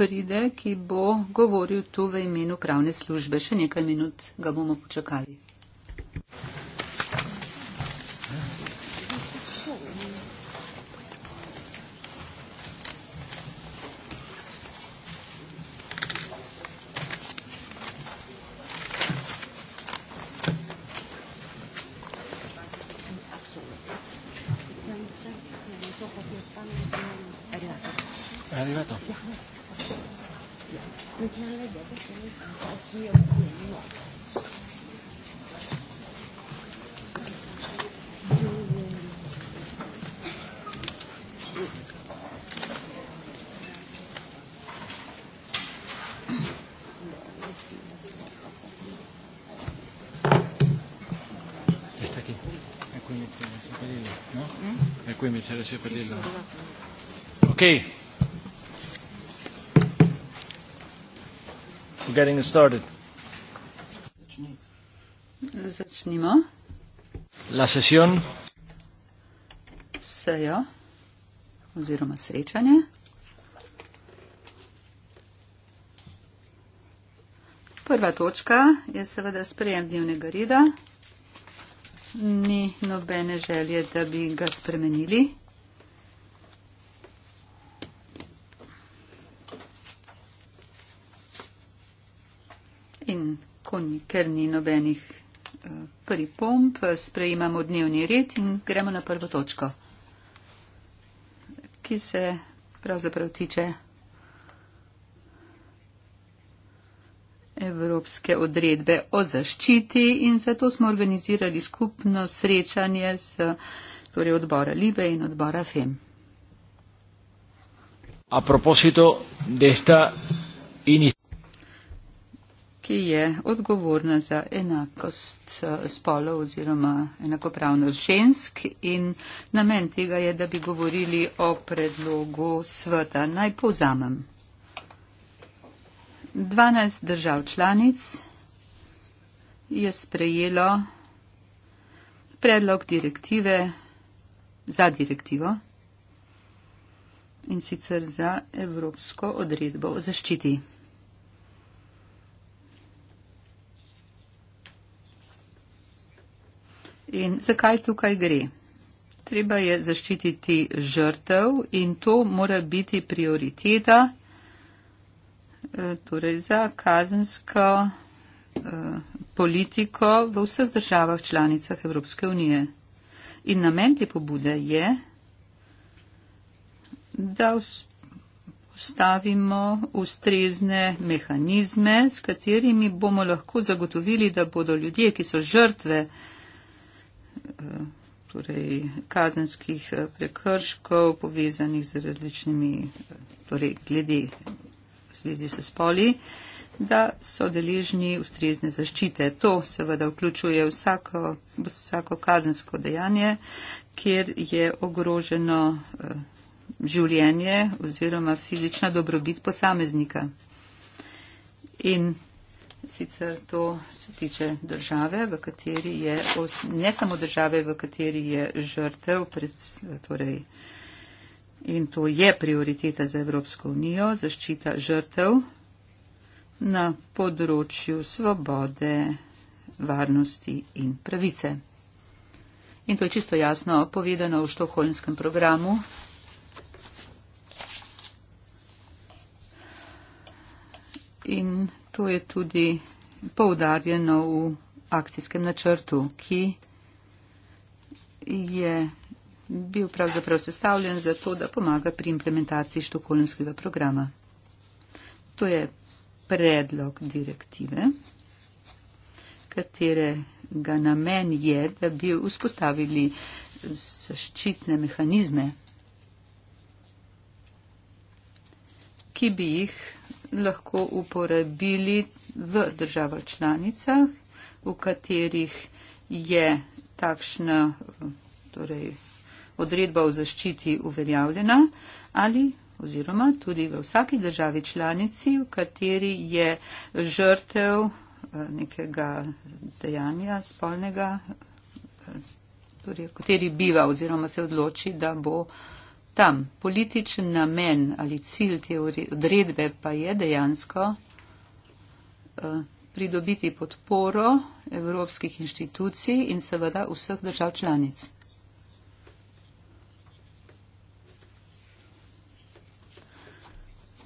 pride, ki bo govoril tu v imenu pravne službe. Še nekaj minut ga bomo počakali. mi sarà sia per dirlo. Ok. Getting started. Začnimo. La session. Sejo. Oziroma srečanje. Prva točka je seveda sprejem dnevnega reda ni nobene želje, da bi ga spremenili. In ko ni, ker ni nobenih eh, pripomp, sprejemamo dnevni red in gremo na prvo točko, ki se pravzaprav tiče evropske odredbe o zaščiti in zato smo organizirali skupno srečanje z torej odbora Libe in odbora FEM. A proposito desta in ki je odgovorna za enakost eh, spolov oziroma enakopravnost žensk in namen tega je, da bi govorili o predlogu sveta. Naj povzamem. 12 držav članic je sprejelo predlog direktive za direktivo in sicer za Evropsko odredbo o zaščiti. In zakaj tukaj gre? Treba je zaščititi žrtev in to mora biti prioriteta Eh, torej za kazensko eh, politiko v vseh državah članicah Evropske unije. In namen te pobude je, da postavimo ustrezne mehanizme, s katerimi bomo lahko zagotovili, da bodo ljudje, ki so žrtve eh, torej kazenskih prekrškov povezanih z različnimi, torej glede zvezi se spoli, da so deležni ustrezne zaščite. To seveda vključuje vsako, vsako kazensko dejanje, kjer je ogroženo eh, življenje oziroma fizična dobrobit posameznika. In sicer to se tiče države, v kateri je, ne samo države, v kateri je žrtev, pred, torej in to je prioriteta za Evropsko unijo, zaščita žrtev na področju svobode, varnosti in pravice. In to je čisto jasno povedano v štokholmskem programu. In to je tudi poudarjeno v akcijskem načrtu, ki je bil pravzaprav sestavljen za to, da pomaga pri implementaciji štokolemskega programa. To je predlog direktive, katerega namen je, da bi vzpostavili zaščitne mehanizme, ki bi jih lahko uporabili v državah članicah, v katerih je takšna torej, odredba o zaščiti uveljavljena ali oziroma tudi v vsaki državi članici, v kateri je žrtev eh, nekega dejanja spolnega, eh, torej v kateri biva oziroma se odloči, da bo tam. Političen namen ali cilj te odredbe pa je dejansko eh, pridobiti podporo evropskih inštitucij in seveda vseh držav članic.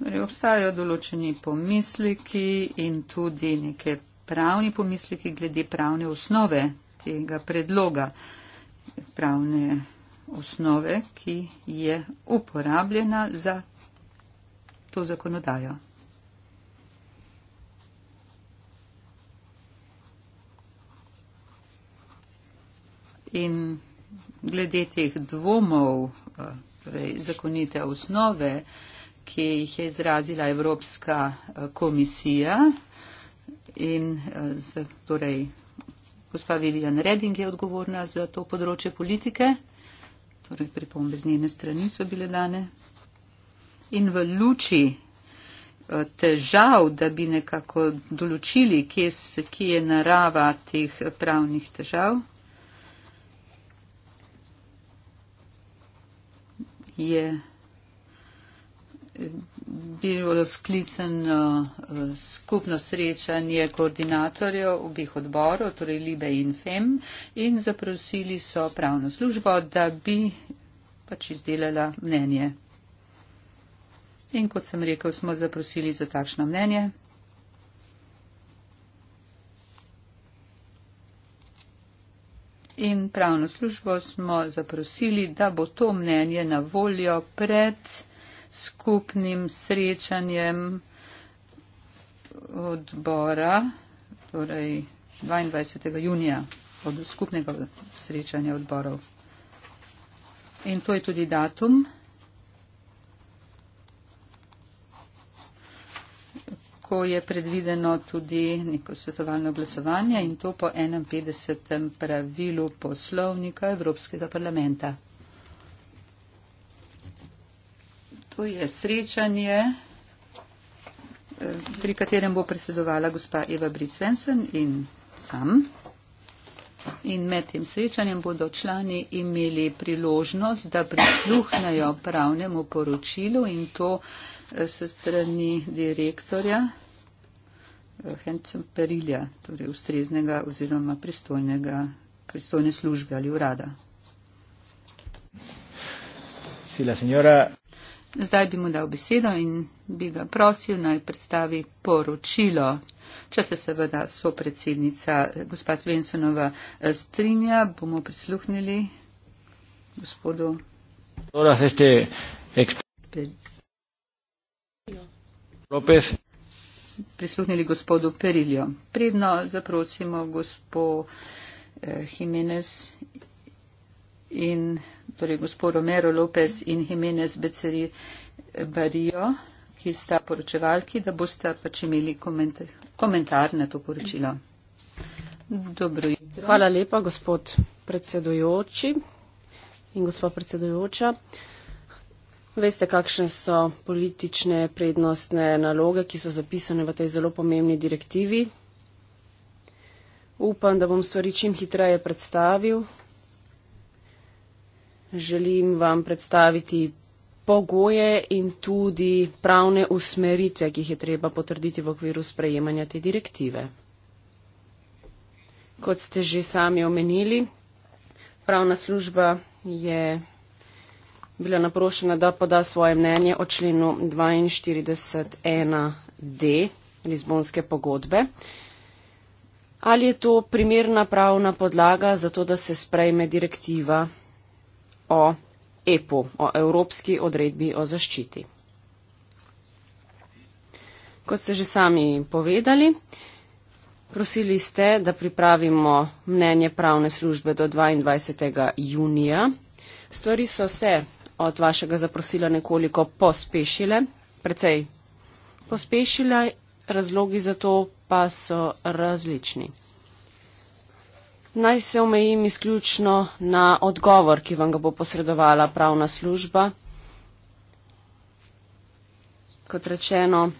Torej, obstajajo določeni pomisliki in tudi neke pravni pomisliki glede pravne osnove tega predloga. Pravne osnove, ki je uporabljena za to zakonodajo. In glede teh dvomov, eh, torej zakonite osnove, ki jih je izrazila Evropska eh, komisija. In eh, z, torej, gospa Vivian Reding je odgovorna za to področje politike, torej pripombe z njene strani so bile dane. In v luči eh, težav, da bi nekako določili, kje, kje je narava teh pravnih težav, je. Yeah bilo sklicen eh, skupno srečanje koordinatorjev obih odborov, torej Libe in FEM, in zaprosili so pravno službo, da bi pač izdelala mnenje. In kot sem rekel, smo zaprosili za takšno mnenje. In pravno službo smo zaprosili, da bo to mnenje na voljo pred skupnim srečanjem odbora, torej 22. junija, od skupnega srečanja odborov. In to je tudi datum. ko je predvideno tudi neko svetovalno glasovanje in to po 51. pravilu poslovnika Evropskega parlamenta. bistvu je srečanje, eh, pri katerem bo predsedovala gospa Eva Britsvensen in sam. In med tem srečanjem bodo člani imeli priložnost, da prisluhnejo pravnemu poročilu in to eh, se strani direktorja Hencem eh, Perilja, torej ustreznega oziroma pristojnega, pristojne službe ali urada. Si la señora Zdaj bi mu dal besedo in bi ga prosil naj predstavi poročilo. Če se seveda so predsednica gospa Svensonova eh, strinja, bomo prisluhnili gospodu. Lopez. Prisluhnili gospodu Periljo. Predno zaprosimo gospod eh, Jimenez in torej gospod Romero Lopez in Jimenez Beceri eh, Barijo, ki sta poročevalki, da boste pač imeli komentar, komentar na to poročilo. Dobro jutro. Hvala lepa, gospod predsedujoči in gospa predsedujoča. Veste, kakšne so politične prednostne naloge, ki so zapisane v tej zelo pomembni direktivi. Upam, da bom stvari čim hitreje predstavil, želim vam predstaviti pogoje in tudi pravne usmeritve, ki jih je treba potrditi v okviru sprejemanja te direktive. Kot ste že sami omenili, pravna služba je bila naprošena, da poda svoje mnenje o členu 42.1.d Lizbonske pogodbe. Ali je to primerna pravna podlaga za to, da se sprejme direktiva o EPU, o Evropski odredbi o zaščiti. Kot ste že sami povedali, prosili ste, da pripravimo mnenje pravne službe do 22. junija. Stvari so se od vašega zaprosila nekoliko pospešile, precej pospešile, razlogi za to pa so različni. Naj se omejim izključno na odgovor, ki vam ga bo posredovala pravna služba. Kot rečeno,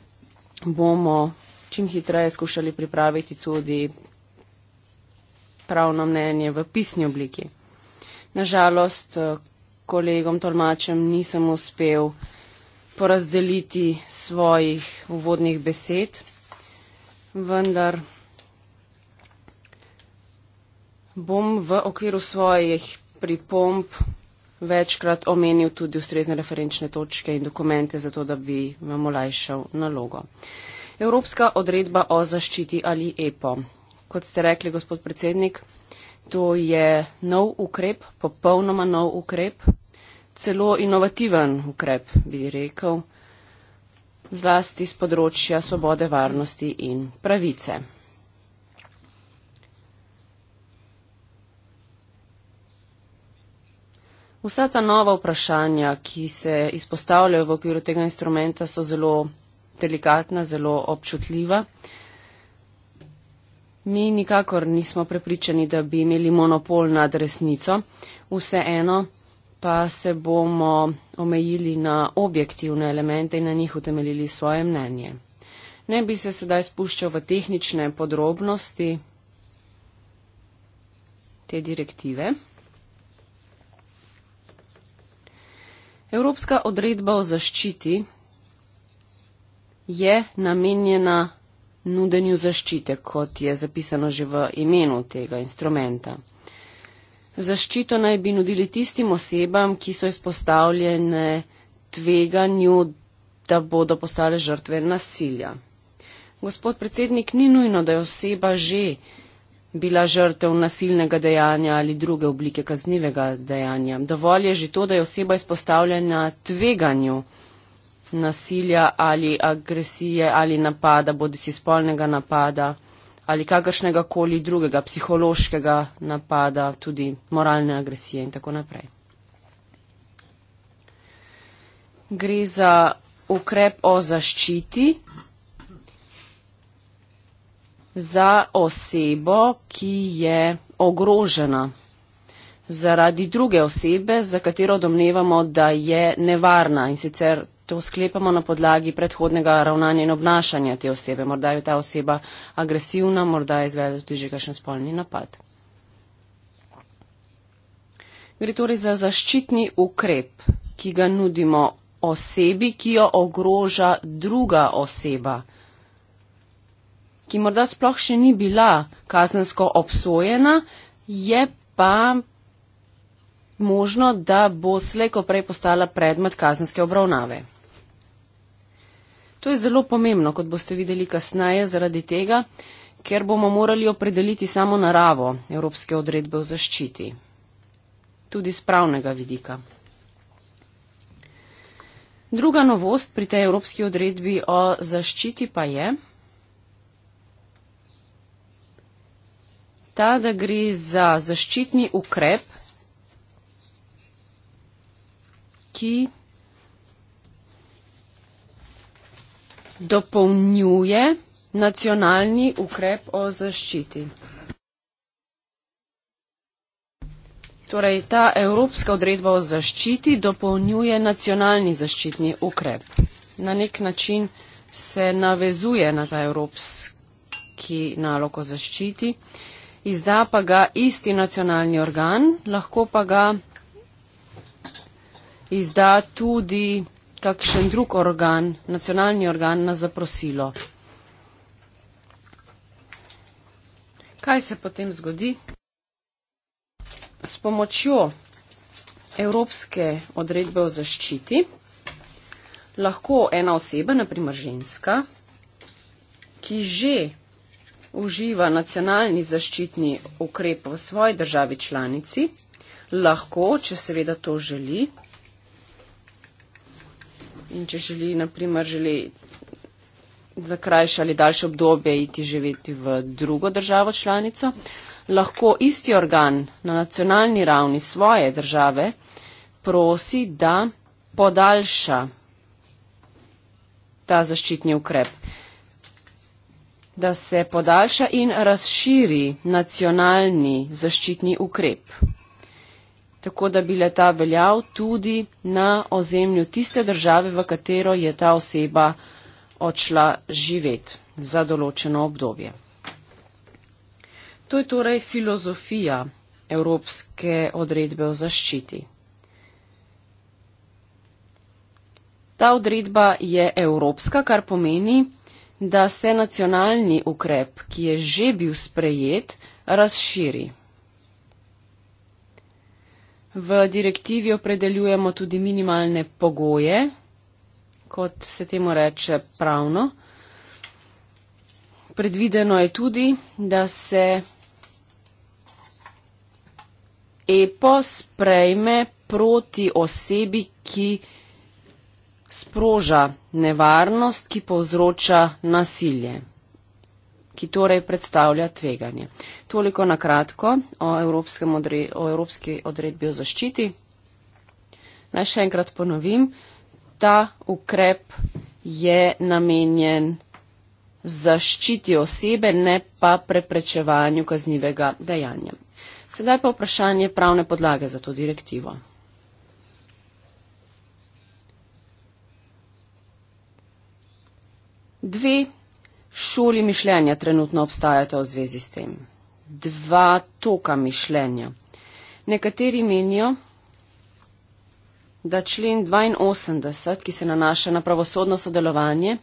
bomo čim hitreje skušali pripraviti tudi pravno mnenje v pisni obliki. Nažalost, kolegom tolmačem nisem uspel porazdeliti svojih uvodnih besed, vendar bom v okviru svojih pripomp večkrat omenil tudi ustrezne referenčne točke in dokumente, zato da bi vam olajšal nalogo. Evropska odredba o zaščiti ali EPO. Kot ste rekli, gospod predsednik, to je nov ukrep, popolnoma nov ukrep, celo inovativen ukrep, bi rekel, zlasti z področja svobode, varnosti in pravice. Vsa ta nova vprašanja, ki se izpostavljajo v okviru tega instrumenta, so zelo delikatna, zelo občutljiva. Mi nikakor nismo prepričani, da bi imeli monopol nad resnico. Vseeno pa se bomo omejili na objektivne elemente in na njih utemeljili svoje mnenje. Ne bi se sedaj spuščal v tehnične podrobnosti te direktive. Evropska odredba o zaščiti je namenjena nudenju zaščite, kot je zapisano že v imenu tega instrumenta. Zaščito naj bi nudili tistim osebam, ki so izpostavljene tveganju, da bodo postale žrtve nasilja. Gospod predsednik, ni nujno, da je oseba že bila žrtev nasilnega dejanja ali druge oblike kaznivega dejanja. Dovolj je že to, da je oseba izpostavljena tveganju nasilja ali agresije ali napada, bodi si spolnega napada ali kakršnega koli drugega psihološkega napada, tudi moralne agresije in tako naprej. Gre za ukrep o zaščiti, za osebo, ki je ogrožena zaradi druge osebe, za katero domnevamo, da je nevarna in sicer to sklepamo na podlagi predhodnega ravnanja in obnašanja te osebe. Morda je ta oseba agresivna, morda je izvedla tudi že kakšen spolni napad. Gre torej za zaščitni ukrep, ki ga nudimo osebi, ki jo ogroža druga oseba ki morda sploh še ni bila kazensko obsojena, je pa možno, da bo slejko prej postala predmet kazenske obravnave. To je zelo pomembno, kot boste videli kasneje, zaradi tega, ker bomo morali opredeliti samo naravo Evropske odredbe o zaščiti, tudi z pravnega vidika. Druga novost pri tej Evropski odredbi o zaščiti pa je, ta, da gre za zaščitni ukrep, ki dopolnjuje nacionalni ukrep o zaščiti. Torej, ta evropska odredba o zaščiti dopolnjuje nacionalni zaščitni ukrep. Na nek način se navezuje na ta evropski nalog o zaščiti. Uh, izda pa ga isti nacionalni organ, lahko pa ga izda tudi kakšen drug organ, nacionalni organ na zaprosilo. Kaj se potem zgodi? S pomočjo Evropske odredbe o zaščiti lahko ena oseba, naprimer ženska, ki že uživa nacionalni zaščitni ukrep v svoji državi članici, lahko, če seveda to želi, in če želi, naprimer, želi za krajše ali daljše obdobje iti živeti v drugo državo članico, lahko isti organ na nacionalni ravni svoje države prosi, da podaljša ta zaščitni ukrep da se podaljša in razširi nacionalni zaščitni ukrep. Tako da bi leta veljal tudi na ozemlju tiste države, v katero je ta oseba odšla živeti za določeno obdobje. To je torej filozofija evropske odredbe o zaščiti. Ta odredba je evropska, kar pomeni, da se nacionalni ukrep, ki je že bil sprejet, razširi. V direktivi opredeljujemo tudi minimalne pogoje, kot se temu reče pravno. Predvideno je tudi, da se EPO sprejme proti osebi, ki sproža nevarnost, ki povzroča nasilje, ki torej predstavlja tveganje. Toliko na kratko o, o Evropski odredbi o zaščiti. Naj še enkrat ponovim, ta ukrep je namenjen zaščiti osebe, ne pa preprečevanju kaznivega dejanja. Sedaj pa vprašanje pravne podlage za to direktivo. Dve šoli mišljenja trenutno obstajata v zvezi s tem. Dva toka mišljenja. Nekateri menijo, da člen 82, ki se nanaša na pravosodno sodelovanje,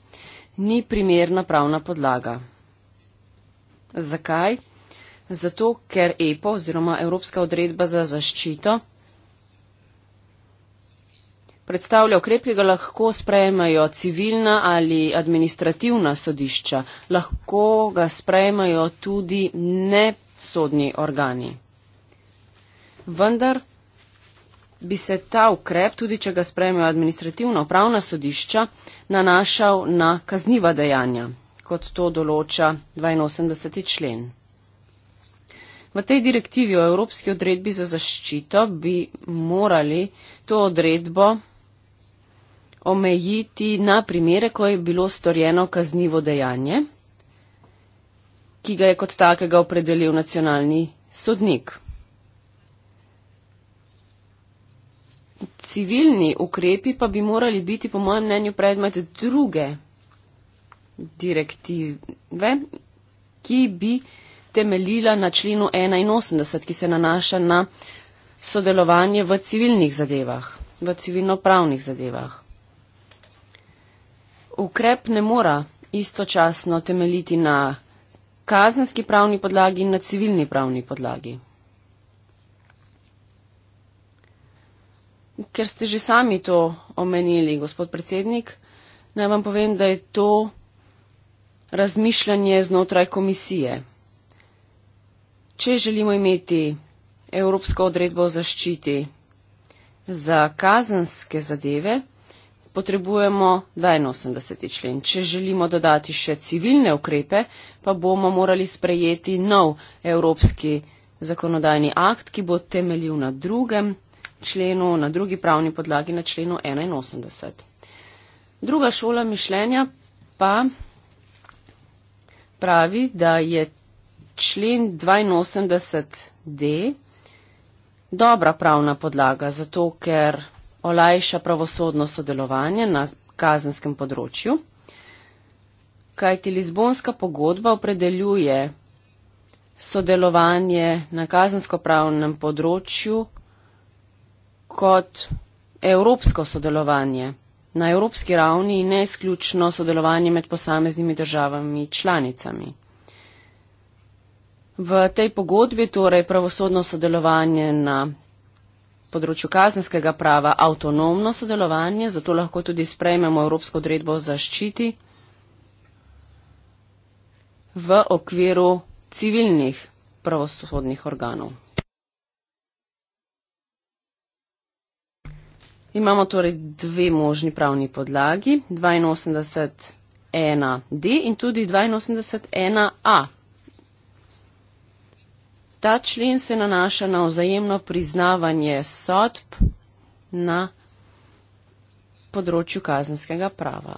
ni primerna pravna podlaga. Zakaj? Zato, ker EPO oziroma Evropska odredba za zaščito predstavlja ukrep, ki ga lahko sprejmejo civilna ali administrativna sodišča, lahko ga sprejmejo tudi nesodni organi. Vendar bi se ta ukrep, tudi če ga sprejmejo administrativna upravna sodišča, nanašal na kazniva dejanja, kot to določa 82. člen. V tej direktivi o Evropski odredbi za zaščito bi morali to odredbo omejiti na primere, ko je bilo storjeno kaznivo dejanje, ki ga je kot takega opredelil nacionalni sodnik. Civilni ukrepi pa bi morali biti, po mojem mnenju, predmet druge direktive, ki bi temeljila na členu 81, ki se nanaša na sodelovanje v civilnih zadevah, v civilno-pravnih zadevah ukrep ne mora istočasno temeljiti na kazenski pravni podlagi in na civilni pravni podlagi. Ker ste že sami to omenili, gospod predsednik, naj vam povem, da je to razmišljanje znotraj komisije. Če želimo imeti Evropsko odredbo o zaščiti za kazenske zadeve, potrebujemo 82. člen. Če želimo dodati še civilne ukrepe, pa bomo morali sprejeti nov evropski zakonodajni akt, ki bo temeljil na drugem členu, na drugi pravni podlagi, na členu 81. Druga šola mišljenja pa pravi, da je člen 82d dobra pravna podlaga, zato ker olajša pravosodno sodelovanje na kazenskem področju, kajti Lizbonska pogodba opredeljuje sodelovanje na kazenskopravnem področju kot evropsko sodelovanje na evropski ravni in ne izključno sodelovanje med posameznimi državami članicami. V tej pogodbi torej pravosodno sodelovanje na področju kazenskega prava avtonomno sodelovanje, zato lahko tudi sprejmemo Evropsko odredbo o zaščiti v okviru civilnih pravosodnih organov. Imamo torej dve možni pravni podlagi, 82.1d in tudi 82.1a. Ta člen se nanaša na vzajemno priznavanje sodb na področju kazenskega prava.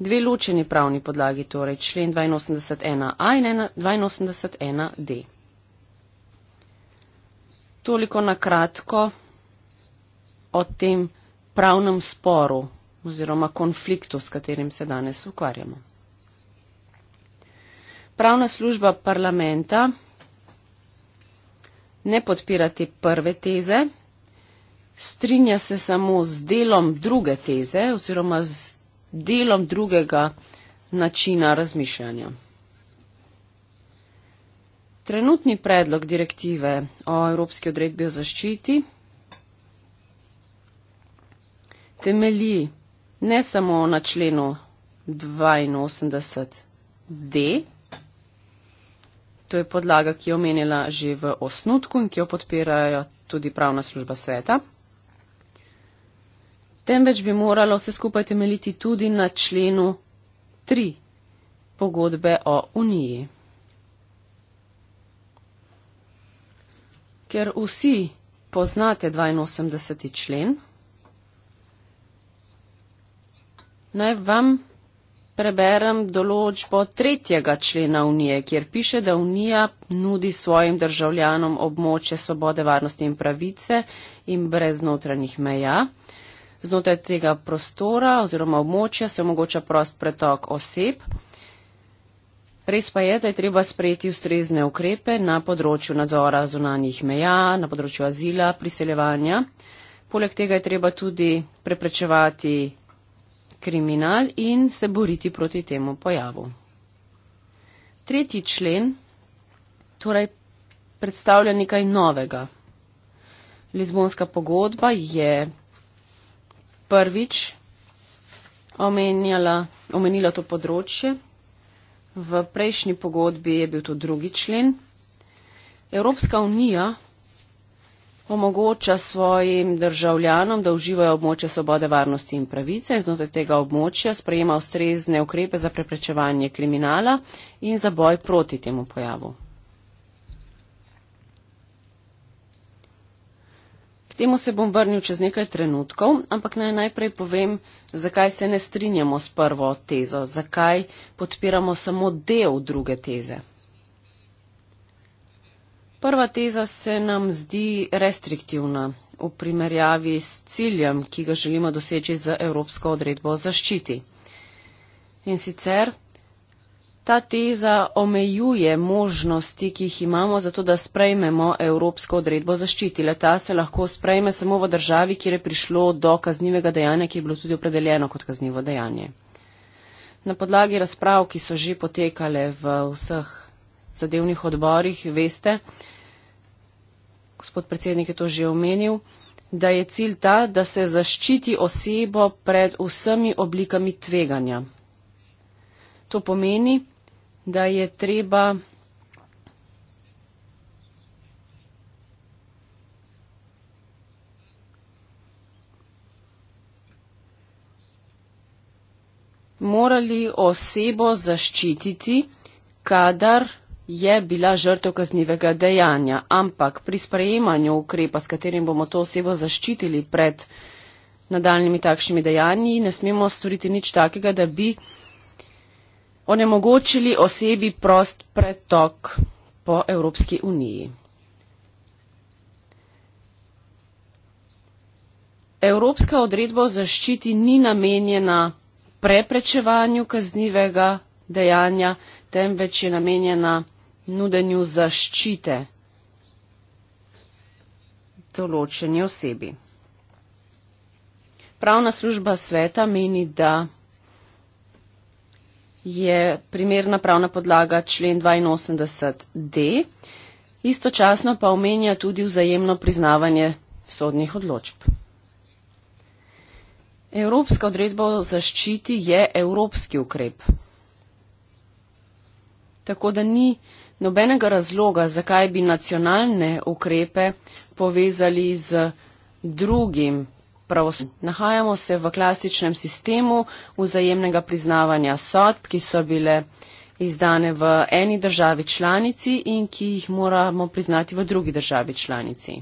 Dve ločeni pravni podlagi, torej člen 82.1a in 82.1d. Toliko na kratko o tem pravnem sporu oziroma konfliktu, s katerim se danes ukvarjamo pravna služba parlamenta ne podpira te prve teze, strinja se samo z delom druge teze oziroma z delom drugega načina razmišljanja. Trenutni predlog direktive o Evropski odredbi o zaščiti temelji ne samo na členu 82d, To je podlaga, ki je omenjena že v osnutku in ki jo podpirajo tudi pravna služba sveta. Temveč bi moralo vse skupaj temeljiti tudi na členu 3 pogodbe o uniji. Ker vsi poznate 82. člen, naj vam preberem določbo tretjega člena Unije, kjer piše, da Unija nudi svojim državljanom območje svobode, varnosti in pravice in brez notranjih meja. Znotraj tega prostora oziroma območja se omogoča prost pretok oseb. Res pa je, da je treba sprejeti ustrezne ukrepe na področju nadzora zunanjih meja, na področju azila, priseljevanja. Poleg tega je treba tudi preprečevati kriminal in se boriti proti temu pojavu. Tretji člen torej predstavlja nekaj novega. Lizbonska pogodba je prvič omenjala, omenila to področje, v prejšnji pogodbi je bil to drugi člen. Evropska unija omogoča svojim državljanom, da uživajo območje svobode, varnosti in pravice in znotraj tega območja sprejema ustrezne ukrepe za preprečevanje kriminala in za boj proti temu pojavu. K temu se bom vrnil čez nekaj trenutkov, ampak naj najprej povem, zakaj se ne strinjamo s prvo tezo, zakaj podpiramo samo del druge teze. Prva teza se nam zdi restriktivna v primerjavi s ciljem, ki ga želimo doseči z Evropsko odredbo o zaščiti. In sicer ta teza omejuje možnosti, ki jih imamo za to, da sprejmemo Evropsko odredbo o zaščiti. Leta se lahko sprejme samo v državi, kjer je prišlo do kaznivega dejanja, ki je bilo tudi opredeljeno kot kaznivo dejanje. Na podlagi razprav, ki so že potekale v vseh zadevnih odborih, veste, gospod predsednik je to že omenil, da je cilj ta, da se zaščiti osebo pred vsemi oblikami tveganja. To pomeni, da je treba morali osebo zaščititi, kadar je bila žrtev kaznivega dejanja, ampak pri sprejemanju ukrepa, s katerim bomo to osebo zaščitili pred nadaljnimi takšnimi dejanji, ne smemo storiti nič takega, da bi onemogočili osebi prost pretok po Evropski uniji. Evropska odredba o zaščiti ni namenjena preprečevanju kaznivega dejanja, temveč je namenjena nudenju zaščite določeni osebi. Pravna služba sveta meni, da je primerna pravna podlaga člen 82d, istočasno pa omenja tudi vzajemno priznavanje sodnih odločb. Evropska odredba o zaščiti je evropski ukrep. Tako da ni nobenega razloga, zakaj bi nacionalne ukrepe povezali z drugim pravosodjem. Nahajamo se v klasičnem sistemu vzajemnega priznavanja sodb, ki so bile izdane v eni državi članici in ki jih moramo priznati v drugi državi članici.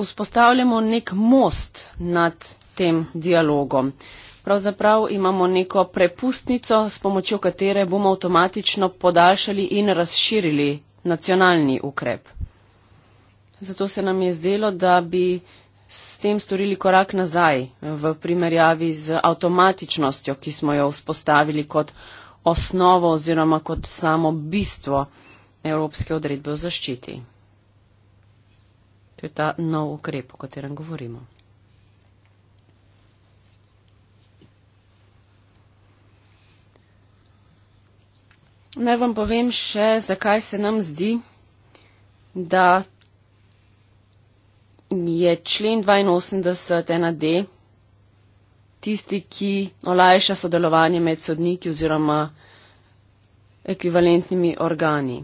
Vzpostavljamo nek most nad tem dialogom pravzaprav imamo neko prepustnico, s pomočjo katere bomo avtomatično podaljšali in razširili nacionalni ukrep. Zato se nam je zdelo, da bi s tem storili korak nazaj v primerjavi z avtomatičnostjo, ki smo jo vzpostavili kot osnovo oziroma kot samo bistvo Evropske odredbe o zaščiti. To je ta nov ukrep, o katerem govorimo. Naj vam povem še, zakaj se nam zdi, da je člen 82 1D tisti, ki olajša sodelovanje med sodniki oziroma ekvivalentnimi organi.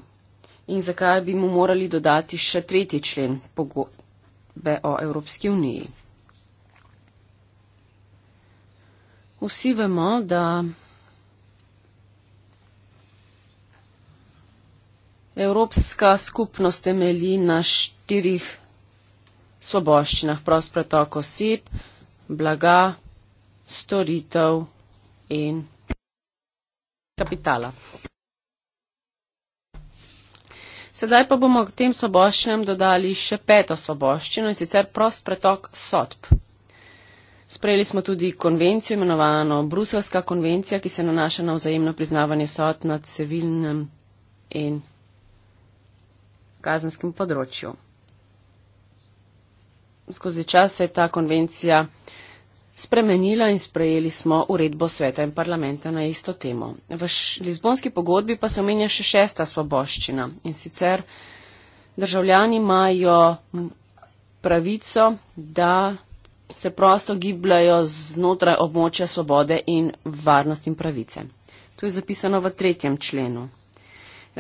In zakaj bi mu morali dodati še tretji člen pogodbe o Evropski uniji. Vsi vemo, da Evropska skupnost temelji na štirih svoboščinah: prost pretok oseb, blaga, storitev in kapitala. Sedaj pa bomo k tem svoboščinam dodali še peto svoboščino in sicer prost pretok sodb. Sprejeli smo tudi konvencijo imenovano Bruselska konvencija, ki se nanaša na vzajemno priznavanje sodb nad civilnem in kazenskem področju. Skozi čas se je ta konvencija spremenila in sprejeli smo uredbo sveta in parlamenta na isto temo. V Lizbonski pogodbi pa se omenja še šesta svoboščina in sicer državljani imajo pravico, da se prosto gibljajo znotraj območja svobode in varnosti in pravice. To je zapisano v tretjem členu.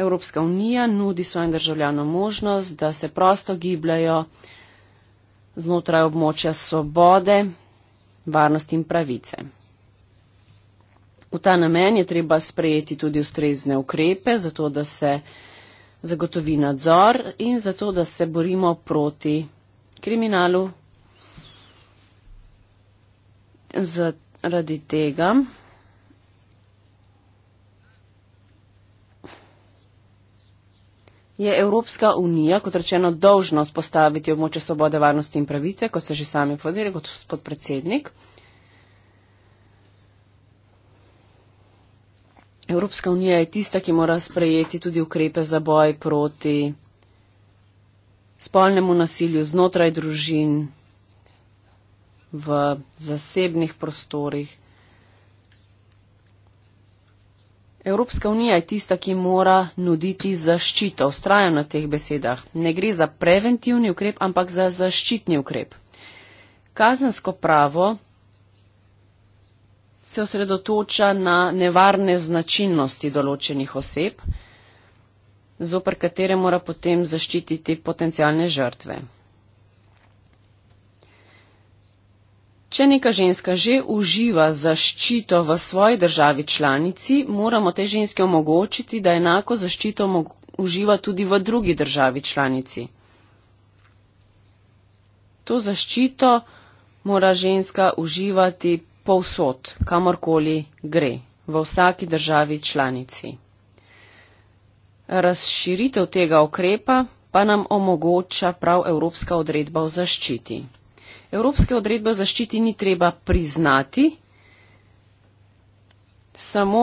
Evropska unija nudi svojim državljanom možnost, da se prosto gibljajo znotraj območja svobode, varnosti in pravice. V ta namen je treba sprejeti tudi ustrezne ukrepe, zato da se zagotovi nadzor in zato da se borimo proti kriminalu. Zaradi tega. je Evropska unija, kot rečeno, dolžna vzpostaviti območje svobode, varnosti in pravice, kot ste že sami povedali, kot gospod predsednik. Evropska unija je tista, ki mora sprejeti tudi ukrepe za boj proti spolnemu nasilju znotraj družin, v zasebnih prostorih. Evropska unija je tista, ki mora nuditi zaščito. Ostrajam na teh besedah. Ne gre za preventivni ukrep, ampak za zaščitni ukrep. Kazensko pravo se osredotoča na nevarne značilnosti določenih oseb, zopr katere mora potem zaščititi potencijalne žrtve. Če neka ženska že uživa zaščito v svoji državi članici, moramo te ženske omogočiti, da enako zaščito uživa tudi v drugi državi članici. To zaščito mora ženska uživati povsod, kamorkoli gre, v vsaki državi članici. Razširitev tega okrepa pa nam omogoča prav Evropska odredba o zaščiti. Evropske odredbe o zaščiti ni treba priznati, samo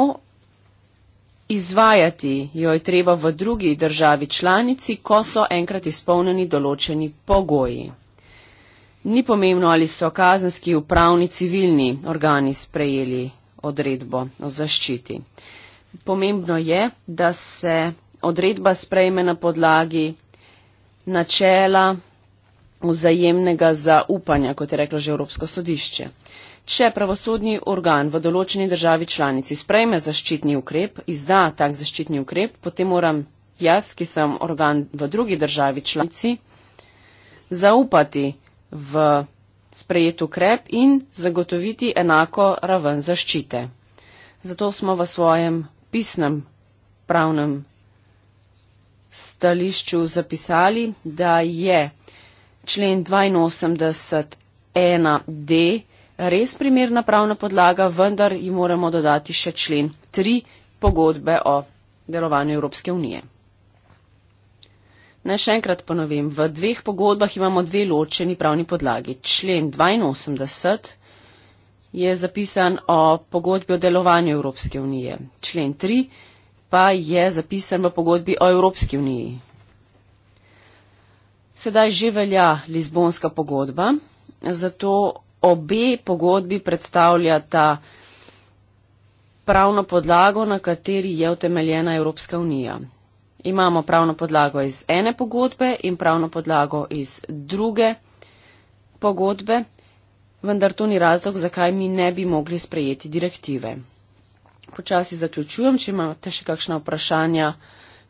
izvajati jo je treba v drugi državi članici, ko so enkrat izpolneni določeni pogoji. Ni pomembno, ali so kazenski upravni civilni organi sprejeli odredbo o zaščiti. Pomembno je, da se odredba sprejme na podlagi načela vzajemnega zaupanja, kot je reklo že Evropsko sodišče. Če pravosodni organ v določeni državi članici sprejme zaščitni ukrep, izda tak zaščitni ukrep, potem moram jaz, ki sem organ v drugi državi članici, zaupati v sprejet ukrep in zagotoviti enako raven zaščite. Zato smo v svojem pisnem pravnem stališču zapisali, da je člen 82.1.d res primerna pravna podlaga, vendar ji moramo dodati še člen 3 pogodbe o delovanju Evropske unije. Naj še enkrat ponovim, v dveh pogodbah imamo dve ločeni pravni podlagi. Člen 82 je zapisan o pogodbi o delovanju Evropske unije. Člen 3 pa je zapisan v pogodbi o Evropski uniji. Sedaj že velja Lizbonska pogodba, zato obe pogodbi predstavljata pravno podlago, na kateri je utemeljena Evropska unija. Imamo pravno podlago iz ene pogodbe in pravno podlago iz druge pogodbe, vendar to ni razlog, zakaj mi ne bi mogli sprejeti direktive. Počasi zaključujem, če imate še kakšna vprašanja,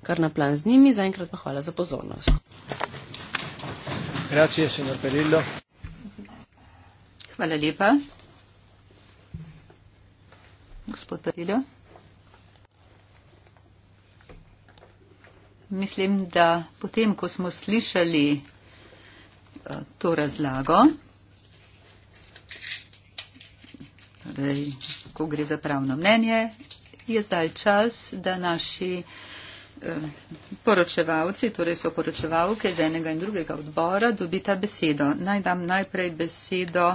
kar na plan z njimi, zaenkrat pa hvala za pozornost. Hvala lepa. Gospod Perilo. Mislim, da potem, ko smo slišali eh, to razlago, torej, ko gre za pravno mnenje, je zdaj čas, da naši Eh, poročevalci, torej so poročevalke iz enega in drugega odbora, dobita besedo. Naj dam najprej besedo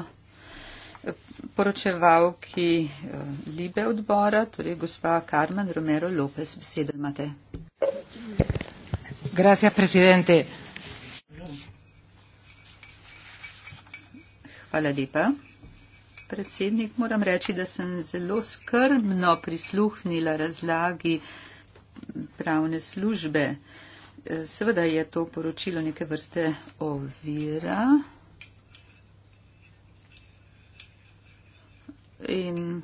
eh, poročevalki eh, Libe odbora, torej gospa Carmen Romero Lopez. Besedo imate. Gracia, presidente. Hvala lepa. Predsednik, moram reči, da sem zelo skrbno prisluhnila razlagi pravne službe. E, seveda je to poročilo neke vrste ovira. In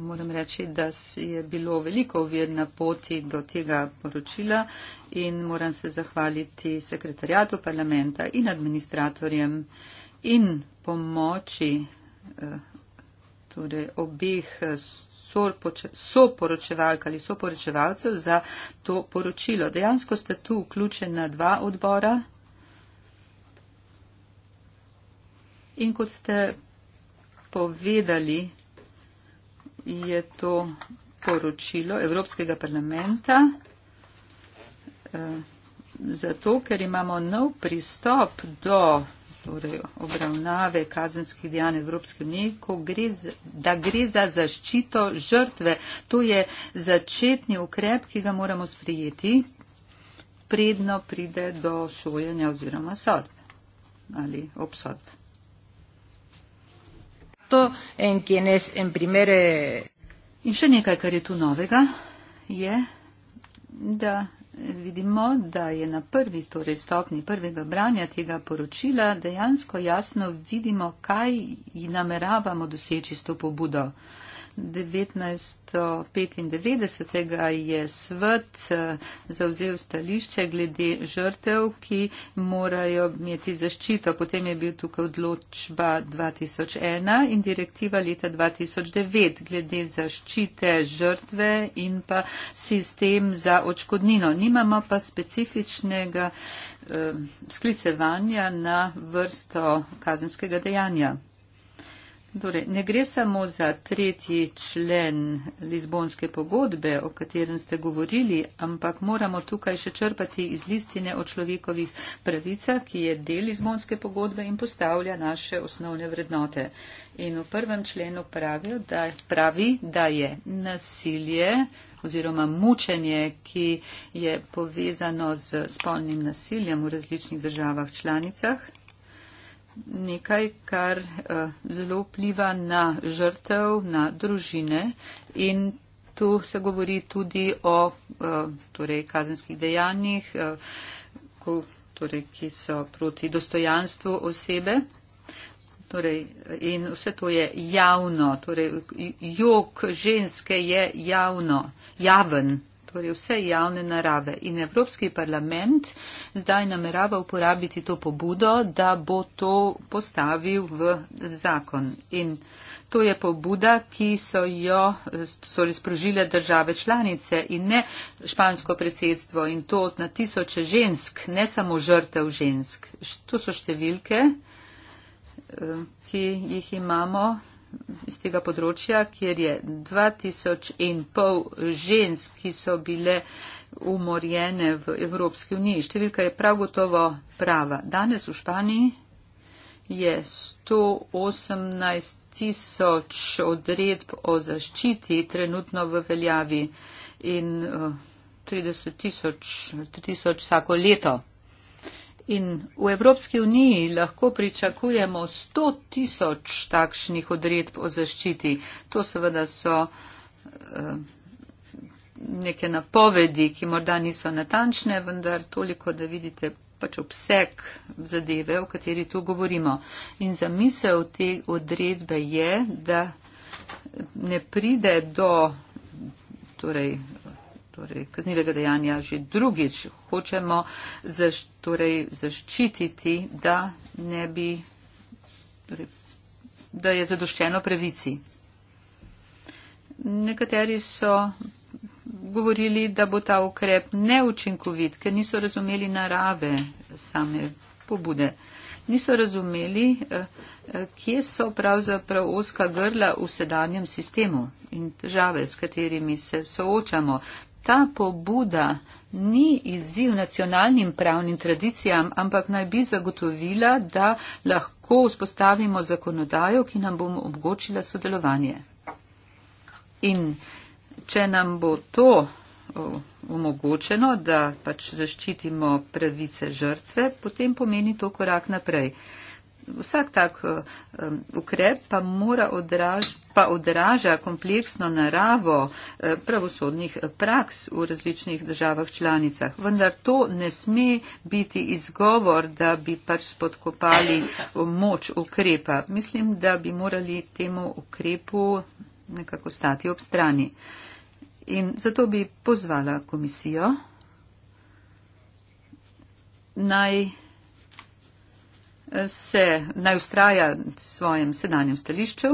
moram reči, da je bilo veliko ovir na poti do tega poročila in moram se zahvaliti sekretarjatu parlamenta in administratorjem in pomoči e, torej obeh soporočevalk ali soporočevalcev za to poročilo. Dejansko sta tu vključena dva odbora. In kot ste povedali, je to poročilo Evropskega parlamenta, eh, zato ker imamo nov pristop do torej, obravnave kazenskih dejanj Evropske unije, gre za, da gre za zaščito žrtve. To je začetni ukrep, ki ga moramo sprijeti, predno pride do sojenja oziroma sodb ali obsodb. Eh, In še nekaj, kar je tu novega, je, da vidimo, da je na prvi torej stopni prvega branja tega poročila dejansko jasno vidimo, kaj nameravamo doseči s to pobudo. 1995 je svet eh, zauzel stališče glede žrtev, ki morajo imeti zaščito. Potem je bil tukaj odločba 2001 in direktiva leta 2009 glede zaščite žrtve in pa sistem za očkodnino. Nimamo pa specifičnega eh, sklicevanja na vrsto kazenskega dejanja. Torej, ne gre samo za tretji člen Lizbonske pogodbe, o katerem ste govorili, ampak moramo tukaj še črpati iz listine o človekovih pravicah, ki je del Lizbonske pogodbe in postavlja naše osnovne vrednote. In v prvem členu pravijo, da, pravi, da je nasilje oziroma mučenje, ki je povezano z spolnim nasiljem v različnih državah članicah, nekaj, kar eh, zelo vpliva na žrtev, na družine in tu se govori tudi o eh, torej, kazenskih dejanjih, eh, ko, torej, ki so proti dostojanstvu osebe. Torej, in vse to je javno, torej, jog ženske je javno, javen torej vse javne narave. In Evropski parlament zdaj namerava uporabiti to pobudo, da bo to postavil v zakon. In to je pobuda, ki so jo so razprožile države članice in ne špansko predsedstvo in to na tisoče žensk, ne samo žrtev žensk. To so številke, eh, ki jih imamo iz tega področja, kjer je 2000 in pol žensk, ki so bile umorjene v Evropski uniji. Številka je prav gotovo prava. Danes v Španiji je 118 tisoč odredb o zaščiti trenutno v veljavi in 30 eh, tisoč vsako leto in v Evropski uniji lahko pričakujemo 100 tisoč takšnih odredb o zaščiti. To seveda so eh, neke napovedi, ki morda niso natančne, vendar toliko, da vidite pač obseg zadeve, o kateri tu govorimo. In zamisel te odredbe je, da ne pride do torej, torej, kaznilega dejanja že drugič hočemo zaš, torej, zaščititi, da, ne bi, torej, da je zadoščeno pravici. Nekateri so govorili, da bo ta ukrep neučinkovit, ker niso razumeli narave same pobude. Niso razumeli, eh, eh, kje so pravzaprav oska grla v sedanjem sistemu in težave, s katerimi se soočamo ta pobuda ni izziv nacionalnim pravnim tradicijam, ampak naj bi zagotovila, da lahko vzpostavimo zakonodajo, ki nam bo omogočila sodelovanje. In če nam bo to omogočeno, da pač zaščitimo pravice žrtve, potem pomeni to korak naprej vsak tak um, ukrep pa, mora odraž, pa odraža kompleksno naravo um, pravosodnih praks v različnih državah članicah. Vendar to ne sme biti izgovor, da bi pač spodkopali eh, moč ukrepa. Mislim, da bi morali temu ukrepu nekako stati ob strani. In zato bi pozvala komisijo naj se naj ustraja v svojem sedanjem stališču,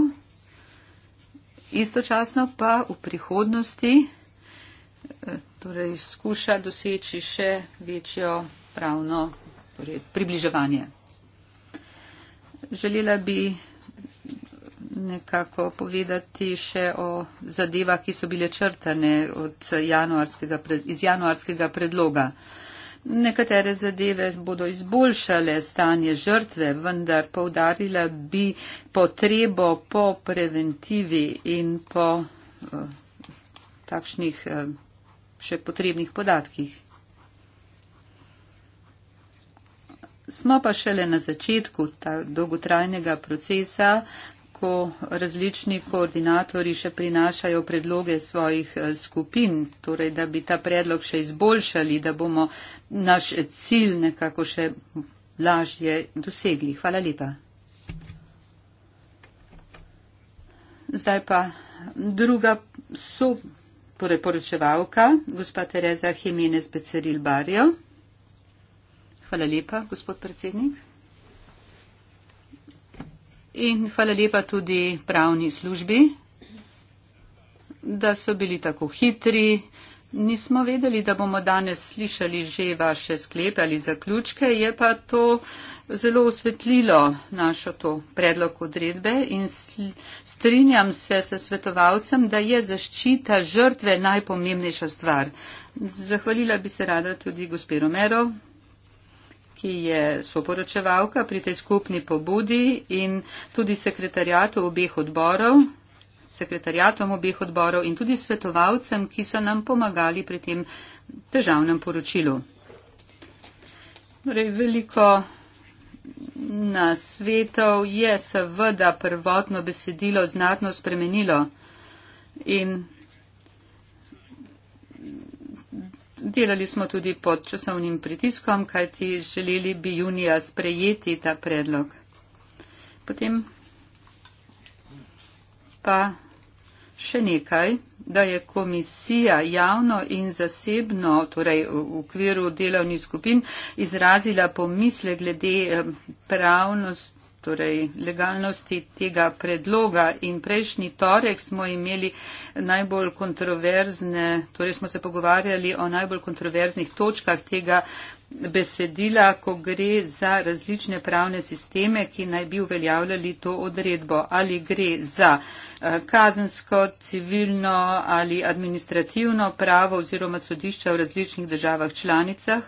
istočasno pa v prihodnosti eh, torej skuša doseči še večjo pravno torej približevanje. Želela bi nekako povedati še o zadevah, ki so bile črtane januarskega pred, iz januarskega predloga. Nekatere zadeve bodo izboljšale stanje žrtve, vendar povdarila bi potrebo po preventivi in po uh, takšnih uh, še potrebnih podatkih. Smo pa šele na začetku ta dolgotrajnega procesa, ko različni koordinatori še prinašajo predloge svojih eh, skupin, torej da bi ta predlog še izboljšali, da bomo naš eh, cilj nekako še lažje dosegli. Hvala lepa. Zdaj pa druga so torej poročevalka, gospa Tereza Jimenez Becerilbarjo. Hvala lepa, gospod predsednik in hvala lepa tudi pravni službi, da so bili tako hitri. Nismo vedeli, da bomo danes slišali že vaše sklepe ali zaključke, je pa to zelo osvetlilo našo to predlog odredbe in strinjam se s svetovalcem, da je zaščita žrtve najpomembnejša stvar. Zahvalila bi se rada tudi gospe Romero ki je soporočevalka pri tej skupni pobudi in tudi sekretarjatu obeh odborov, sekretarjatom obeh odborov in tudi svetovalcem, ki so nam pomagali pri tem državnem poročilu. Torej, veliko na svetov je seveda prvotno besedilo znatno spremenilo in delali smo tudi pod časovnim pritiskom, kajti želeli bi junija sprejeti ta predlog. Potem pa še nekaj, da je komisija javno in zasebno, torej v okviru delovnih skupin, izrazila pomisle glede eh, pravnosti torej legalnosti tega predloga. In prejšnji torek smo imeli najbolj kontroverzne, torej smo se pogovarjali o najbolj kontroverznih točkah tega besedila, ko gre za različne pravne sisteme, ki naj bi uveljavljali to odredbo, ali gre za eh, kazensko, civilno ali administrativno pravo oziroma sodišča v različnih državah članicah.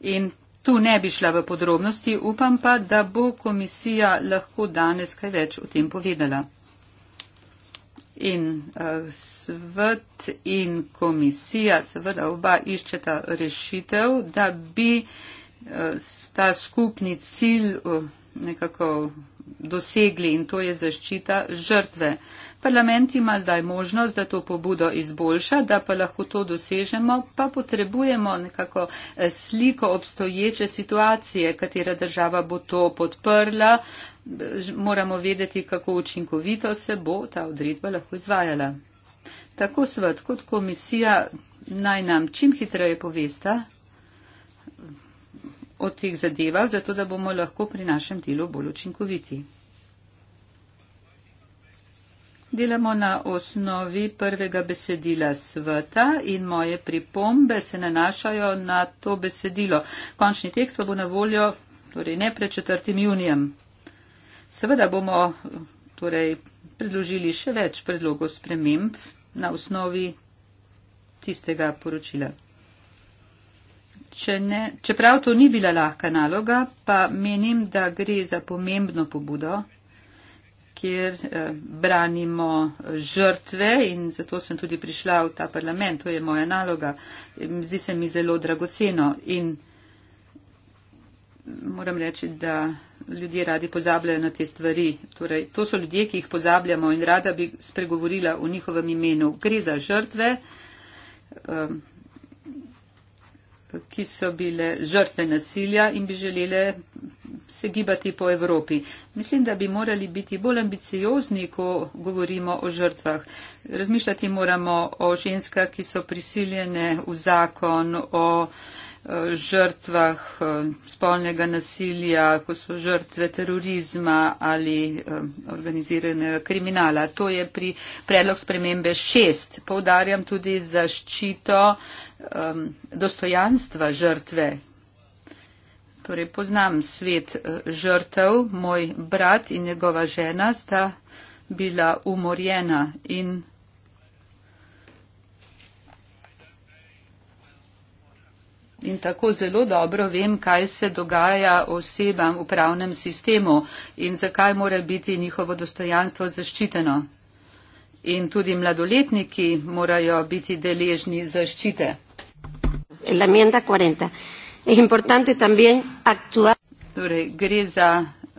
In Tu ne bi šla v podrobnosti, upam pa, da bo komisija lahko danes kaj več o tem povedala. In eh, svet in komisija, seveda oba iščeta rešitev, da bi eh, ta skupni cilj eh, nekako dosegli in to je zaščita žrtve. Parlament ima zdaj možnost, da to pobudo izboljša, da pa lahko to dosežemo, pa potrebujemo nekako eh, sliko obstoječe situacije, katera država bo to podprla. Moramo vedeti, kako učinkovito se bo ta odredba lahko izvajala. Tako svet kot komisija naj nam čim hitreje povesta o teh zadevah, zato da bomo lahko pri našem delu bolj učinkoviti. Delamo na osnovi prvega besedila sveta in moje pripombe se nanašajo na to besedilo. Končni tekst pa bo na voljo torej ne pred 4. junijem. Seveda bomo torej, predložili še več predlogov sprememb na osnovi tistega poročila. Če ne, čeprav to ni bila lahka naloga, pa menim, da gre za pomembno pobudo kjer eh, branimo žrtve in zato sem tudi prišla v ta parlament. To je moja naloga. Zdi se mi zelo dragoceno in moram reči, da ljudje radi pozabljajo na te stvari. Torej, to so ljudje, ki jih pozabljamo in rada bi spregovorila v njihovem imenu. Gre za žrtve. Um, ki so bile žrtve nasilja in bi želele se gibati po Evropi. Mislim, da bi morali biti bolj ambiciozni, ko govorimo o žrtvah. Razmišljati moramo o ženskah, ki so prisiljene v zakon, o uh, žrtvah eh, spolnega nasilja, ko so žrtve terorizma ali eh, organiziranega kriminala. To je pri predlog spremembe šest. Poudarjam tudi zaščito um, dostojanstva žrtve. Torej, poznam svet eh, žrtev, moj brat in njegova žena sta bila umorjena in. in tako zelo dobro vem, kaj se dogaja osebam v pravnem sistemu in zakaj mora biti njihovo dostojanstvo zaščiteno. In tudi mladoletniki morajo biti deležni zaščite. Torej, gre za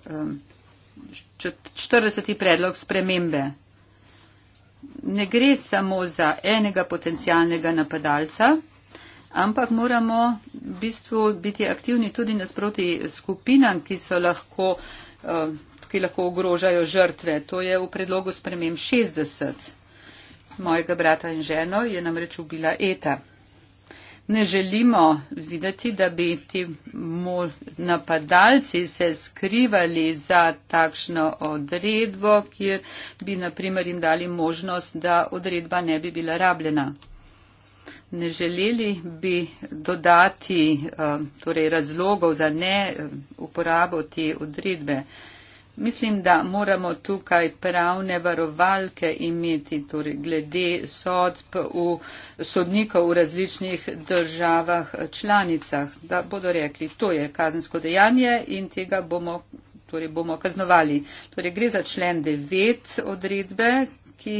um, 40. predlog spremembe. Ne gre samo za enega potencialnega napadalca, ampak moramo v bistvu biti aktivni tudi nasproti skupinam, ki so lahko eh, ki lahko ogrožajo žrtve. To je v predlogu spremem 60. Mojega brata in ženo je namreč ubila Eta. Ne želimo videti, da bi ti napadalci se skrivali za takšno odredbo, kjer bi naprimer jim dali možnost, da odredba ne bi bila rabljena ne želeli bi dodati eh, torej, razlogov za ne eh, uporabo te odredbe. Mislim, da moramo tukaj pravne varovalke imeti, torej glede sodb v sodnikov v različnih državah eh, članicah, da bodo rekli, to je kazensko dejanje in tega bomo, torej bomo kaznovali. Torej gre za člen 9 odredbe, ki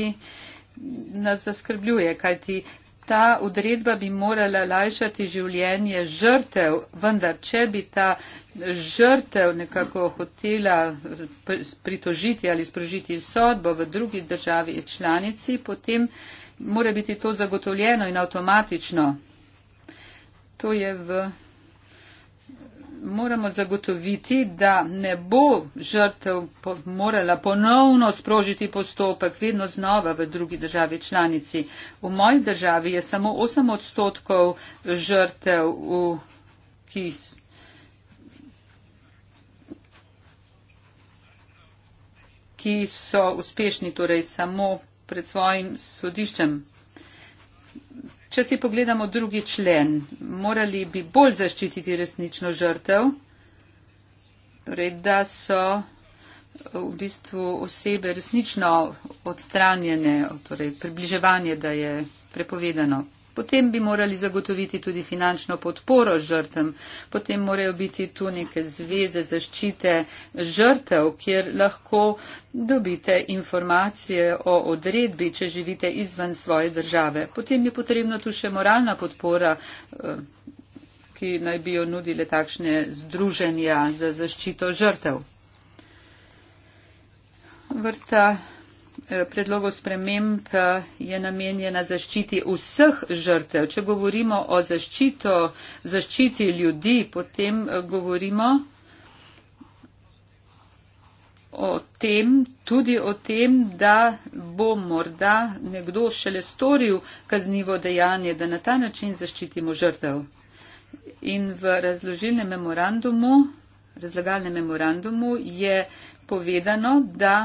nas zaskrbljuje, kajti ta odredba bi morala lajšati življenje žrtev, vendar če bi ta žrtev nekako hotela eh, pritožiti ali sprožiti sodbo v drugi državi članici, potem mora biti to zagotovljeno in avtomatično. To je v moramo zagotoviti, da ne bo žrtev po, morala ponovno sprožiti postopek, vedno znova v drugi državi članici. V moji državi je samo 8 odstotkov žrtev, v, ki. ki so uspešni torej samo pred svojim sodiščem. Če si pogledamo drugi člen, morali bi bolj zaščititi resnično žrtev, torej da so v bistvu osebe resnično odstranjene, torej približevanje, da je prepovedano. Potem bi morali zagotoviti tudi finančno podporo žrtvam, potem morajo biti tu neke zveze zaščite žrtev, kjer lahko dobite informacije o odredbi, če živite izven svoje države. Potem je potrebna tu še moralna podpora, eh, ki naj bi jo nudile takšne združenja za zaščito žrtev. Vrsta Eh, predlogov sprememb eh, je namenjena zaščiti vseh žrtev. Če govorimo o zaščito, zaščiti ljudi, potem eh, govorimo o tem, tudi o tem, da bo morda nekdo šele storil kaznivo dejanje, da na ta način zaščitimo žrtev. In v razložilnem memorandumu, razlagalnem memorandumu je povedano, da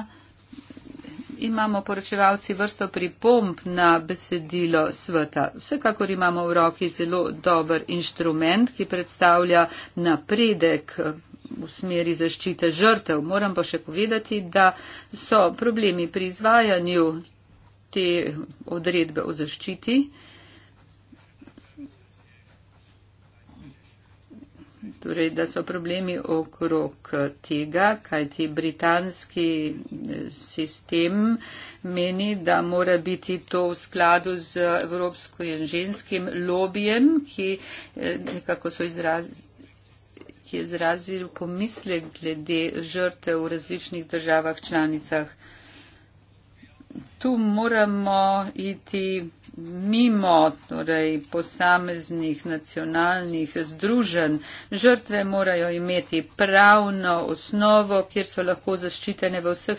imamo poročevalci vrsto pripomp na besedilo sveta. Vsekakor imamo v roki zelo dober inštrument, ki predstavlja napredek eh, v smeri zaščite žrtev. Moram pa še povedati, da so problemi pri izvajanju te odredbe o zaščiti. torej, da so problemi okrog eh, tega, kajti britanski eh, sistem meni, da mora biti to v skladu z evropsko in ženskim lobijem, ki eh, nekako so izrazili ki je izrazil pomislek glede žrtev v različnih državah članicah tu moramo iti mimo torej, posameznih nacionalnih združenj. Žrtve morajo imeti pravno osnovo, kjer so lahko zaščitene v vseh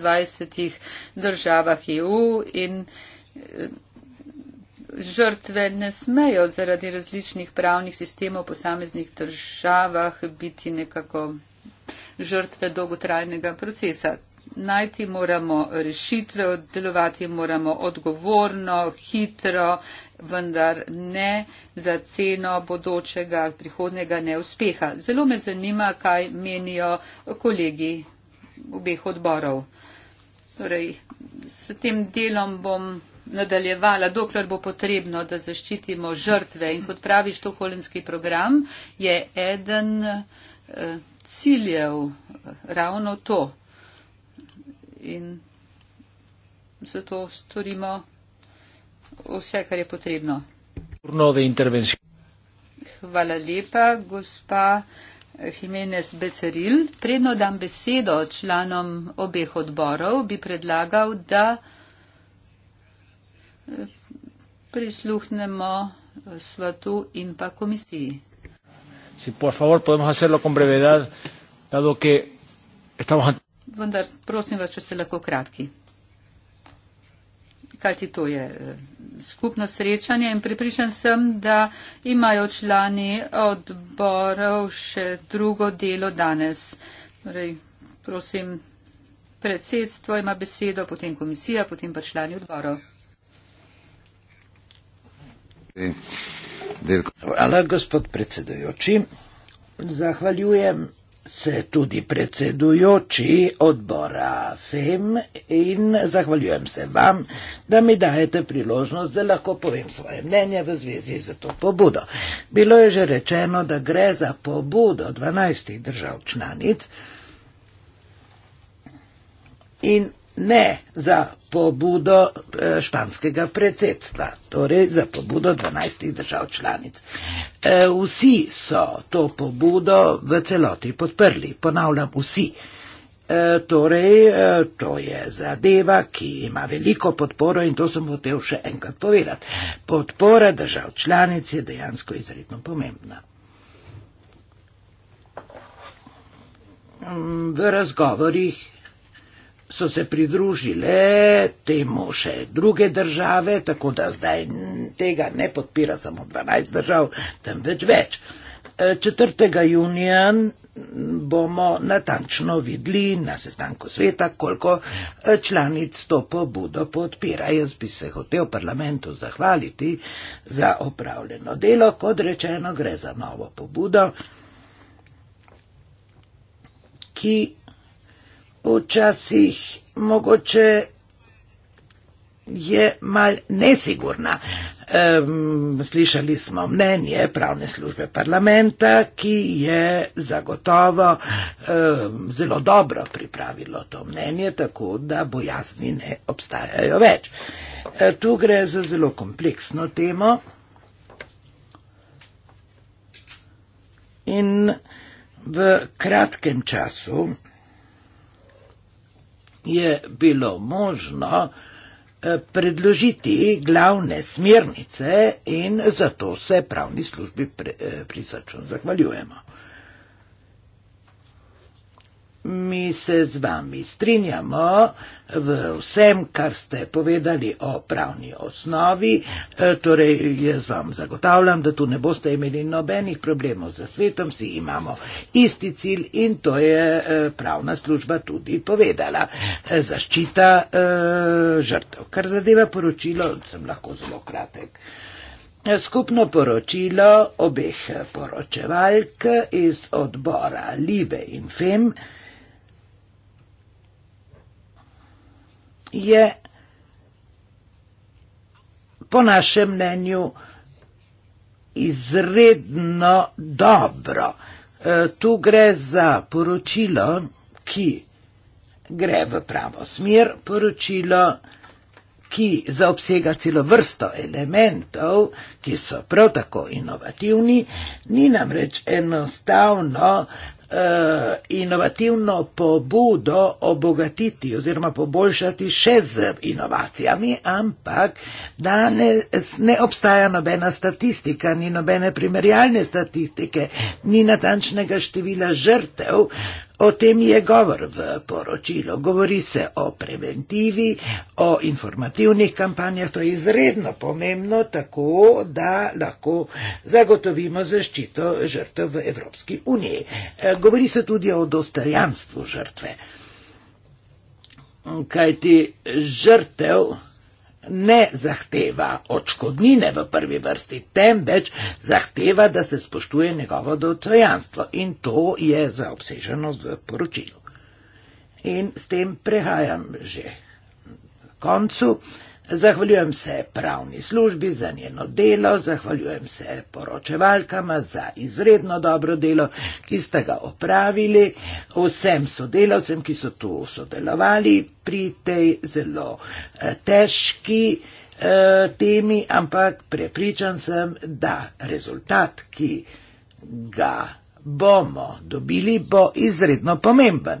27 državah EU in eh, žrtve ne smejo zaradi različnih pravnih sistemov v posameznih državah biti nekako žrtve dolgotrajnega procesa najti moramo rešitve, delovati moramo odgovorno, hitro, vendar ne za ceno bodočega, prihodnega neuspeha. Zelo me zanima, kaj menijo kolegi obeh odborov. Torej, s tem delom bom nadaljevala, dokler bo potrebno, da zaščitimo žrtve. In kot pravi Štokholmski program, je eden eh, ciljev ravno to in zato storimo vse, kar je potrebno. Hvala lepa, gospa Jimenez Beceril. Predno dam besedo članom obeh odborov, bi predlagal, da eh, prisluhnemo svetu in pa komisiji. Si, por favor, podemos hacerlo con brevedad, dado que estamos ante vendar prosim vas, če ste lahko kratki. Kaj ti to je? Eh, skupno srečanje in pripričan sem, da imajo člani odborov še drugo delo danes. Torej, prosim, predsedstvo ima besedo, potem komisija, potem pa člani odborov. Hvala, gospod predsedujoči. Zahvaljujem se tudi predsedujoči odbora FEM in zahvaljujem se vam, da mi dajete priložnost, da lahko povem svoje mnenje v zvezi z to pobudo. Bilo je že rečeno, da gre za pobudo 12 držav članic in ne za pobudo eh, španskega predsedstva, torej za pobudo 12 držav članic. Eh, vsi so to pobudo v celoti podprli, ponavljam, vsi. Eh, torej, to je zadeva, ki ima veliko podporo in to sem hotel še enkrat povedati. Podpora držav članic je dejansko izredno pomembna. V razgovorih so se pridružile temu še druge države, tako da zdaj tega ne podpira samo 12 držav, temveč več. 4. E, junija bomo natančno videli na sestanku sveta, koliko e, članic to pobudo podpira. Jaz bi se hotel parlamentu zahvaliti za opravljeno delo, kot rečeno, gre za novo pobudo, ki včasih mogoče je mal nesigurna. Um, slišali smo mnenje pravne službe parlamenta, ki je zagotovo um, zelo dobro pripravilo to mnenje, tako da bojazni ne obstajajo več. E, tu gre za zelo kompleksno temo in v kratkem času je bilo možno eh, predložiti glavne smernice in zato se pravni službi pri, eh, pri saču zahvaljujemo. Mi se z vami strinjamo v vsem, kar ste povedali o pravni osnovi, e, torej jaz vam zagotavljam, da tu ne boste imeli nobenih problemov za svetom, vsi imamo isti cilj in to je e, pravna služba tudi povedala. E, zaščita žrtev. Kar zadeva poročilo, sem lahko zelo kratek. Skupno poročilo obeh poročevalk iz odbora Libe in Fem, je po našem mnenju izredno dobro. E, tu gre za poročilo, ki gre v pravo smer, poročilo, ki zaobsega celo vrsto elementov, ki so prav tako inovativni, ni namreč enostavno Eh, inovativno pobudo obogatiti oziroma poboljšati še z inovacijami, ampak danes ne obstaja nobena statistika, ni nobene primerjalne statistike, ni natančnega števila žrtev, O tem je govor v poročilu. Govori se o preventivi, o informativnih kampanjah. To je izredno pomembno, tako da lahko zagotovimo zaščito žrtev v Evropski uniji. E, govori se tudi o dostojanstvu žrtve. Kaj ti žrtev? ne zahteva odškodnine v prvi vrsti, temveč zahteva, da se spoštuje njegovo dostojanstvo in to je zaobseženo v poročilu. In s tem prehajam že koncu. Zahvaljujem se pravni službi za njeno delo, zahvaljujem se poročevalkama za izredno dobro delo, ki ste ga opravili, vsem sodelavcem, ki so tu sodelovali pri tej zelo eh, težki eh, temi, ampak prepričan sem, da rezultat, ki ga bomo dobili, bo izredno pomemben.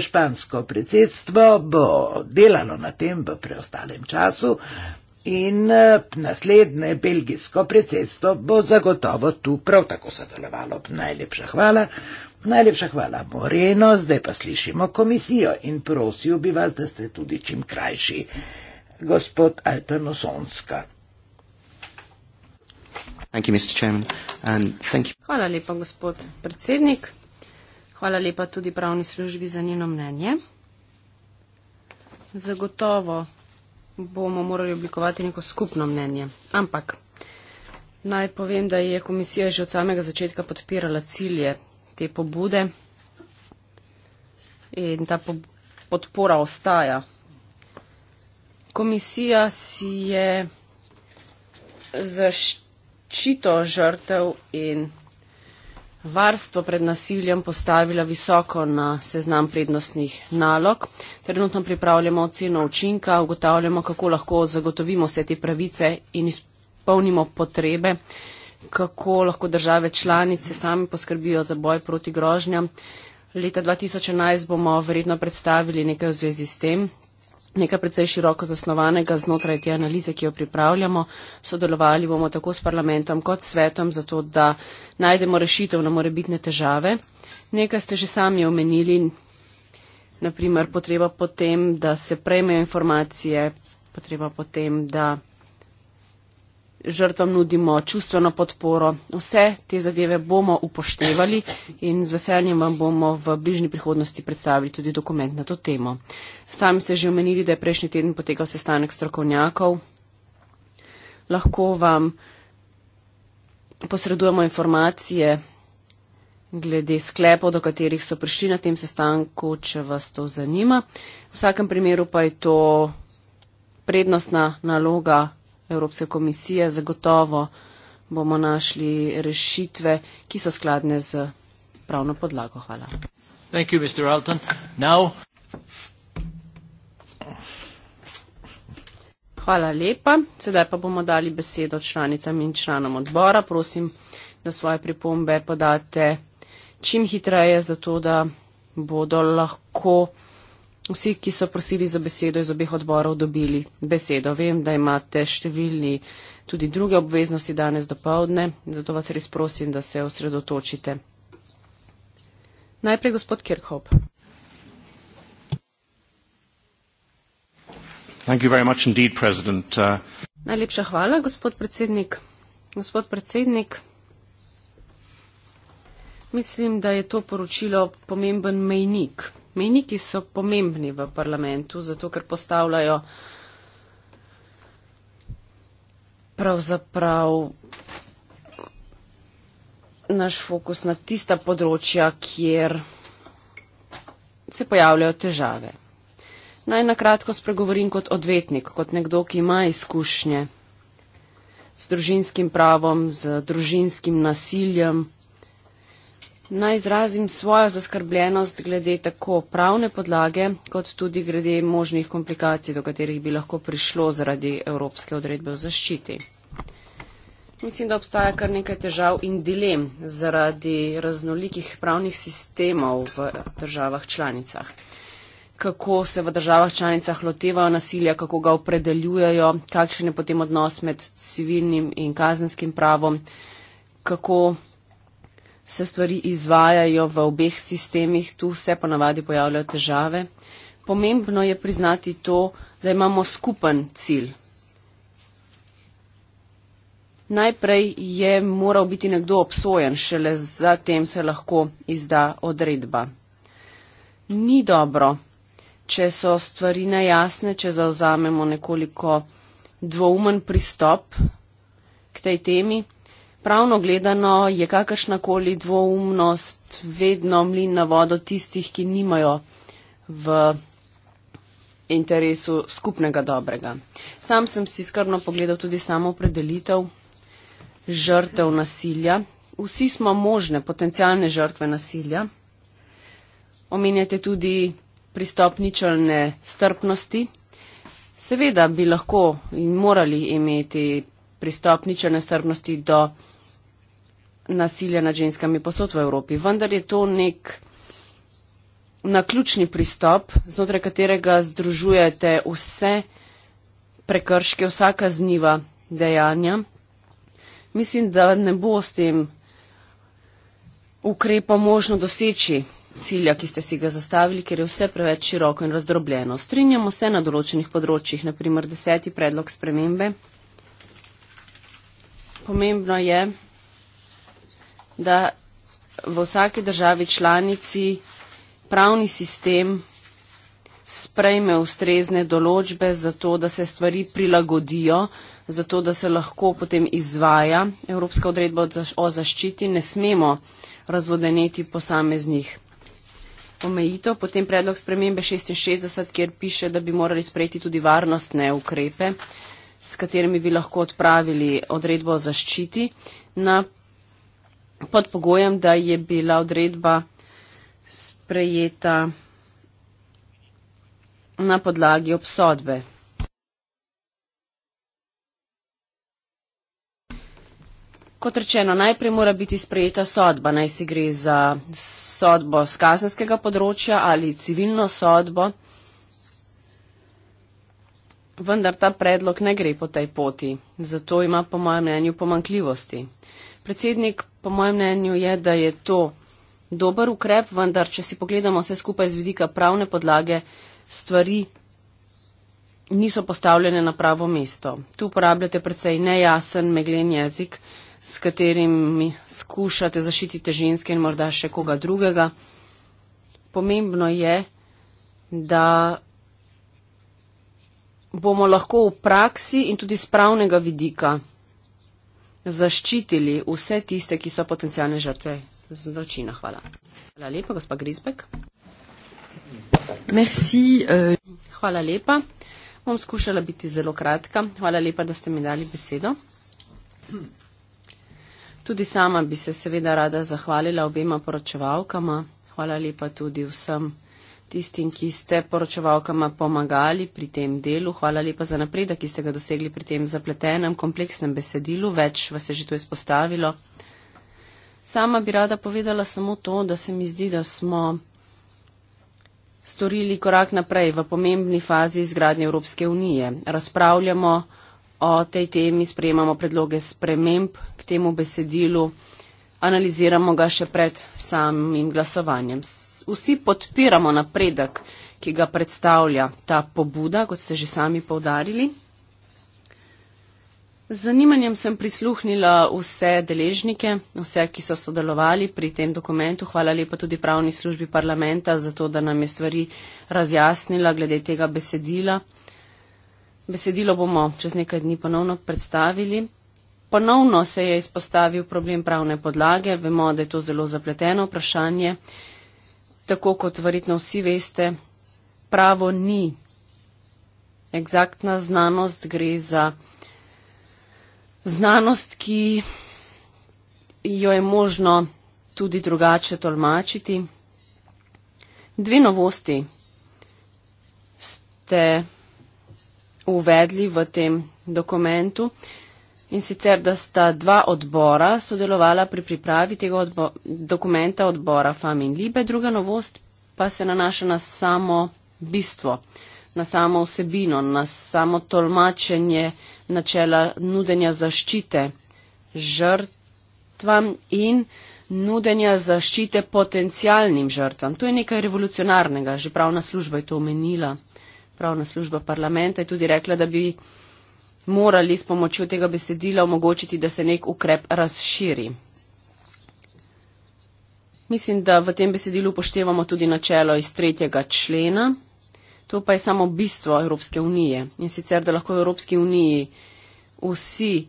Špansko predsedstvo bo delalo na tem v preostalem času in eh, naslednje belgijsko predsedstvo bo zagotovo tu prav tako sodelovalo. Najlepša hvala. Najlepša hvala, Moreno. Zdaj pa slišimo komisijo in prosil bi vas, da ste tudi čim krajši. Gospod Altenosonska. Thank you, thank you. Hvala lepa, gospod predsednik. Hvala lepa tudi pravni službi za njeno mnenje. Zagotovo bomo morali oblikovati neko skupno mnenje. Ampak naj povem, da je komisija že od samega začetka podpirala cilje te pobude in ta podpora ostaja. Komisija si je za zaščito žrtev in varstvo pred nasiljem postavila visoko na seznam prednostnih nalog. Trenutno pripravljamo oceno učinka, ugotavljamo, kako lahko zagotovimo vse te pravice in izpolnimo potrebe, kako lahko države članice sami poskrbijo za boj proti grožnjam. Leta 2011 bomo verjetno predstavili nekaj v zvezi s tem nekaj predvsej široko zasnovanega znotraj te analize, ki jo pripravljamo. Sodelovali bomo tako s parlamentom kot svetom, zato da najdemo rešitev na morebitne težave. Nekaj ste že sami omenili, naprimer potreba potem, da se prejmejo informacije, potreba potem, da žrtvam nudimo čustveno podporo. Vse te zadeve bomo upoštevali in z veseljem vam bomo v bližnji prihodnosti predstavili tudi dokument na to temo. Sami ste že omenili, da je prejšnji teden potekal sestanek strokovnjakov. Lahko vam posredujemo informacije glede sklepov, do katerih so prišli na tem sestanku, če vas to zanima. V vsakem primeru pa je to prednostna naloga Evropske komisije, zagotovo bomo našli rešitve, ki so skladne z pravno podlago. Hvala. Thank you, Mr. Alton. Now... Hvala lepa. Sedaj pa bomo dali besedo članicam in članom odbora. Prosim, da svoje pripombe podate čim hitreje, zato da bodo lahko vsi, ki so prosili za besedo iz obeh odborov, dobili besedo. Vem, da imate številni tudi druge obveznosti danes do povdne, zato vas res prosim, da se osredotočite. Najprej gospod Kirchhoff. Uh... Najlepša hvala, gospod predsednik. Gospod predsednik, mislim, da je to poročilo pomemben mejnik mejniki so pomembni v parlamentu, zato ker postavljajo pravzaprav naš fokus na tista področja, kjer se pojavljajo težave. Naj nakratko spregovorim kot odvetnik, kot nekdo, ki ima izkušnje s družinskim pravom, z družinskim nasiljem. Naj izrazim svojo zaskrbljenost glede tako pravne podlage, kot tudi glede možnih komplikacij, do katerih bi lahko prišlo zaradi Evropske odredbe o zaščiti. Mislim, da obstaja kar nekaj težav in dilem zaradi raznolikih pravnih sistemov v državah članicah. Kako se v državah članicah lotevajo nasilja, kako ga opredeljujejo, kakšen je potem odnos med civilnim in kazenskim pravom, kako se stvari izvajajo v obeh sistemih, tu se ponavadi pojavljajo težave. Pomembno je priznati to, da imamo skupen cilj. Najprej je moral biti nekdo obsojen, šele zatem se lahko izda odredba. Ni dobro, če so stvari nejasne, če zauzamemo nekoliko dvoumen pristop k tej temi. Pravno gledano je kakršnakoli dvoumnost vedno mlin na vodo tistih, ki nimajo v interesu skupnega dobrega. Sam sem si skrbno pogledal tudi samo predelitev žrtev nasilja. Vsi smo možne potencijalne žrtve nasilja. Omenjate tudi pristop ničelne strpnosti. Seveda bi lahko in morali imeti pristop ničelne strpnosti do nasilja nad ženskami posod v Evropi. Vendar je to nek naključni pristop, znotraj katerega združujete vse prekrške, vsa kazniva dejanja. Mislim, da ne bo s tem ukrepa možno doseči cilja, ki ste si ga zastavili, ker je vse preveč široko in razdrobljeno. Strinjamo se na določenih področjih, naprimer deseti predlog spremembe. Pomembno je, da v vsaki državi članici pravni sistem sprejme ustrezne določbe za to, da se stvari prilagodijo, za to, da se lahko potem izvaja Evropska odredba o zaščiti. Ne smemo razvodeneti posameznih omejitev. Potem predlog spremembe 66, kjer piše, da bi morali sprejeti tudi varnostne ukrepe, s katerimi bi lahko odpravili odredbo o zaščiti. Na pod pogojem, da je bila odredba sprejeta na podlagi obsodbe. Kot rečeno, najprej mora biti sprejeta sodba, naj si gre za sodbo z kazenskega področja ali civilno sodbo, vendar ta predlog ne gre po tej poti, zato ima po mojem mnenju pomankljivosti. Predsednik po mojem mnenju je, da je to dober ukrep, vendar če si pogledamo vse skupaj z vidika pravne podlage, stvari niso postavljene na pravo mesto. Tu uporabljate precej nejasen, meglen jezik, s katerim skušate zaščititi ženske in morda še koga drugega. Pomembno je, da bomo lahko v praksi in tudi z pravnega vidika zaščitili vse tiste, ki so potencijalne žrtve zločina. Hvala. Hvala lepa, gospod Grisbek. Merci, uh... Hvala lepa. Bom skušala biti zelo kratka. Hvala lepa, da ste mi dali besedo. Tudi sama bi se seveda rada zahvalila obema poročevalkama. Hvala lepa tudi vsem tistim, ki ste poročevalkama pomagali pri tem delu. Hvala lepa za napredek, ki ste ga dosegli pri tem zapletenem, kompleksnem besedilu. Več vas je že tu izpostavilo. Sama bi rada povedala samo to, da se mi zdi, da smo storili korak naprej v pomembni fazi izgradnje Evropske unije. Razpravljamo o tej temi, sprejemamo predloge sprememb k temu besedilu, analiziramo ga še pred samim glasovanjem vsi podpiramo napredek, ki ga predstavlja ta pobuda, kot ste že sami povdarili. Z zanimanjem sem prisluhnila vse deležnike, vse, ki so sodelovali pri tem dokumentu. Hvala lepa tudi pravni službi parlamenta za to, da nam je stvari razjasnila glede tega besedila. Besedilo bomo čez nekaj dni ponovno predstavili. Ponovno se je izpostavil problem pravne podlage. Vemo, da je to zelo zapleteno vprašanje tako kot verjetno vsi veste, pravo ni egzaktna znanost, gre za znanost, ki jo je možno tudi drugače tolmačiti. Dve novosti ste uvedli v tem dokumentu. In sicer, da sta dva odbora sodelovala pri pripravi tega odbo dokumenta odbora FAM in LIBE. Druga novost pa se nanaša na samo bistvo, na samo vsebino, na samo tolmačenje načela nudenja zaščite žrtvam in nudenja zaščite potencialnim žrtvam. To je nekaj revolucionarnega, že pravna služba je to omenila. Pravna služba parlamenta je tudi rekla, da bi morali s pomočjo tega besedila omogočiti, da se nek ukrep razširi. Mislim, da v tem besedilu upoštevamo tudi načelo iz tretjega člena. To pa je samo bistvo Evropske unije. In sicer, da lahko v Evropski uniji vsi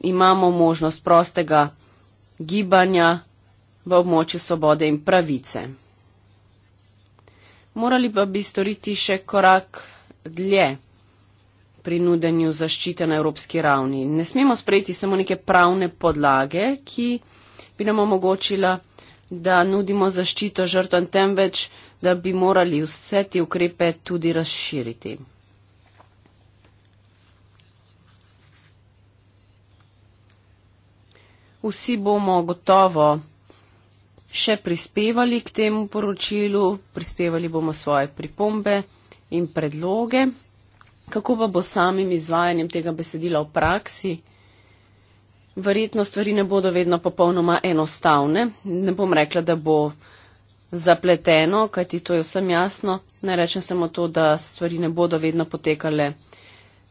imamo možnost prostega gibanja v območju svobode in pravice. Morali pa bi storiti še korak dlje pri nudenju zaščite na evropski ravni. Ne smemo sprejeti samo neke pravne podlage, ki bi nam omogočila, da nudimo zaščito žrtvam, temveč, da bi morali vse te ukrepe tudi razširiti. Vsi bomo gotovo še prispevali k temu poročilu, prispevali bomo svoje pripombe in predloge. Kako pa bo samim izvajanjem tega besedila v praksi? Verjetno stvari ne bodo vedno popolnoma enostavne. Ne bom rekla, da bo zapleteno, kajti to je vsem jasno. Ne rečem samo to, da stvari ne bodo vedno potekale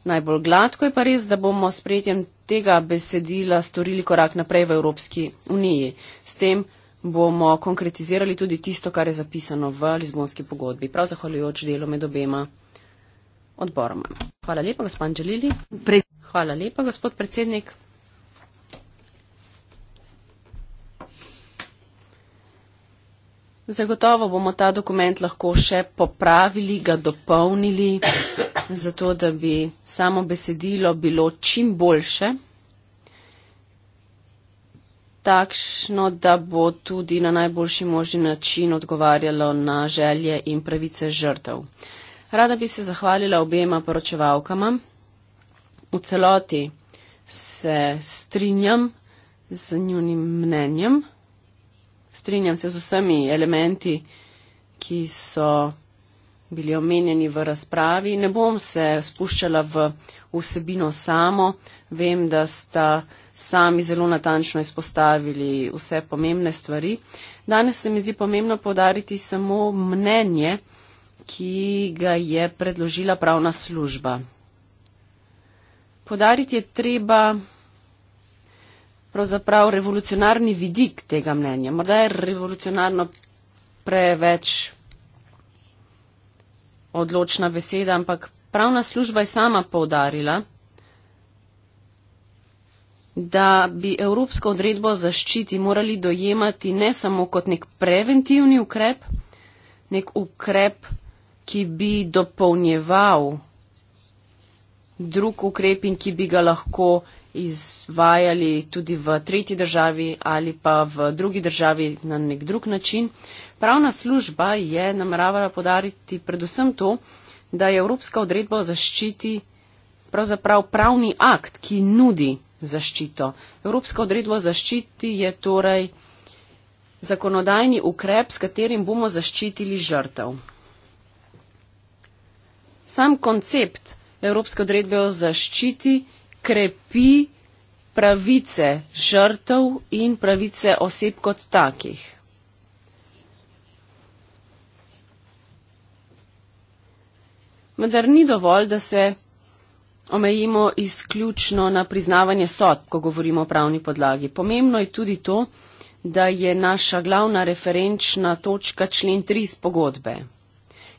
najbolj gladko. Je pa res, da bomo s prijetjem tega besedila storili korak naprej v Evropski uniji. S tem bomo konkretizirali tudi tisto, kar je zapisano v Lizbonski pogodbi, prav zahvaljujoč delu med obema odboroma. Hvala lepa, gospod Anželili. Hvala lepa, gospod predsednik. Zagotovo bomo ta dokument lahko še popravili, ga dopolnili, zato da bi samo besedilo bilo čim boljše, takšno, da bo tudi na najboljši možni način odgovarjalo na želje in pravice žrtev. Rada bi se zahvalila obema poročevalkama. V celoti se strinjam z njunim mnenjem. Strinjam se z vsemi elementi, ki so bili omenjeni v razpravi. Ne bom se spuščala v vsebino samo. Vem, da sta sami zelo natančno izpostavili vse pomembne stvari. Danes se mi zdi pomembno podariti samo mnenje, ki ga je predložila pravna služba. Podariti je treba pravzaprav revolucionarni vidik tega mnenja. Morda je revolucionarno preveč odločna beseda, ampak pravna služba je sama povdarila, da bi evropsko odredbo o zaščiti morali dojemati ne samo kot nek preventivni ukrep, nek ukrep ki bi dopolnjeval drug ukrep in ki bi ga lahko izvajali tudi v tretji državi ali pa v drugi državi na nek drug način. Pravna služba je nameravala podariti predvsem to, da je Evropska odredba o zaščiti pravzaprav pravni akt, ki nudi zaščito. Evropska odredba o zaščiti je torej zakonodajni ukrep, s katerim bomo zaščitili žrtev sam koncept Evropske odredbe o zaščiti krepi pravice žrtev in pravice oseb kot takih. Vendar ni dovolj, da se omejimo izključno na priznavanje sodb, ko govorimo o pravni podlagi. Pomembno je tudi to, da je naša glavna referenčna točka člen 3 iz pogodbe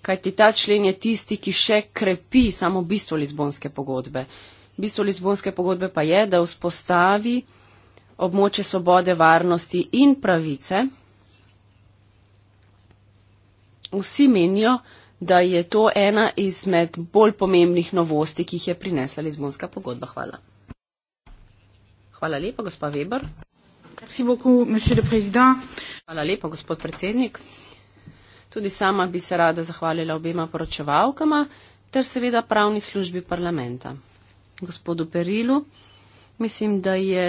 kajti ta člen je tisti, ki še krepi samo bistvo Lizbonske pogodbe. Bistvo Lizbonske pogodbe pa je, da vzpostavi območje svobode, varnosti in pravice. Vsi menijo, da je to ena izmed bolj pomembnih novosti, ki jih je prinesla Lizbonska pogodba. Hvala. Hvala lepa, gospa Weber. Hvala lepa, gospod predsednik. Tudi sama bi se rada zahvalila obema poročevalkama ter seveda pravni službi parlamenta. Gospodu Perilu mislim, da je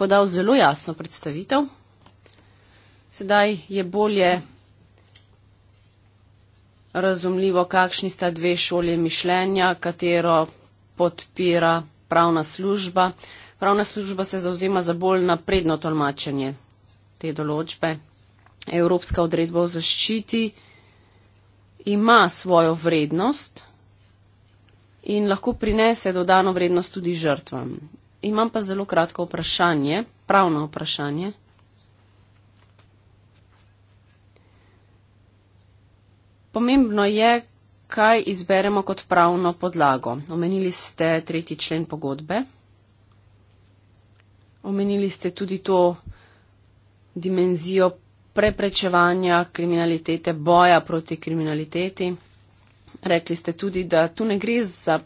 podal zelo jasno predstavitev. Sedaj je bolje razumljivo, kakšni sta dve šole mišljenja, katero podpira pravna služba. Pravna služba se zauzema za bolj napredno tolmačenje te določbe, evropska odredba o zaščiti ima svojo vrednost in lahko prinese dodano vrednost tudi žrtvam. Imam pa zelo kratko vprašanje, pravno vprašanje. Pomembno je, kaj izberemo kot pravno podlago. Omenili ste tretji člen pogodbe. Omenili ste tudi to dimenzijo preprečevanja kriminalitete, boja proti kriminaliteti. Rekli ste tudi, da tu ne gre za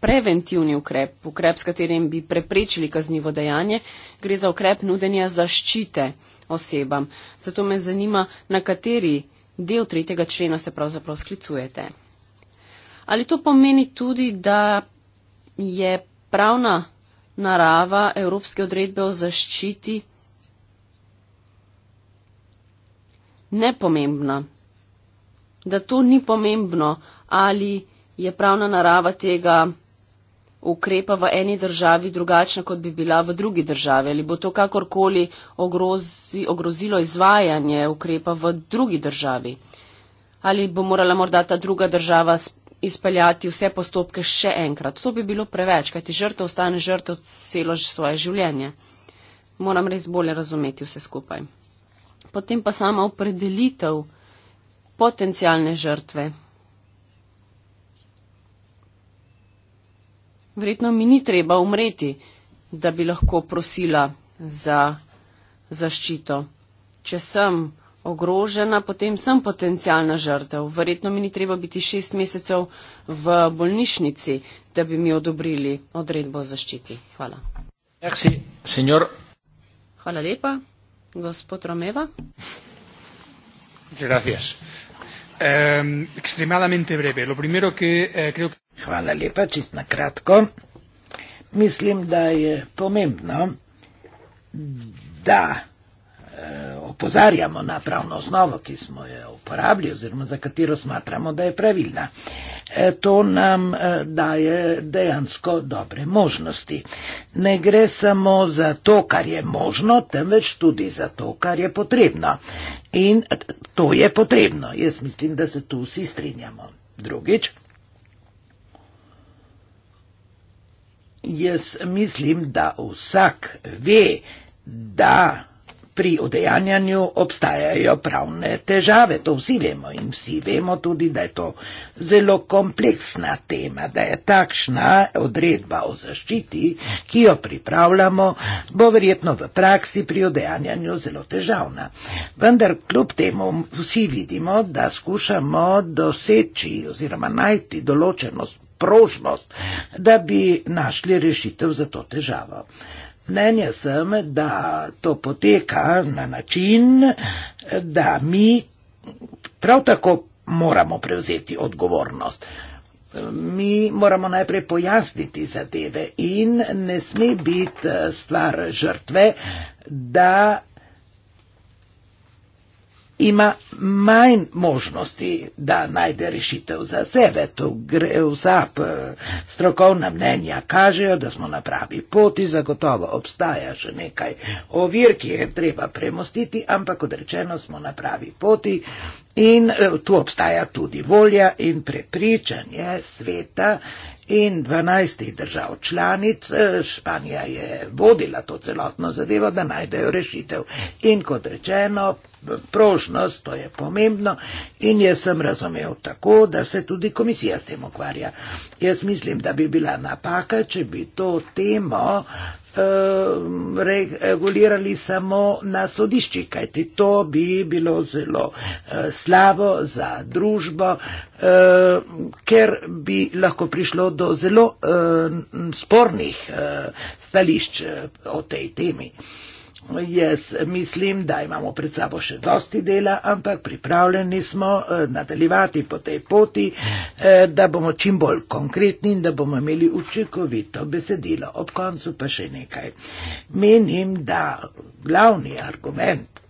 preventivni ukrep, ukrep, s katerim bi preprečili kaznivo dejanje, gre za ukrep nudenja zaščite osebam. Zato me zanima, na kateri del tretjega člena se pravzaprav sklicujete. Ali to pomeni tudi, da je pravna narava Evropske odredbe o zaščiti nepomembna, da to ni pomembno, ali je pravna narava tega ukrepa v eni državi drugačna, kot bi bila v drugi državi, ali bo to kakorkoli ogrozi, ogrozilo izvajanje ukrepa v drugi državi, ali bo morala morda ta druga država izpeljati vse postopke še enkrat. To bi bilo preveč, kajti žrtev ostane žrtev celo svoje življenje. Moram res bolje razumeti vse skupaj potem pa sama opredelitev potencijalne žrtve. Verjetno mi ni treba umreti, da bi lahko prosila za zaščito. Če sem ogrožena, potem sem potencijalna žrtev. Verjetno mi ni treba biti šest mesecev v bolnišnici, da bi mi odobrili odredbo o zaščiti. Hvala. Merci, Hvala lepa. Gospod Romeva. Gracias. Um, extremadamente breve. Lo primero que uh, creo que... Hvala lepa, čist na kratko. Mislim, da je pomembno, da Eh, opozarjamo na pravno osnovo, ki smo jo uporabili oziroma za katero smatramo, da je pravilna. Eh, to nam eh, daje dejansko dobre možnosti. Ne gre samo za to, kar je možno, temveč tudi za to, kar je potrebno. In to je potrebno. Jaz mislim, da se tu vsi strinjamo. Drugič. Jaz mislim, da vsak ve, da pri udejanjanju obstajajo pravne težave, to vsi vemo in vsi vemo tudi, da je to zelo kompleksna tema, da je takšna odredba o zaščiti, ki jo pripravljamo, bo verjetno v praksi pri udejanjanju zelo težavna. Vendar kljub temu vsi vidimo, da skušamo doseči oziroma najti določenost, prožnost, da bi našli rešitev za to težavo. Mnenja sem, da to poteka na način, da mi prav tako moramo prevzeti odgovornost. Mi moramo najprej pojasniti zadeve in ne sme biti eh, stvar žrtve, da ima manj možnosti, da najde rešitev za sebe, tu gre v sap. Strokovna mnenja kažejo, da smo na pravi poti, zagotovo obstaja že nekaj ovir, ki je treba premostiti, ampak odrečeno smo na pravi poti in eh, tu obstaja tudi volja in prepričanje sveta in dvanajstih držav članic, eh, Španija je vodila to celotno zadevo, da najdejo rešitev. In kot rečeno, prožnost, to je pomembno in jaz sem razumel tako, da se tudi komisija s tem ukvarja. Jaz mislim, da bi bila napaka, če bi to temo eh, regulirali samo na sodiščih, kajti to bi bilo zelo eh, slabo za družbo, Eh, ker bi lahko prišlo do zelo eh, spornih eh, stališč o tej temi. Jaz mislim, da imamo pred sabo še dosti dela, ampak pripravljeni smo nadaljevati po tej poti, da bomo čim bolj konkretni in da bomo imeli učinkovito besedilo. Ob koncu pa še nekaj. Menim, da glavni argument,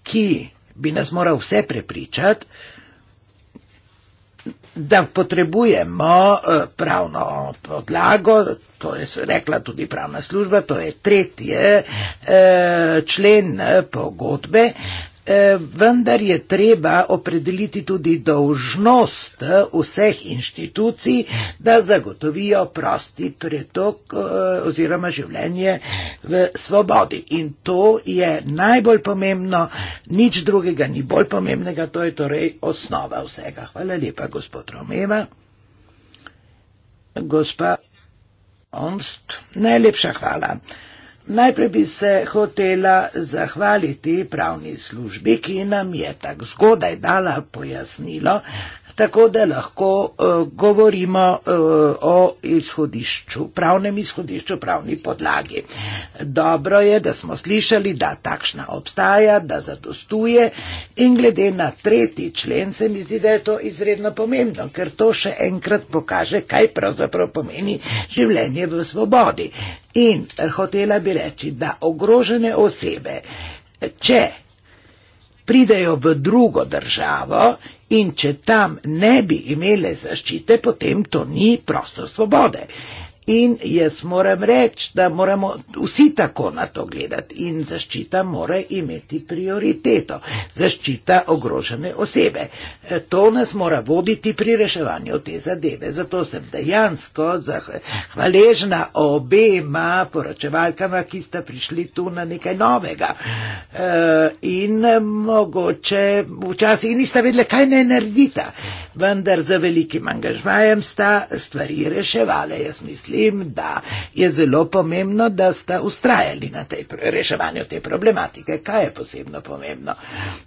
ki bi nas moral vse prepričati, da potrebujemo eh, pravno podlago, to je rekla tudi pravna služba, to je tretje eh, člen eh, pogodbe, Eh, vendar je treba opredeliti tudi dožnost eh, vseh inštitucij, da zagotovijo prosti pretok eh, oziroma življenje v svobodi. In to je najbolj pomembno, nič drugega ni bolj pomembnega, to je torej osnova vsega. Hvala lepa, gospod Romeva. Gospa Omst, najlepša hvala. Najprej bi se hotela zahvaliti pravni službi, ki nam je tako zgodaj dala pojasnilo, tako da lahko uh, govorimo uh, o izhodišču, pravnem izhodišču, pravni podlagi. Dobro je, da smo slišali, da takšna obstaja, da zadostuje in glede na tretji člen se mi zdi, da je to izredno pomembno, ker to še enkrat pokaže, kaj pravzaprav pomeni življenje v svobodi. In eh, hotela bi reči, da ogrožene osebe, če pridejo v drugo državo, In če tam ne bi imele zaščite, potem to ni prostor svobode. In jaz moram reči, da moramo vsi tako na to gledati in zaščita mora imeti prioriteto, zaščita ogrožene osebe. E, to nas mora voditi pri reševanju te zadeve. Zato sem dejansko hvaležna obema poročevalkama, ki sta prišli tu na nekaj novega. E, in mogoče včasih nista vedela, kaj ne naredita, vendar z velikim angažmajem sta stvari reševale, jaz mislim mislim, da je zelo pomembno, da sta ustrajali na tej reševanju te problematike. Kaj je posebno pomembno?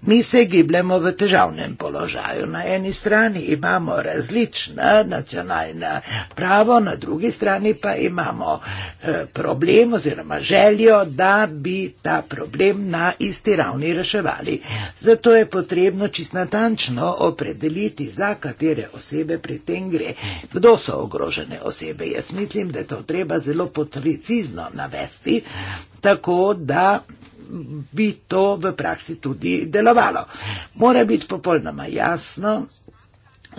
Mi se gibljemo v težavnem položaju. Na eni strani imamo različna nacionalna pravo, na drugi strani pa imamo eh, problem oziroma željo, da bi ta problem na isti ravni reševali. Zato je potrebno čist natančno opredeliti, za katere osebe pri tem gre. Kdo so ogrožene osebe? Jaz mislim, mislim, da je to treba zelo potricizno navesti, tako da bi to v praksi tudi delovalo. Mora biti popolnoma jasno,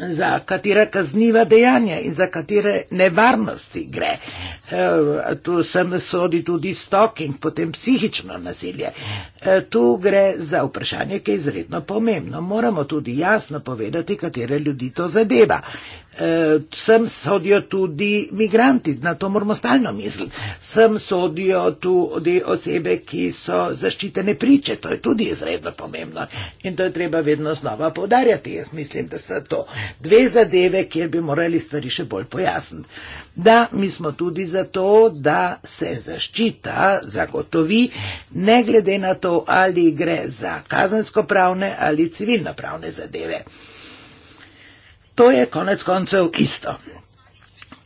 za katera kazniva dejanja in za katere nevarnosti gre. E, tu sem sodi tudi stoking, potem psihično nasilje. E, tu gre za vprašanje, ki je izredno pomembno. Moramo tudi jasno povedati, katere ljudi to zadeva. Eh, sem sodijo tudi migranti, na to moramo stalno misliti. Sem sodijo tudi osebe, ki so zaščitene priče, to je tudi izredno pomembno in to je treba vedno znova povdarjati. Jaz mislim, da so to dve zadeve, kjer bi morali stvari še bolj pojasniti. Da, mi smo tudi zato, da se zaščita zagotovi, ne glede na to, ali gre za kazensko pravne ali civilno pravne zadeve. To je konec koncev isto.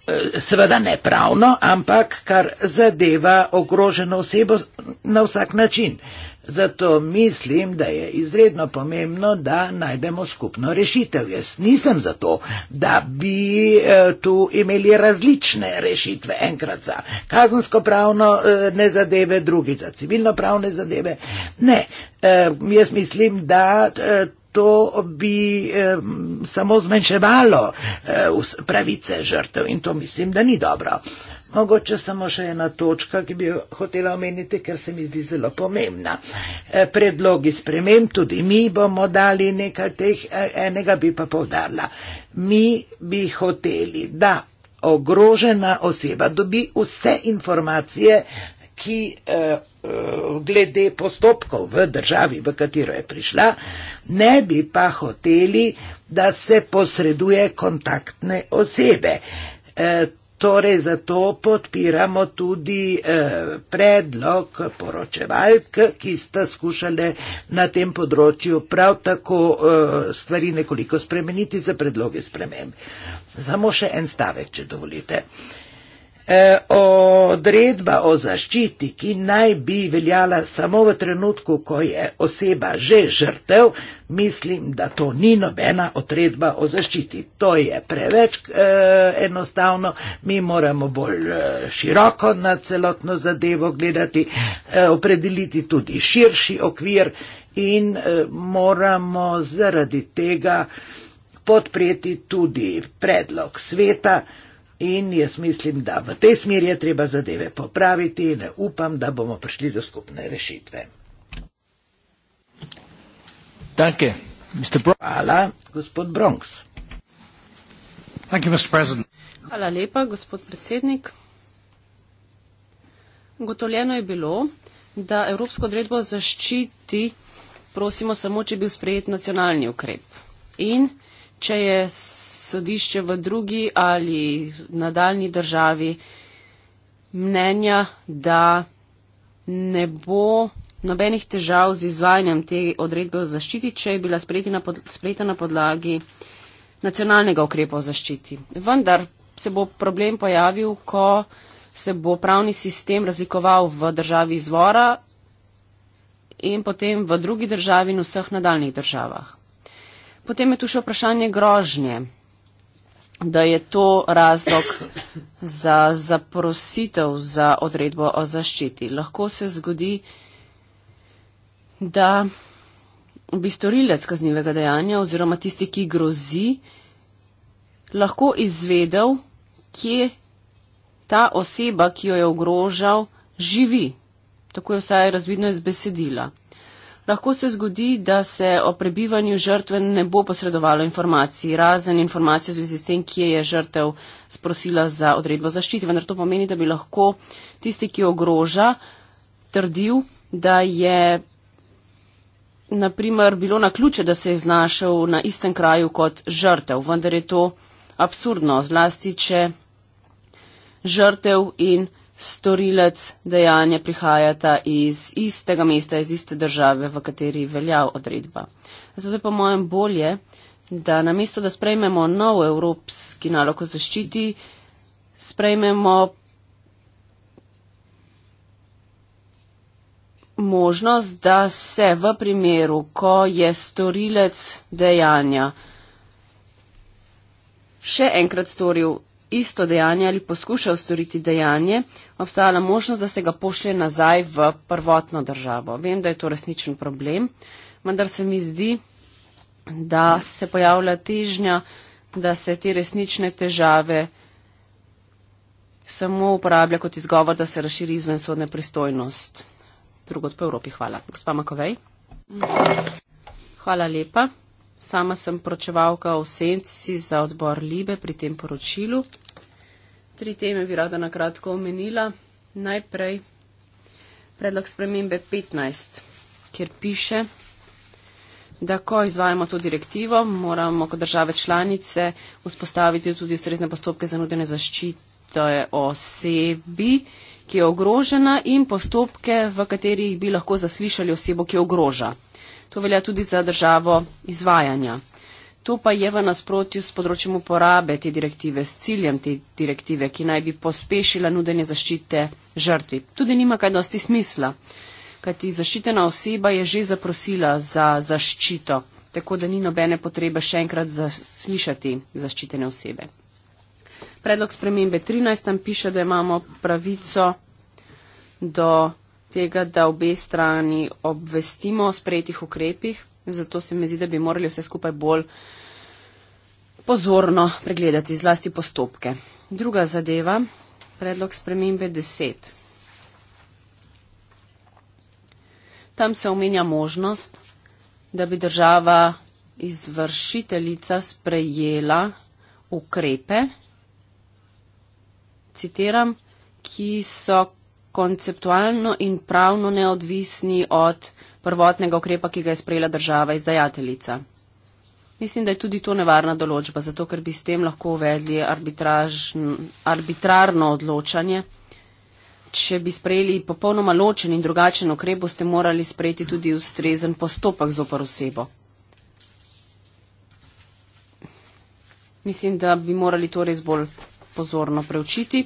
E, seveda ne pravno, ampak kar zadeva ogroženo osebo na vsak način. Zato mislim, da je izredno pomembno, da najdemo skupno rešitev. Jaz nisem zato, da bi e, tu imeli različne rešitve. Enkrat za kazensko pravno e, ne zadeve, drugi za civilno pravne zadeve. Ne, jaz mislim, da to bi eh, samo zmanjševalo eh, pravice žrtev in to mislim, da ni dobro. Mogoče samo še ena točka, ki bi jo hotela omeniti, ker se mi zdi zelo pomembna. E, predlogi sprememb tudi mi bomo dali nekaj teh, e, enega bi pa povdarla. Mi bi hoteli, da ogrožena oseba dobi vse informacije, ki. Eh, glede postopkov v državi, v katero je prišla, ne bi pa hoteli, da se posreduje kontaktne osebe. E, torej, zato podpiramo tudi e, predlog poročevalk, ki sta skušali na tem področju prav tako e, stvari nekoliko spremeniti za predloge sprememb. Samo še en stavek, če dovolite eh, odredba o zaščiti, ki naj bi veljala samo v trenutku, ko je oseba že žrtev, mislim, da to ni nobena odredba o zaščiti. To je preveč eh, enostavno, mi moramo bolj eh, široko na celotno zadevo gledati, eh, opredeliti tudi širši okvir in eh, moramo zaradi tega podpreti tudi predlog sveta, In jaz mislim, da v tej smeri je treba zadeve popraviti in upam, da bomo prišli do skupne rešitve. Danke, Hvala, gospod Bronx. Thank you, Mr. Hvala lepa, gospod predsednik. Gotovljeno je bilo, da Evropsko odredbo zaščiti prosimo samo, če bi sprejet nacionalni ukrep. In če je sodišče v drugi ali nadaljni državi mnenja, da ne bo nobenih težav z izvajanjem te odredbe o zaščiti, če je bila sprejeta na podlagi nacionalnega ukrepa o zaščiti. Vendar se bo problem pojavil, ko se bo pravni sistem razlikoval v državi izvora in potem v drugi državi in vseh nadaljnih državah. Potem je tu še vprašanje grožnje, da je to razlog za zaprositev za odredbo o zaščiti. Lahko se zgodi, da bi storilec kaznivega dejanja oziroma tisti, ki grozi, lahko izvedel, kje ta oseba, ki jo je ogrožal, živi. Tako je vsaj razvidno iz besedila. Lahko se zgodi, da se o prebivanju žrtve ne bo posredovalo informacij, razen informacij v zvezi s tem, kje je žrtev sprosila za odredbo zaščiti. Vendar to pomeni, da bi lahko tisti, ki ogroža, trdil, da je naprimer bilo na ključe, da se je znašel na istem kraju kot žrtev. Vendar je to absurdno, zlasti, če žrtev in žrtev storilec dejanja prihajata iz istega mesta, iz iste države, v kateri velja odredba. Zato je po mojem bolje, da namesto, da sprejmemo nov evropski nalog o zaščiti, sprejmemo možnost, da se v primeru, ko je storilec dejanja še enkrat storil isto dejanje ali poskušal storiti dejanje, obstajala možnost, da se ga pošlje nazaj v prvotno državo. Vem, da je to resničen problem, vendar se mi zdi, da se pojavlja težnja, da se te resnične težave samo uporablja kot izgovor, da se razširi izven sodne pristojnost. Drugod po Evropi. Hvala. Gospa Makovej. Hvala lepa. Sama sem pročevalka v senci za odbor Libe pri tem poročilu. Tri teme bi rada na kratko omenila. Najprej predlog spremembe 15, kjer piše, da ko izvajamo to direktivo, moramo kot države članice vzpostaviti tudi ustrezne postopke za nudene zaščite osebi, ki je ogrožena in postopke, v katerih bi lahko zaslišali osebo, ki jo ogroža. To velja tudi za državo izvajanja. To pa je v nasprotju s področjem uporabe te direktive, s ciljem te direktive, ki naj bi pospešila nudenje zaščite žrtvi. Tudi nima kaj dosti smisla, kajti zaščitena oseba je že zaprosila za zaščito, tako da ni nobene potrebe še enkrat zaslišati zaščitene osebe. Predlog spremembe 13 tam piše, da imamo pravico do tega, da obe strani obvestimo o sprejetih ukrepih. Zato se mi zdi, da bi morali vse skupaj bolj pozorno pregledati zlasti postopke. Druga zadeva, predlog spremembe 10. Tam se omenja možnost, da bi država izvršiteljica sprejela ukrepe, citiram, ki so konceptualno in pravno neodvisni od prvotnega ukrepa, ki ga je sprejela država izdajateljica. Mislim, da je tudi to nevarna določba, zato ker bi s tem lahko uvedli arbitrarno odločanje. Če bi sprejeli popolnoma ločen in drugačen ukrep, boste morali sprejeti tudi ustrezen postopek zopr osebo. Mislim, da bi morali to res bolj pozorno preučiti.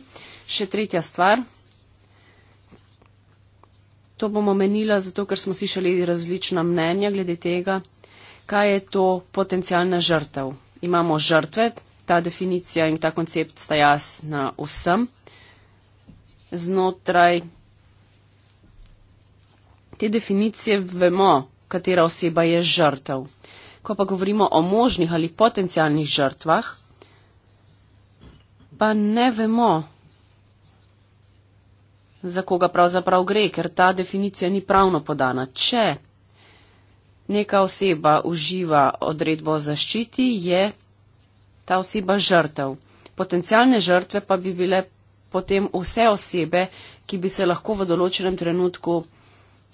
Še tretja stvar. To bom omenila zato, ker smo slišali različna mnenja glede tega, kaj je to potencijalna žrtev. Imamo žrtve, ta definicija in ta koncept sta jasna vsem. Znotraj te definicije vemo, katera oseba je žrtev. Ko pa govorimo o možnih ali potencijalnih žrtvah, pa ne vemo, za koga pravzaprav gre, ker ta definicija ni pravno podana. Če neka oseba uživa odredbo o zaščiti, je ta oseba žrtev. Potencialne žrtve pa bi bile potem vse osebe, ki bi se lahko v določenem trenutku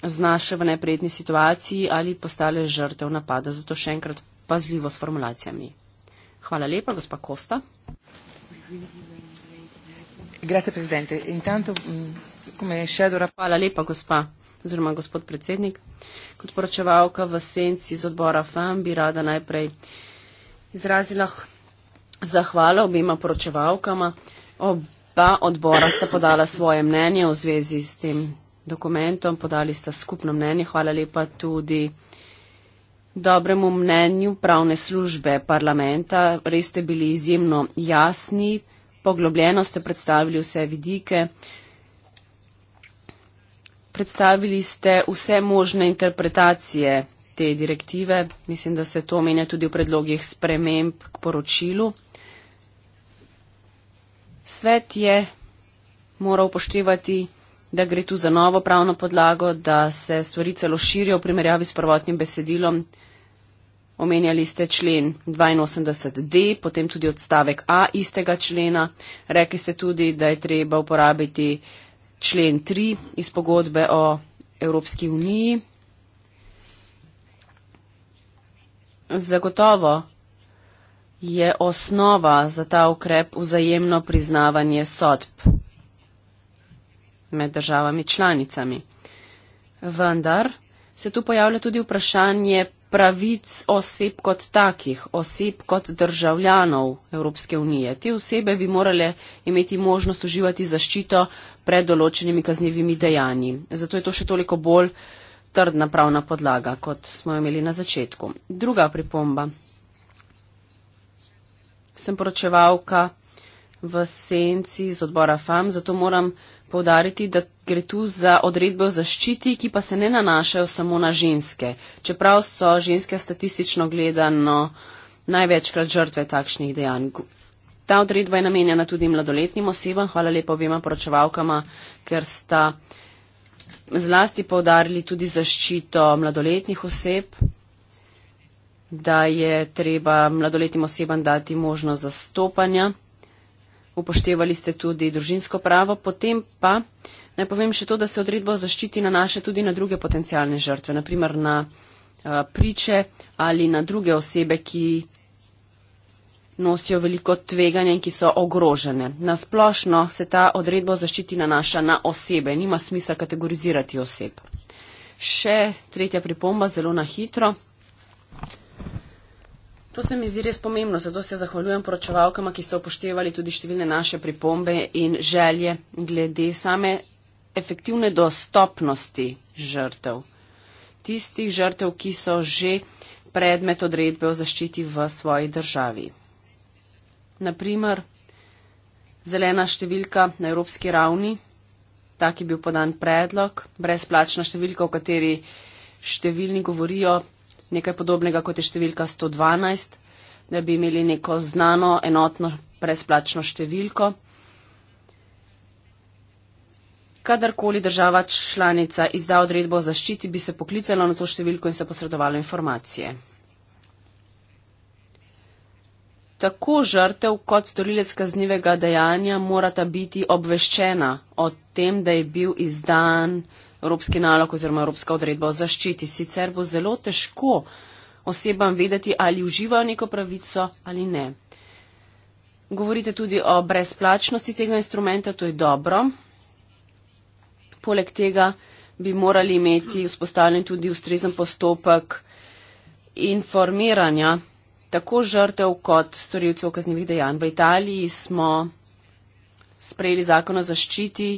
znašle v neprijetni situaciji ali postale žrtev napada. Zato še enkrat pazljivo s formulacijami. Hvala lepa, gospa Kosta. Grazie Presidente. Intanto mh, mm, me je še dobro. Hvala lepa, gospa oziroma gospod predsednik. Kot poročevalka v senci z odbora FAM bi rada najprej izrazila zahvalo obima poročevalkama. Oba odbora sta podala svoje mnenje v zvezi s tem dokumentom, podali sta skupno mnenje. Hvala lepa tudi dobremu mnenju pravne službe parlamenta. Res ste bili izjemno jasni, poglobljeno ste predstavili vse vidike predstavili ste vse možne interpretacije te direktive. Mislim, da se to omenja tudi v predlogih sprememb k poročilu. Svet je moral poštevati, da gre tu za novo pravno podlago, da se stvari celo širijo v primerjavi s prvotnim besedilom. Omenjali ste člen 82d, potem tudi odstavek a istega člena. Rekli ste tudi, da je treba uporabiti uh, člen 3 iz pogodbe o Evropski uniji. Zagotovo je osnova za ta ukrep vzajemno priznavanje sodb med državami članicami. Vendar se tu pojavlja tudi vprašanje pravic oseb kot takih, oseb kot državljanov Evropske unije. Te osebe bi morale imeti možnost uživati zaščito pred določenimi kaznjivimi dejanji. Zato je to še toliko bolj trdna pravna podlaga, kot smo jo imeli na začetku. Druga pripomba. Sem poročevalka v senci z odbora FAM, zato moram povdariti, da gre tu za odredbe o zaščiti, ki pa se ne nanašajo samo na ženske. Čeprav so ženske statistično gledano največkrat žrtve takšnih dejanj. Ta odredba je namenjena tudi mladoletnim osebam. Hvala lepa obema poročevalkama, ker sta zlasti povdarili tudi zaščito mladoletnih oseb, da je treba mladoletnim osebam dati možnost zastopanja. Upoštevali ste tudi družinsko pravo. Potem pa naj povem še to, da se odredbo zaščiti nanaša tudi na druge potencijalne žrtve, naprimer na uh, priče ali na druge osebe, ki nosijo veliko tveganja in ki so ogrožene. Nasplošno se ta odredba o zaščiti nanaša na osebe, nima smisla kategorizirati oseb. Še tretja pripomba, zelo na hitro. To se mi zdi res pomembno, zato se zahvaljujem poročevalkama, ki ste upoštevali tudi številne naše pripombe in želje glede same efektivne dostopnosti žrtev. Tistih žrtev, ki so že predmet odredbe o zaščiti v svoji državi naprimer zelena številka na evropski ravni, tak je bil podan predlog, brezplačna številka, o kateri številni govorijo, nekaj podobnega kot je številka 112, da bi imeli neko znano, enotno, brezplačno številko. Kadarkoli država članica izda odredbo o zaščiti, bi se poklicala na to številko in se posredovalo informacije. tako žrtev kot storilec kaznivega dejanja morata biti obveščena o tem, da je bil izdan Evropski nalog oziroma Evropska odredba o zaščiti. Sicer bo zelo težko osebam vedeti, ali uživajo neko pravico ali ne. Govorite tudi o brezplačnosti tega instrumenta, to je dobro. Poleg tega bi morali imeti vzpostavljen tudi ustrezen postopek informiranja tako žrtev kot storilcev kaznjivih dejanj. V Italiji smo sprejeli zakon o zaščiti,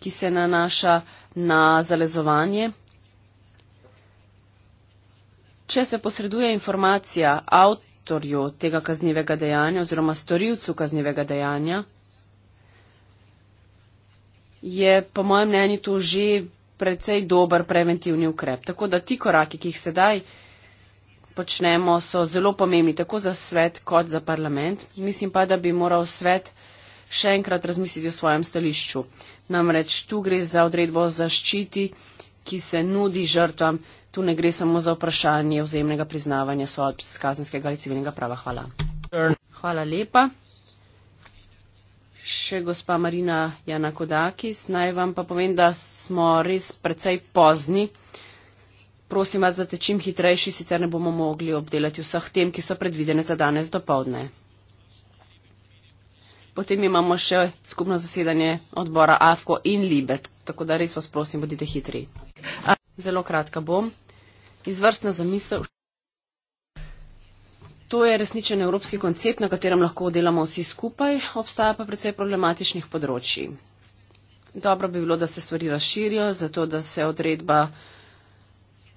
ki se nanaša na zalezovanje. Če se posreduje informacija avtorju tega kaznjivega dejanja oziroma storilcu kaznjivega dejanja, je po mojem mnenju to že precej dober preventivni ukrep. Tako da ti koraki, ki jih sedaj počnemo, so zelo pomembni, tako za svet kot za parlament. Mislim pa, da bi moral svet še enkrat razmisliti o svojem stališču. Namreč tu gre za odredbo zaščiti, ki se nudi žrtvam. Tu ne gre samo za vprašanje vzajemnega priznavanja sodb z kazenskega ali civilnega prava. Hvala. Hvala lepa. Še gospa Marina Janakodakis. Naj vam pa povem, da smo res precej pozni. Prosim vas, zate čim hitrejši, sicer ne bomo mogli obdelati vseh tem, ki so predvidene za danes do povdne. Potem imamo še skupno zasedanje odbora AFKO in LIBET, tako da res vas prosim, bodite hitri. Zelo kratka bom. Izvrstna zamisel. To je resničen evropski koncept, na katerem lahko delamo vsi skupaj, obstaja pa predvsej problematičnih področji. Dobro bi bilo, da se stvari razširijo, zato da se odredba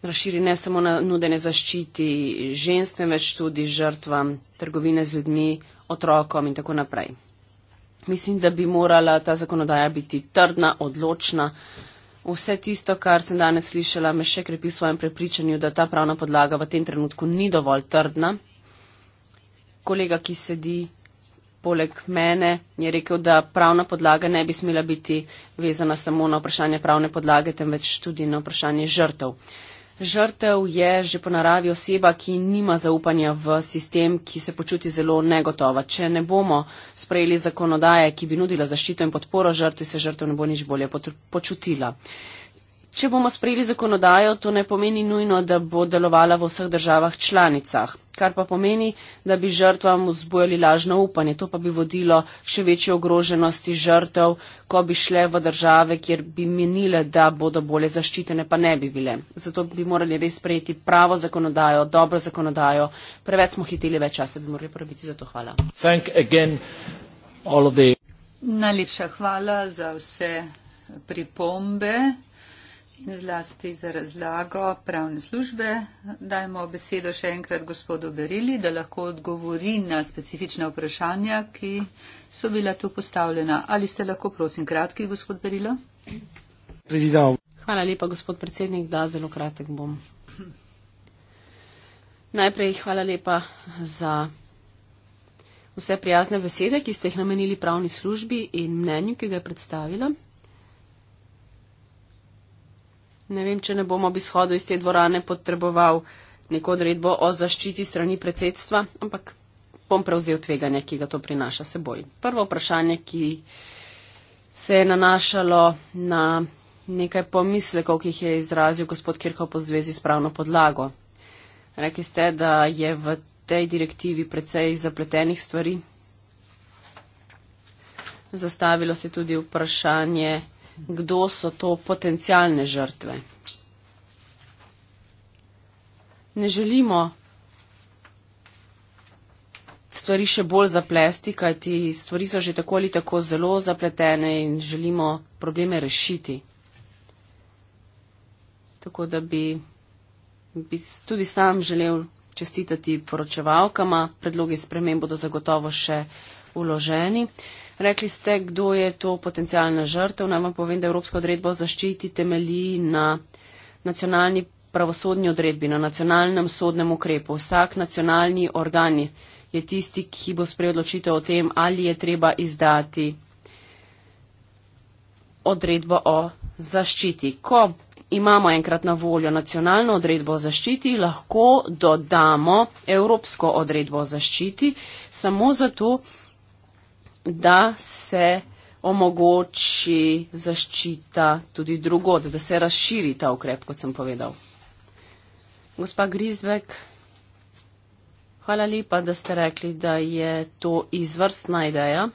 razširi ne samo na nudene zaščiti žensk, temveč tudi žrtvam trgovine z ljudmi, otrokom in tako naprej. Mislim, da bi morala ta zakonodaja biti trdna, odločna. Vse tisto, kar sem danes slišala, me še krepi v svojem prepričanju, da ta pravna podlaga v tem trenutku ni dovolj trdna. Kolega, ki sedi poleg mene, je rekel, da pravna podlaga ne bi smela biti vezana samo na vprašanje pravne podlage, temveč tudi na vprašanje žrtev. Žrtev je že po naravi oseba, ki nima zaupanja v sistem, ki se počuti zelo negotova. Če ne bomo sprejeli zakonodaje, ki bi nudila zaščito in podporo žrtvi, se žrtev ne bo nič bolje počutila. Če bomo sprejeli zakonodajo, to ne pomeni nujno, da bo delovala v vseh državah članicah, kar pa pomeni, da bi žrtvam vzbujali lažno upanje. To pa bi vodilo še večje ogroženosti žrtev, ko bi šle v države, kjer bi menile, da bodo bolje zaščitene, pa ne bi bile. Zato bi morali res sprejeti pravo zakonodajo, dobro zakonodajo. Preveč smo hiteli, več časa bi morali porabiti za to. Hvala. Najlepša hvala za vse pripombe in zlasti za razlago pravne službe. Dajmo besedo še enkrat gospodu Berili, da lahko odgovori na specifična vprašanja, ki so bila tu postavljena. Ali ste lahko, prosim, kratki, gospod Berilo? Hvala lepa, gospod predsednik, da zelo kratek bom. Najprej hvala lepa za. Vse prijazne besede, ki ste jih namenili pravni službi in mnenju, ki ga je predstavila, ne vem, če ne bomo ob izhodu iz te dvorane potreboval neko odredbo o zaščiti strani predsedstva, ampak bom prevzel tveganje, ki ga to prinaša seboj. Prvo vprašanje, ki se je nanašalo na nekaj pomislekov, ki jih je izrazil gospod Kirhov po zvezi s pravno podlago. Rekli ste, da je v tej direktivi precej zapletenih stvari. Zastavilo se tudi vprašanje, kdo so to potencijalne žrtve. Ne želimo stvari še bolj zaplesti, kajti stvari so že tako ali tako zelo zapletene in želimo probleme rešiti. Tako da bi, bi tudi sam želel čestitati poročevalkama. Predlogi sprememb bodo zagotovo še uloženi. Uh, Rekli ste, kdo je to potencijalna žrtev. Naj vam povem, da Evropska odredba o zaščiti temelji na nacionalni pravosodni odredbi, na nacionalnem sodnem ukrepu. Vsak nacionalni organ je tisti, ki bo sprejel odločitev o tem, ali je treba izdati odredbo o zaščiti. Ko imamo enkrat na voljo nacionalno odredbo o zaščiti, lahko dodamo evropsko odredbo o zaščiti samo zato, da se omogoči zaščita tudi drugod, da se razširi ta ukrep, kot sem povedal. Gospa Grizvek, hvala lepa, da ste rekli, da je to izvrstna ideja.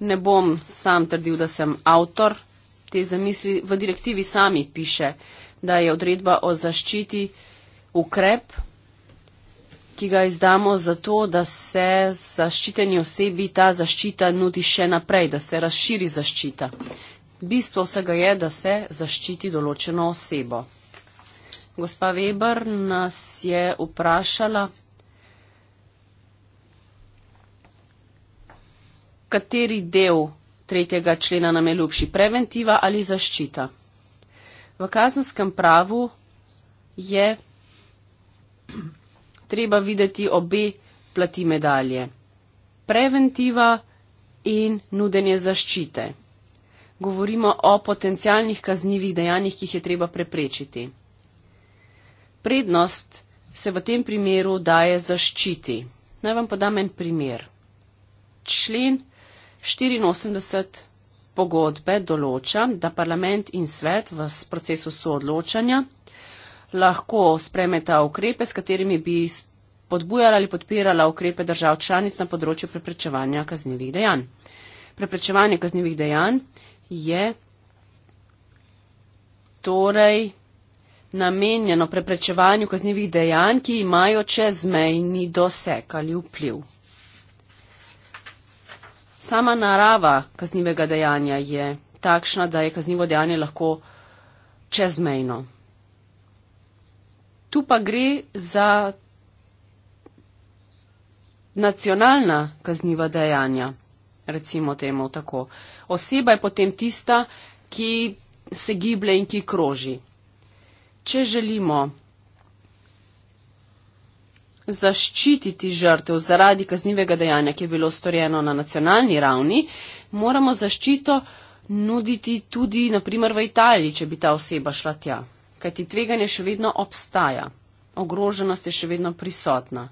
Ne bom sam trdil, da sem avtor te zamisli. V direktivi sami piše, da je odredba o zaščiti ukrep, ki ga izdamo zato, da se zaščiteni osebi ta zaščita nudi še naprej, da se razširi zaščita. Bistvo vsega je, da se zaščiti določeno osebo. Gospa Weber nas je vprašala, kateri del tretjega člena nam je ljubši, preventiva ali zaščita. V kazenskem pravu je treba videti obe plati medalje. Preventiva in nudenje zaščite. Govorimo o potencijalnih kaznjivih dejanjih, ki jih je treba preprečiti. Prednost se v tem primeru daje zaščiti. Naj vam podam en primer. Člen 84 pogodbe določa, da parlament in svet v procesu soodločanja lahko spremeta ukrepe, s katerimi bi podbujala ali podpirala ukrepe držav članic na področju preprečevanja kaznjivih dejanj. Preprečevanje kaznjivih dejanj je torej namenjeno preprečevanju kaznjivih dejanj, ki imajo čezmejni doseg ali vpliv. Sama narava kaznjivega dejanja je takšna, da je kaznjivo dejanje lahko čezmejno. Tu pa gre za nacionalna kazniva dejanja, recimo temu tako. Oseba je potem tista, ki se giblje in ki kroži. Če želimo zaščititi žrtev zaradi kaznivega dejanja, ki je bilo storjeno na nacionalni ravni, moramo zaščito nuditi tudi, naprimer, v Italiji, če bi ta oseba šla tja kajti tveganje še vedno obstaja, ogroženost je še vedno prisotna.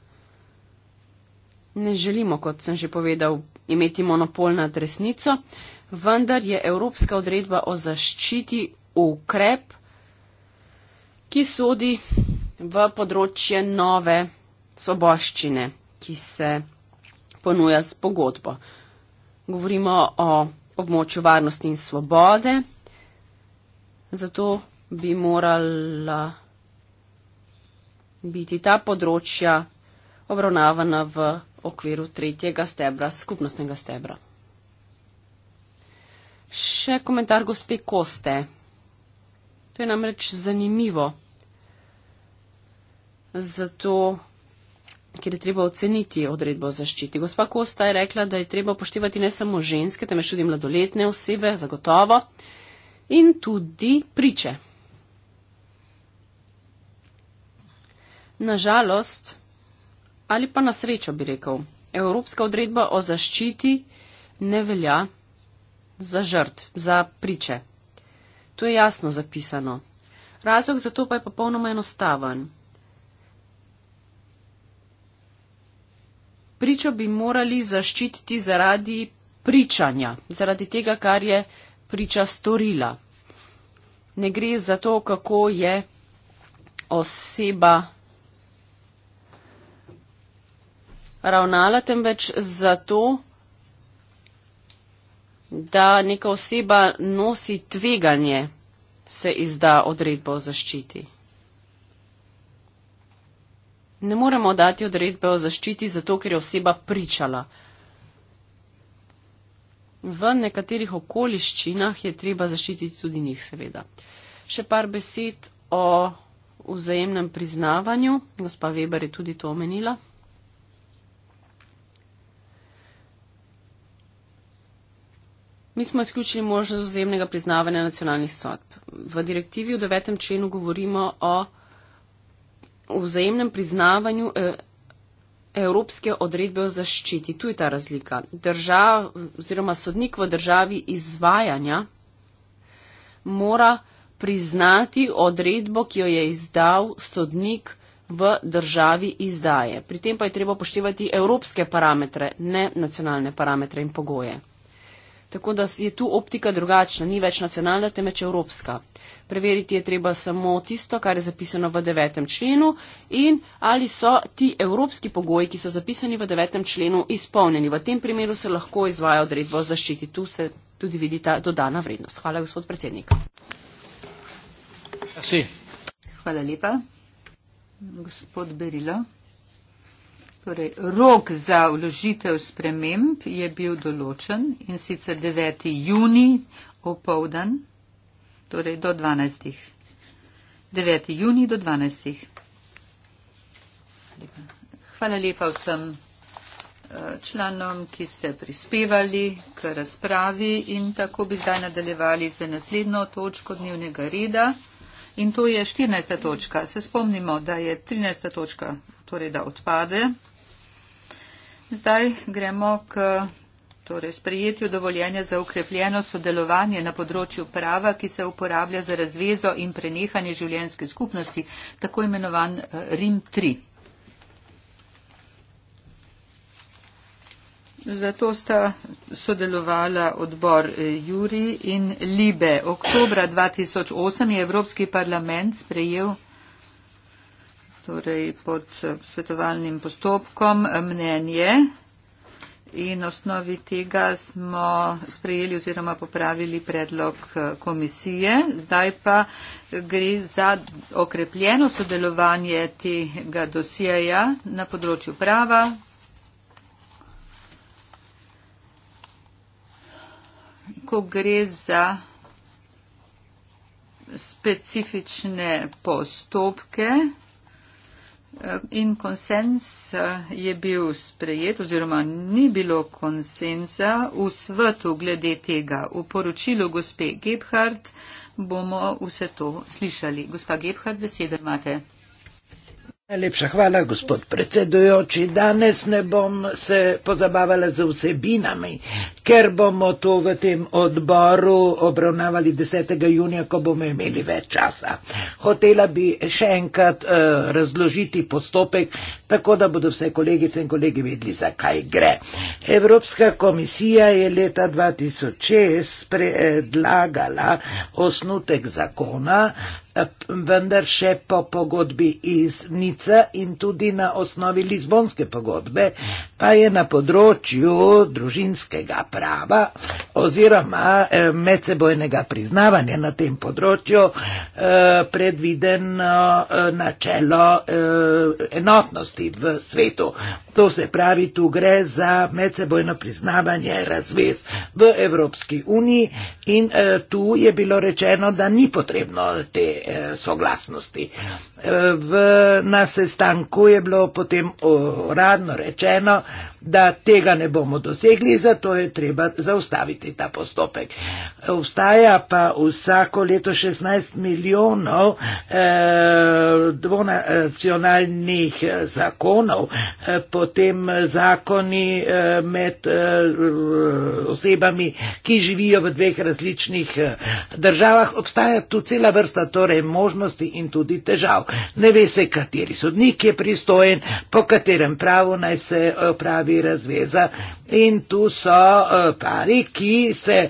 Ne želimo, kot sem že povedal, imeti monopol nad resnico, vendar je Evropska odredba o zaščiti ukrep, ki sodi v področje nove svoboščine, ki se ponuja s pogodbo. Govorimo o območju varnosti in svobode, zato bi morala biti ta področja obravnavana v okviru tretjega stebra, skupnostnega stebra. Še komentar gospe Koste. To je namreč zanimivo. Zato, ker je treba oceniti odredbo o zaščiti. Gospa Kosta je rekla, da je treba poštevati ne samo ženske, temveč tudi mladoletne osebe, zagotovo, in tudi priče. Na žalost, ali pa na srečo bi rekel, evropska odredba o zaščiti ne velja za žrt, za priče. To je jasno zapisano. Razlog za to pa je popolnoma enostaven. Pričo bi morali zaščititi zaradi pričanja, zaradi tega, kar je priča storila. Ne gre za to, kako je oseba ravnala, temveč zato, da neka oseba nosi tveganje, se izda odredbo o zaščiti. Ne moremo dati odredbe o zaščiti zato, ker je oseba pričala. V nekaterih okoliščinah je treba zaščititi tudi njih, seveda. Še par besed o vzajemnem priznavanju. Gospa Weber je tudi to omenila. Mi smo izključili možnost vzemnega priznavanja nacionalnih sodb. V direktivi v devetem členu govorimo o vzajemnem priznavanju eh, evropske odredbe o zaščiti. Tu je ta razlika. Država oziroma sodnik v državi izvajanja mora priznati odredbo, ki jo je izdal sodnik v državi izdaje. Pri tem pa je treba upoštevati evropske parametre, ne nacionalne parametre in pogoje. Tako da je tu optika drugačna, ni več nacionalna, temveč evropska. Preveriti je treba samo tisto, kar je zapisano v devetem členu in ali so ti evropski pogoji, ki so zapisani v devetem členu, izpolnjeni. V tem primeru se lahko izvaja odredbo o zaščiti. Tu se tudi vidi ta dodana vrednost. Hvala, gospod predsednik. Hvala lepa. Gospod Berilo. Torej, rok za vložitev sprememb je bil določen in sicer 9. juni opovdan, torej do 12. 9. juni do 12. Hvala lepa vsem eh, članom, ki ste prispevali k razpravi in tako bi zdaj nadaljevali za naslednjo točko dnevnega reda. In to je 14. točka. Se spomnimo, da je 13. točka, torej da odpade. Zdaj gremo k torej, sprejetju dovoljenja za ukrepljeno sodelovanje na področju prava, ki se uporablja za razvezo in prenehanje življenske skupnosti, tako imenovan eh, RIM-3. Zato sta sodelovala odbor eh, Juri in Libe. Oktober 2008 je Evropski parlament sprejel torej pod eh, svetovalnim postopkom eh, mnenje in osnovi tega smo sprejeli oziroma popravili predlog eh, komisije. Zdaj pa gre za okrepljeno sodelovanje tega dosjeja na področju prava. Ko gre za specifične postopke, Eh, in konsens eh, je bil sprejet oziroma ni bilo konsensa v svetu glede tega. V poročilu gospe Gebhardt bomo vse to slišali. Gospa Gebhardt, besede imate. Najlepša hvala, gospod predsedujoči. Danes ne bom se pozabavala z vsebinami, ker bomo to v tem odboru obravnavali 10. junija, ko bomo imeli več časa. Hotela bi še enkrat uh, razložiti postopek, tako da bodo vse kolegice in kolegi vedli, zakaj gre. Evropska komisija je leta 2006 predlagala osnutek zakona, uh, vendar še po pogodbi iz Nice in tudi na osnovi Lizbonske pogodbe, pa je na področju družinskega prava oziroma eh, medsebojnega priznavanja na tem področju eh, predvideno eh, načelo enotnosti v svetu. To se pravi, tu gre za medsebojno priznavanje razvez v Evropski uniji in tu je bilo rečeno, da ni potrebno te Eh, soglasnosti. Ja v, na sestanku je bilo potem uradno rečeno, da tega ne bomo dosegli, zato je treba zaustaviti ta postopek. Vstaja pa vsako leto 16 milijonov eh, dvonacionalnih eh, zakonov, eh, potem eh, zakoni eh, med eh, osebami, ki živijo v dveh različnih eh, državah. Obstaja tu cela vrsta torej, možnosti in tudi težav ne ve se, kateri sodnik je pristojen, po katerem pravu naj se eh, pravi razveza. In tu so eh, pari, ki se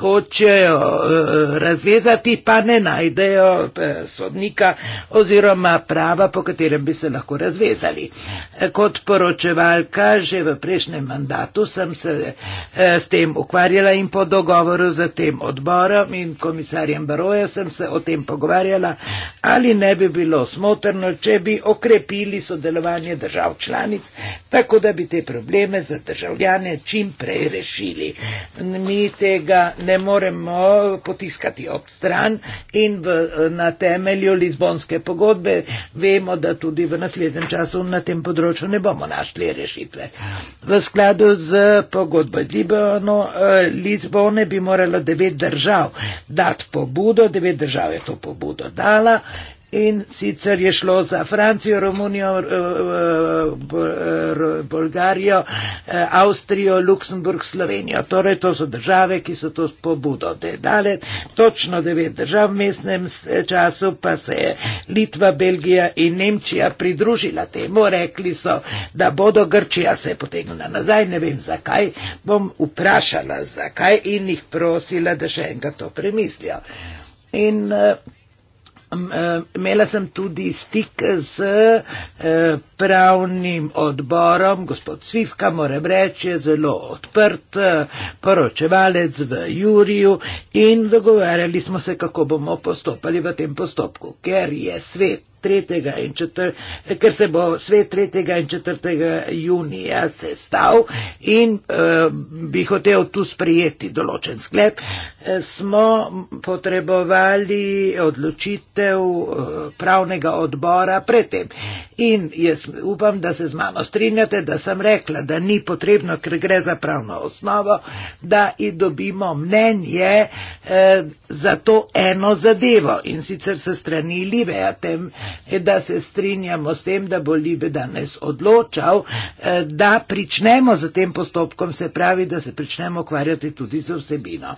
hočejo eh, razvezati, pa ne najdejo eh, sodnika oziroma prava, po katerem bi se lahko razvezali. Eh, kot poročevalka že v prejšnjem mandatu sem se s tem ukvarjala in po dogovoru z tem odborom in komisarjem Baroja sem se o tem pogovarjala, ali ne bi bilo smotrno, če bi okrepili sodelovanje držav članic, tako da bi te probleme za državljane čim prej rešili. Mi tega ne ne moremo potiskati ob stran in v, na temelju Lizbonske pogodbe vemo, da tudi v naslednjem času na tem področju ne bomo našli rešitve. V skladu z pogodbo Libano, eh, Lizbone bi moralo devet držav dati pobudo, devet držav je to pobudo dala In sicer je šlo za Francijo, Romunijo, eh, eh, eh, Bolgarijo, Avstrijo, Luksemburg, Slovenijo. Torej, to so države, ki so to pobudo dale. Točno devet držav v mestnem času pa se je Litva, Belgija in Nemčija pridružila temu. Rekli so, da bodo Grčija se potegnila nazaj. Ne vem zakaj. Bom vprašala zakaj in jih prosila, da še enkrat to premislijo. In, Eh, imela sem tudi stik z eh, pravnim odborom, gospod Svivka, moram reči, je zelo odprt eh, poročevalec v Juriju in dogovarjali smo se, kako bomo postopali v tem postopku, ker je svet tretjega in četrtega, ker se bo svet tretjega in četrtega junija sestav in e, bi hotel tu sprejeti določen sklep, e, smo potrebovali odločitev e, pravnega odbora predtem. In jaz upam, da se z mano strinjate, da sem rekla, da ni potrebno, ker gre za pravno osnovo, da dobimo mnenje. E, za to eno zadevo in sicer se strani Libeja, tem, da se strinjamo s tem, da bo Libe danes odločal, eh, da pričnemo z tem postopkom, se pravi, da se pričnemo ukvarjati tudi z vsebino.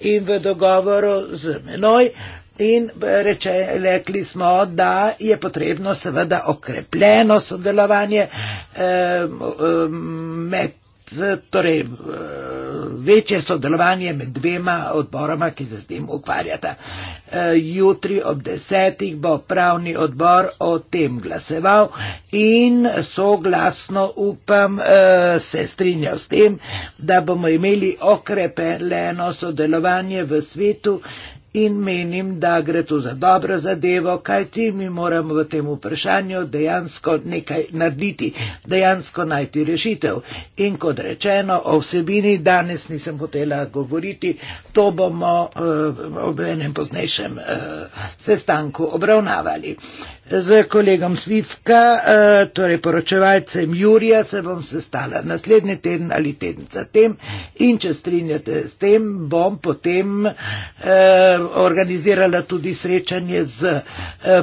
In v dogovoru z menoj. In eh, reče, rekli smo, da je potrebno seveda okrepljeno sodelovanje eh, eh med torej, eh, večje sodelovanje med dvema odboroma, ki se s tem ukvarjata. Eh, jutri ob desetih bo pravni odbor o tem glasoval in soglasno upam eh, se strinjal s tem, da bomo imeli okrepeleno sodelovanje v svetu, in menim, da gre tu za dobro zadevo, kaj ti mi moramo v tem vprašanju dejansko nekaj narediti, dejansko najti rešitev. In kot rečeno, o vsebini danes nisem hotela govoriti, to bomo uh, ob enem poznejšem uh, sestanku obravnavali. Uh, z kolegom Svitka, e, torej poročevalcem Jurija, se bom sestala naslednji teden ali teden zatem in če strinjate s tem, bom potem e, organizirala tudi srečanje z e,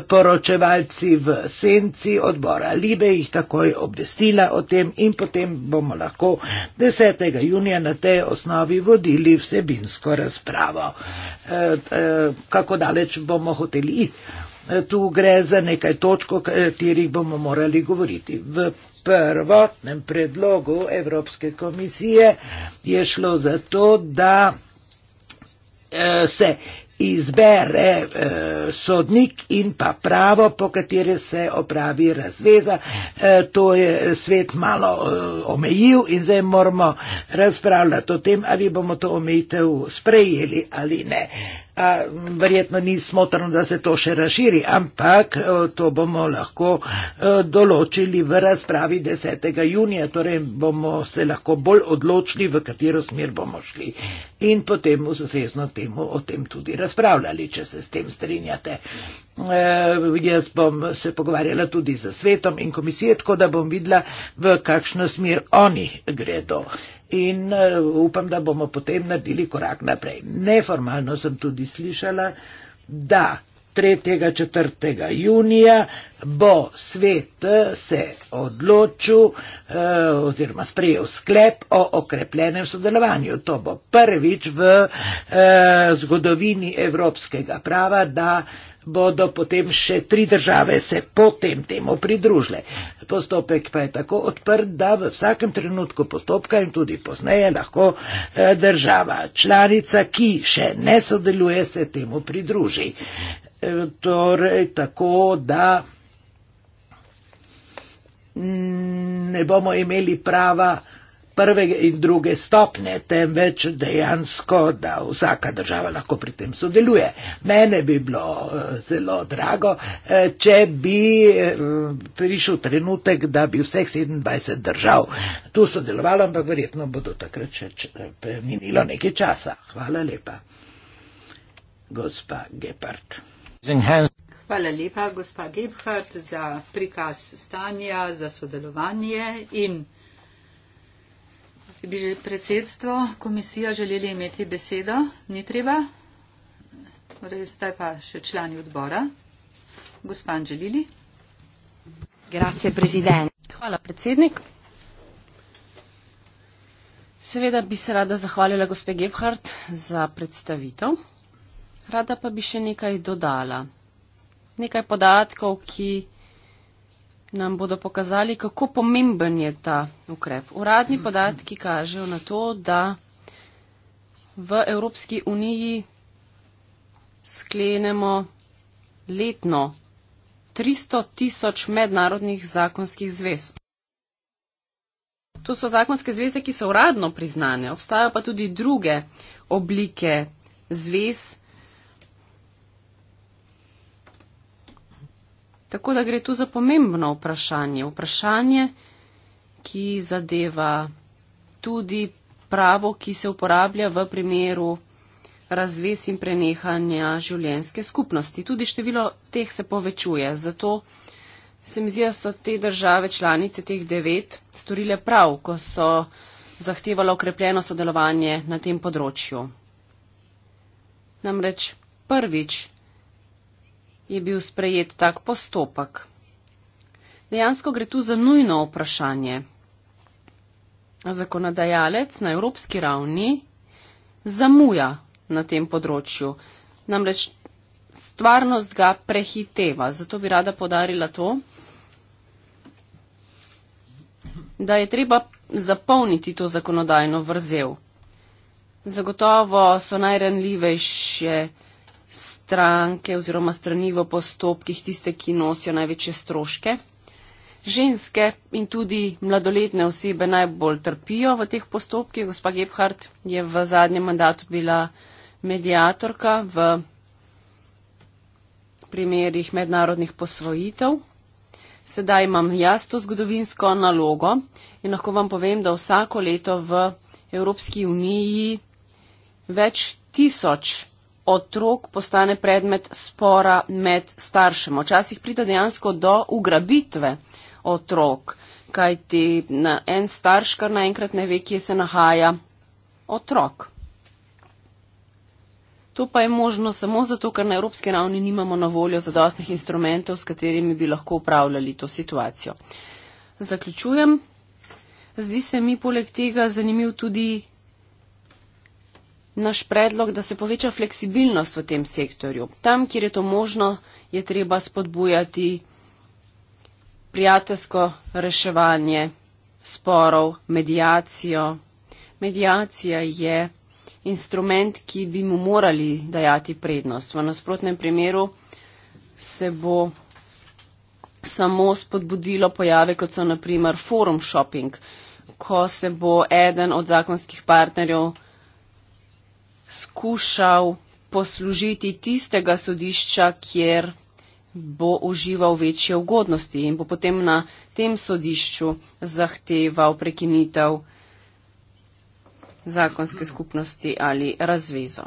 poročevalci v senci odbora Libe, jih takoj obvestila o tem in potem bomo lahko 10. junija na tej osnovi vodili vsebinsko razpravo. Kako daleč bomo hoteli iti? E, tu gre za nekaj točk, o katerih bomo morali govoriti. V prvotnem predlogu Evropske komisije je šlo za to, da e, se izbere e, sodnik in pa pravo, po katere se opravi razveza. To je svet malo omejil in zdaj moramo razpravljati o tem, ali bomo to omejitev sprejeli ali ne. A, verjetno ni smotrno, da se to še razširi, ampak e, to bomo lahko e, določili v razpravi 10. junija, torej bomo se lahko bolj odločili, v katero smer bomo šli in potem ustrezno temu o tem tudi razpravljali, če se s tem strinjate. E, jaz bom se pogovarjala tudi z svetom in komisijo, tako da bom videla, v kakšno smer oni gredo in eh, upam, da bomo potem naredili korak naprej. Neformalno sem tudi slišala, da 3. in 4. junija bo svet eh, se odločil eh, oziroma sprejel sklep o okrepljenem sodelovanju. To bo prvič v zgodovini evropskega prava, da bodo potem še tri države se potem temu pridružile. Postopek pa je tako odprt, da v vsakem trenutku postopka in tudi pozneje lahko eh, država članica, ki še ne sodeluje, se temu pridruži. Eh, torej, tako da mm, ne bomo imeli prava prve in druge stopne, temveč dejansko, da vsaka država lahko pri tem sodeluje. Mene bi bilo eh, zelo drago, eh, če bi eh, prišel trenutek, da bi vseh 27 držav tu sodelovalo, ampak verjetno bodo takrat še preminilo nekaj časa. Hvala lepa. Gospa Gepard. Hvala lepa, gospa Gebhardt, za prikaz stanja, za sodelovanje in bi že predsedstvo komisija želeli imeti besedo, ni treba. Torej, zdaj pa še člani odbora. Gospan Želili. Grazie, prezident. Hvala, predsednik. Seveda bi se rada zahvalila gospe Gebhardt za predstavitev. Rada pa bi še nekaj dodala. Nekaj podatkov, ki nam bodo pokazali, kako pomemben je ta ukrep. Uradni podatki kažejo na to, da v Evropski uniji sklenemo letno 300 tisoč mednarodnih zakonskih zvez. To so zakonske zveze, ki so uradno priznane, obstajajo pa tudi druge oblike zvez, Tako da gre tu za pomembno vprašanje, vprašanje, ki zadeva tudi pravo, ki se uporablja v primeru razves in prenehanja življenske skupnosti. Tudi število teh se povečuje, zato se mi zdi, da so te države članice teh devet storile prav, ko so zahtevalo okrepljeno sodelovanje na tem področju. Namreč prvič je bil sprejet tak postopek? Dejansko gre tu za nujno vprašanje. Zakonodajalec na evropski ravni zamuja na tem področju, namreč stvarnost ga prehiteva. Zato bi rada podarila to, da je treba zapolniti to zakonodajno vrzel. Zagotovo so najranljivejše stranke oziroma strani v postopkih tiste, ki nosijo največje stroške. Ženske in tudi mladoletne osebe najbolj trpijo v teh postopkih. Gospa Gebhardt je v zadnjem mandatu bila medijatorka v primerih mednarodnih posvojitev. Sedaj imam jaz to zgodovinsko nalogo in lahko vam povem, da vsako leto v Evropski uniji več tisoč otrok postane predmet spora med staršem. Včasih pride dejansko do ugrabitve otrok, kajti na en starš kar naenkrat ne ve, kje se nahaja otrok. To pa je možno samo zato, ker na evropski ravni nimamo na voljo zadostnih instrumentov, s katerimi bi lahko upravljali to situacijo. Zaključujem. Zdi se mi poleg tega zanimiv tudi naš predlog, da se poveča fleksibilnost v tem sektorju. Tam, kjer je to možno, je treba spodbujati prijateljsko reševanje sporov, medijacijo. Medijacija je instrument, ki bi mu morali dajati prednost. V nasprotnem primeru se bo samo spodbudilo pojave, kot so naprimer forum shopping, ko se bo eden od zakonskih partnerjev skušal poslužiti tistega sodišča, kjer bo užival večje ugodnosti in bo potem na tem sodišču zahteval prekinitev zakonske skupnosti ali razvezo.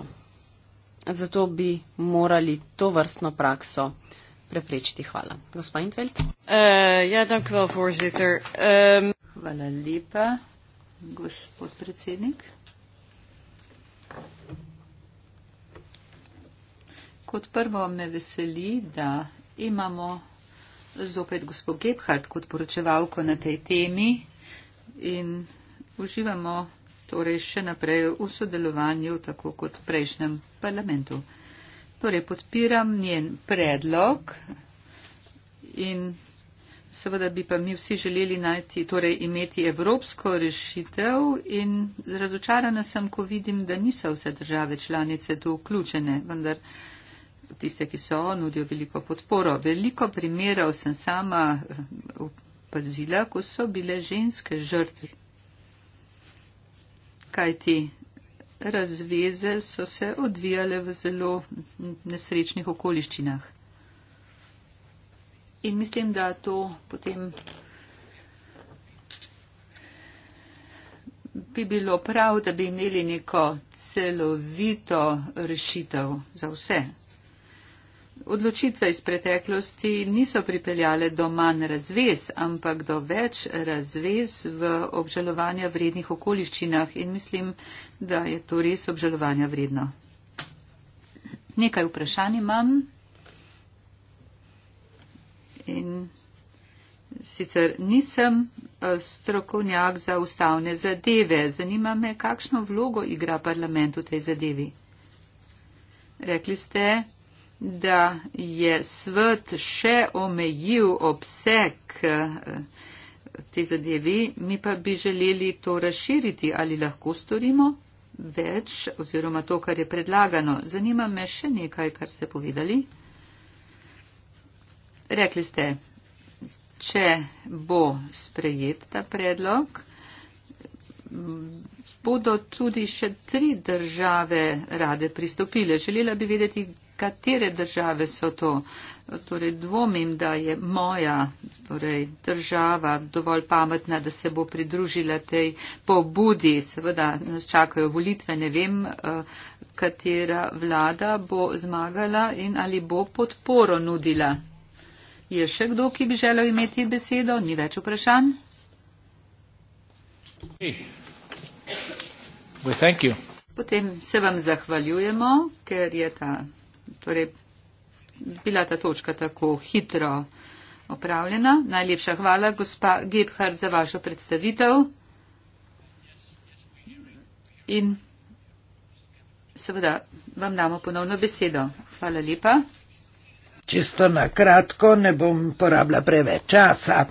Zato bi morali to vrstno prakso preprečiti. Hvala. Gospa Intveld. Uh, ja, dank vel, um... Ehm, Hvala lepa, gospod predsednik. kot prvo me veseli, da imamo zopet gospo Gebhardt kot poročevalko na tej temi in uživamo torej še naprej v sodelovanju, tako kot v prejšnjem parlamentu. Torej podpiram njen predlog in seveda bi pa mi vsi želeli najti, torej imeti evropsko rešitev in razočarana sem, ko vidim, da niso vse države članice tu vključene, vendar tiste, ki so, nudijo veliko podporo. Veliko primerov sem sama eh, opazila, ko so bile ženske žrtve. Kaj ti razveze so se odvijale v zelo nesrečnih okoliščinah. In mislim, da to potem bi bilo prav, da bi imeli neko celovito rešitev za vse. Odločitve iz preteklosti niso pripeljale do manj razvez, ampak do več razvez v obžalovanja vrednih okoliščinah in mislim, da je to res obžalovanja vredno. Nekaj vprašanj imam in sicer nisem eh, strokovnjak za ustavne zadeve. Zanima me, kakšno vlogo igra parlament v tej zadevi. Rekli ste, da je svet še omejil obseg eh, te zadeve, mi pa bi želeli to razširiti, ali lahko storimo več oziroma to, kar je predlagano. Zanima me še nekaj, kar ste povedali. Rekli ste, če bo sprejet ta predlog, bodo tudi še tri države rade pristopile. Želela bi vedeti, katere države so to. Torej, dvomim, da je moja torej, država dovolj pametna, da se bo pridružila tej pobudi. Seveda nas čakajo volitve, ne vem, eh, katera vlada bo zmagala in ali bo podporo nudila. Je še kdo, ki bi želel imeti besedo? Ni več vprašanj? Potem se vam zahvaljujemo, ker je ta torej bila ta točka tako hitro opravljena. Najlepša hvala, gospa Gebhardt, za vašo predstavitev. In seveda vam damo ponovno besedo. Hvala lepa. Čisto na kratko, ne bom porabila preveč časa.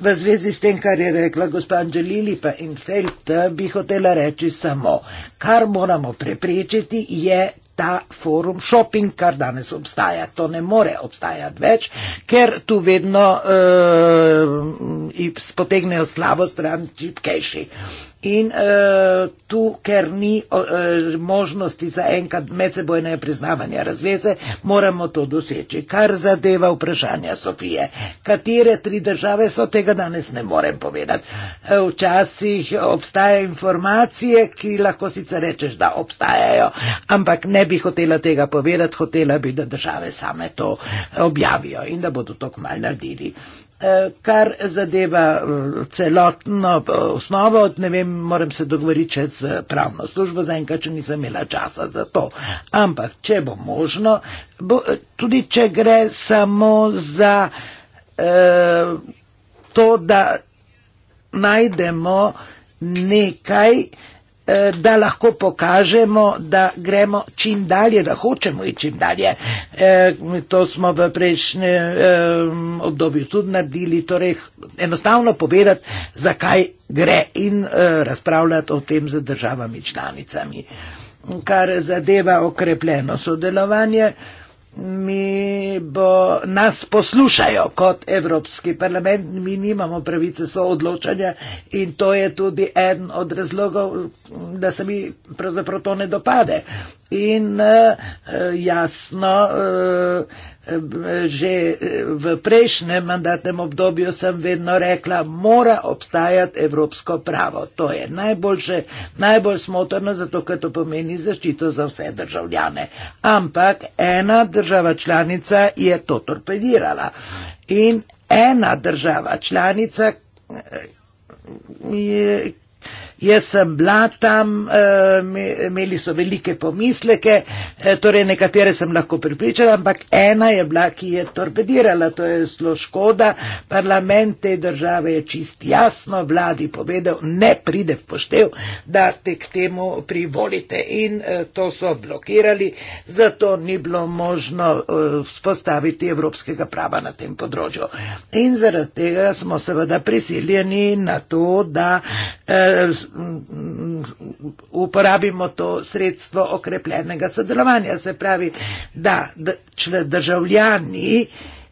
V zvezi s tem, kar je rekla gospa Anželili pa Infeld, bi hotela reči samo, kar moramo preprečiti, je, ta forum shopping, kar danes obstaja. To ne more obstajati več, ker tu vedno uh, potegnejo slabo stran čipkejši. In uh, tu, ker ni uh, možnosti za enkrat medsebojne priznavanja razveze, moramo to doseči. Kar zadeva vprašanja Sofije, katere tri države so, tega danes ne morem povedati. Včasih obstajajo informacije, ki lahko sicer rečeš, da obstajajo, ampak ne bi hotela tega povedati, hotela bi, da države same to objavijo in da bodo to kmaj naredili. Eh, kar zadeva eh, celotno eh, osnovo, ne vem, moram se dogovoriti čez pravno službo, zaenkrat, če nisem imela časa za to. Ampak, če bo možno, bo, tudi če gre samo za eh, to, da najdemo nekaj, eh, Eh, da lahko pokažemo, da gremo čim dalje, da hočemo iti čim dalje. Eh, to smo v prejšnjem eh, obdobju tudi naredili, torej enostavno povedati, zakaj gre in razpravljati o tem z državami članicami. Kar zadeva okrepljeno sodelovanje, mi bo, nas poslušajo kot Evropski parlament, mi nimamo pravice soodločanja in to je tudi en od razlogov, da se mi pravzaprav to ne dopade. In eh, jasno, eh, že eh, v prejšnjem mandatnem obdobju sem vedno rekla, mora obstajati evropsko pravo. To je najboljše, najbolj smotrno, zato ker to pomeni zaščito za vse državljane. Ampak ena država članica je to torpedirala in ena država članica, eh, Jaz sem bila tam, eh, imeli so velike pomisleke, eh, torej nekatere sem lahko pripričala, ampak ena je bila, ki je torpedirala, to je zelo škoda. Parlament te države je čist jasno vladi povedal, ne pride v poštev, da te k temu privolite in eh, to so blokirali, zato ni bilo možno vzpostaviti evropskega prava na tem področju. In zaradi tega smo seveda prisiljeni na to, da uporabimo to sredstvo okrepljenega sodelovanja. Se pravi, da državljani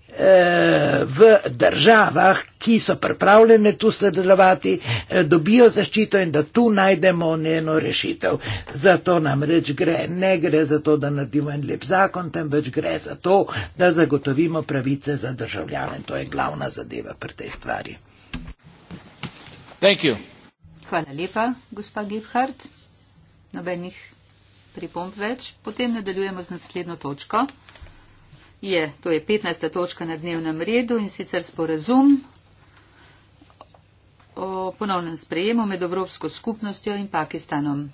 eh, v državah, ki so pripravljene tu sledelovati, eh, dobijo zaščito in da tu najdemo njeno rešitev. Zato nam reč gre, ne gre za to, da naredimo en lep zakon, temveč gre za to, da zagotovimo pravice za državljane. To je glavna zadeva pri tej stvari. Thank you. Hvala lepa, gospa Gebhardt. Nobenih pripomb več. Potem nadaljujemo z naslednjo točko. Je, to je 15. točka na dnevnem redu in sicer sporazum o ponovnem sprejemu med Evropsko skupnostjo in Pakistanom.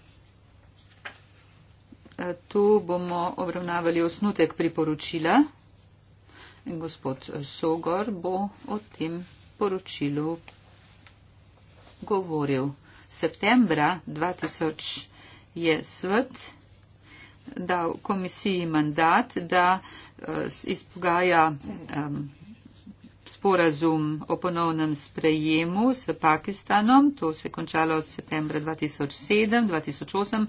E, tu bomo obravnavali osnutek priporočila. Gospod Sogor bo o tem poročilu govoril septembra 2000 je svet dal komisiji mandat, da eh, izpogaja um, sporazum o ponovnem sprejemu s Pakistanom. To se je končalo od septembra 2007-2008,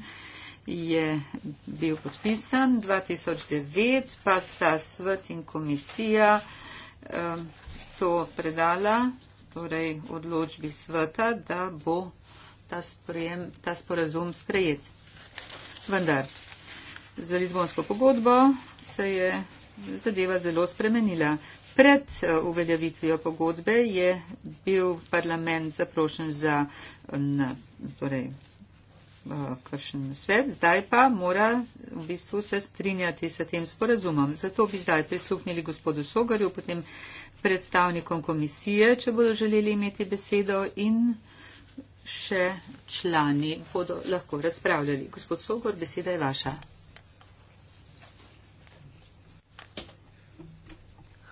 je bil podpisan 2009, pa sta svet in komisija um, to predala, torej odločbi sveta, da bo ta, sprejem, ta sporazum sprejet. Vendar za Lizbonsko pogodbo se je zadeva zelo spremenila. Pred eh, uveljavitvijo pogodbe je bil parlament zaprošen za na, torej, eh, kršen svet, zdaj pa mora v bistvu se strinjati s tem sporazumom. Zato bi zdaj prisluhnili gospodu Sogarju, potem predstavnikom komisije, če bodo želeli imeti besedo in še člani bodo lahko razpravljali. Gospod Sogor, beseda je vaša.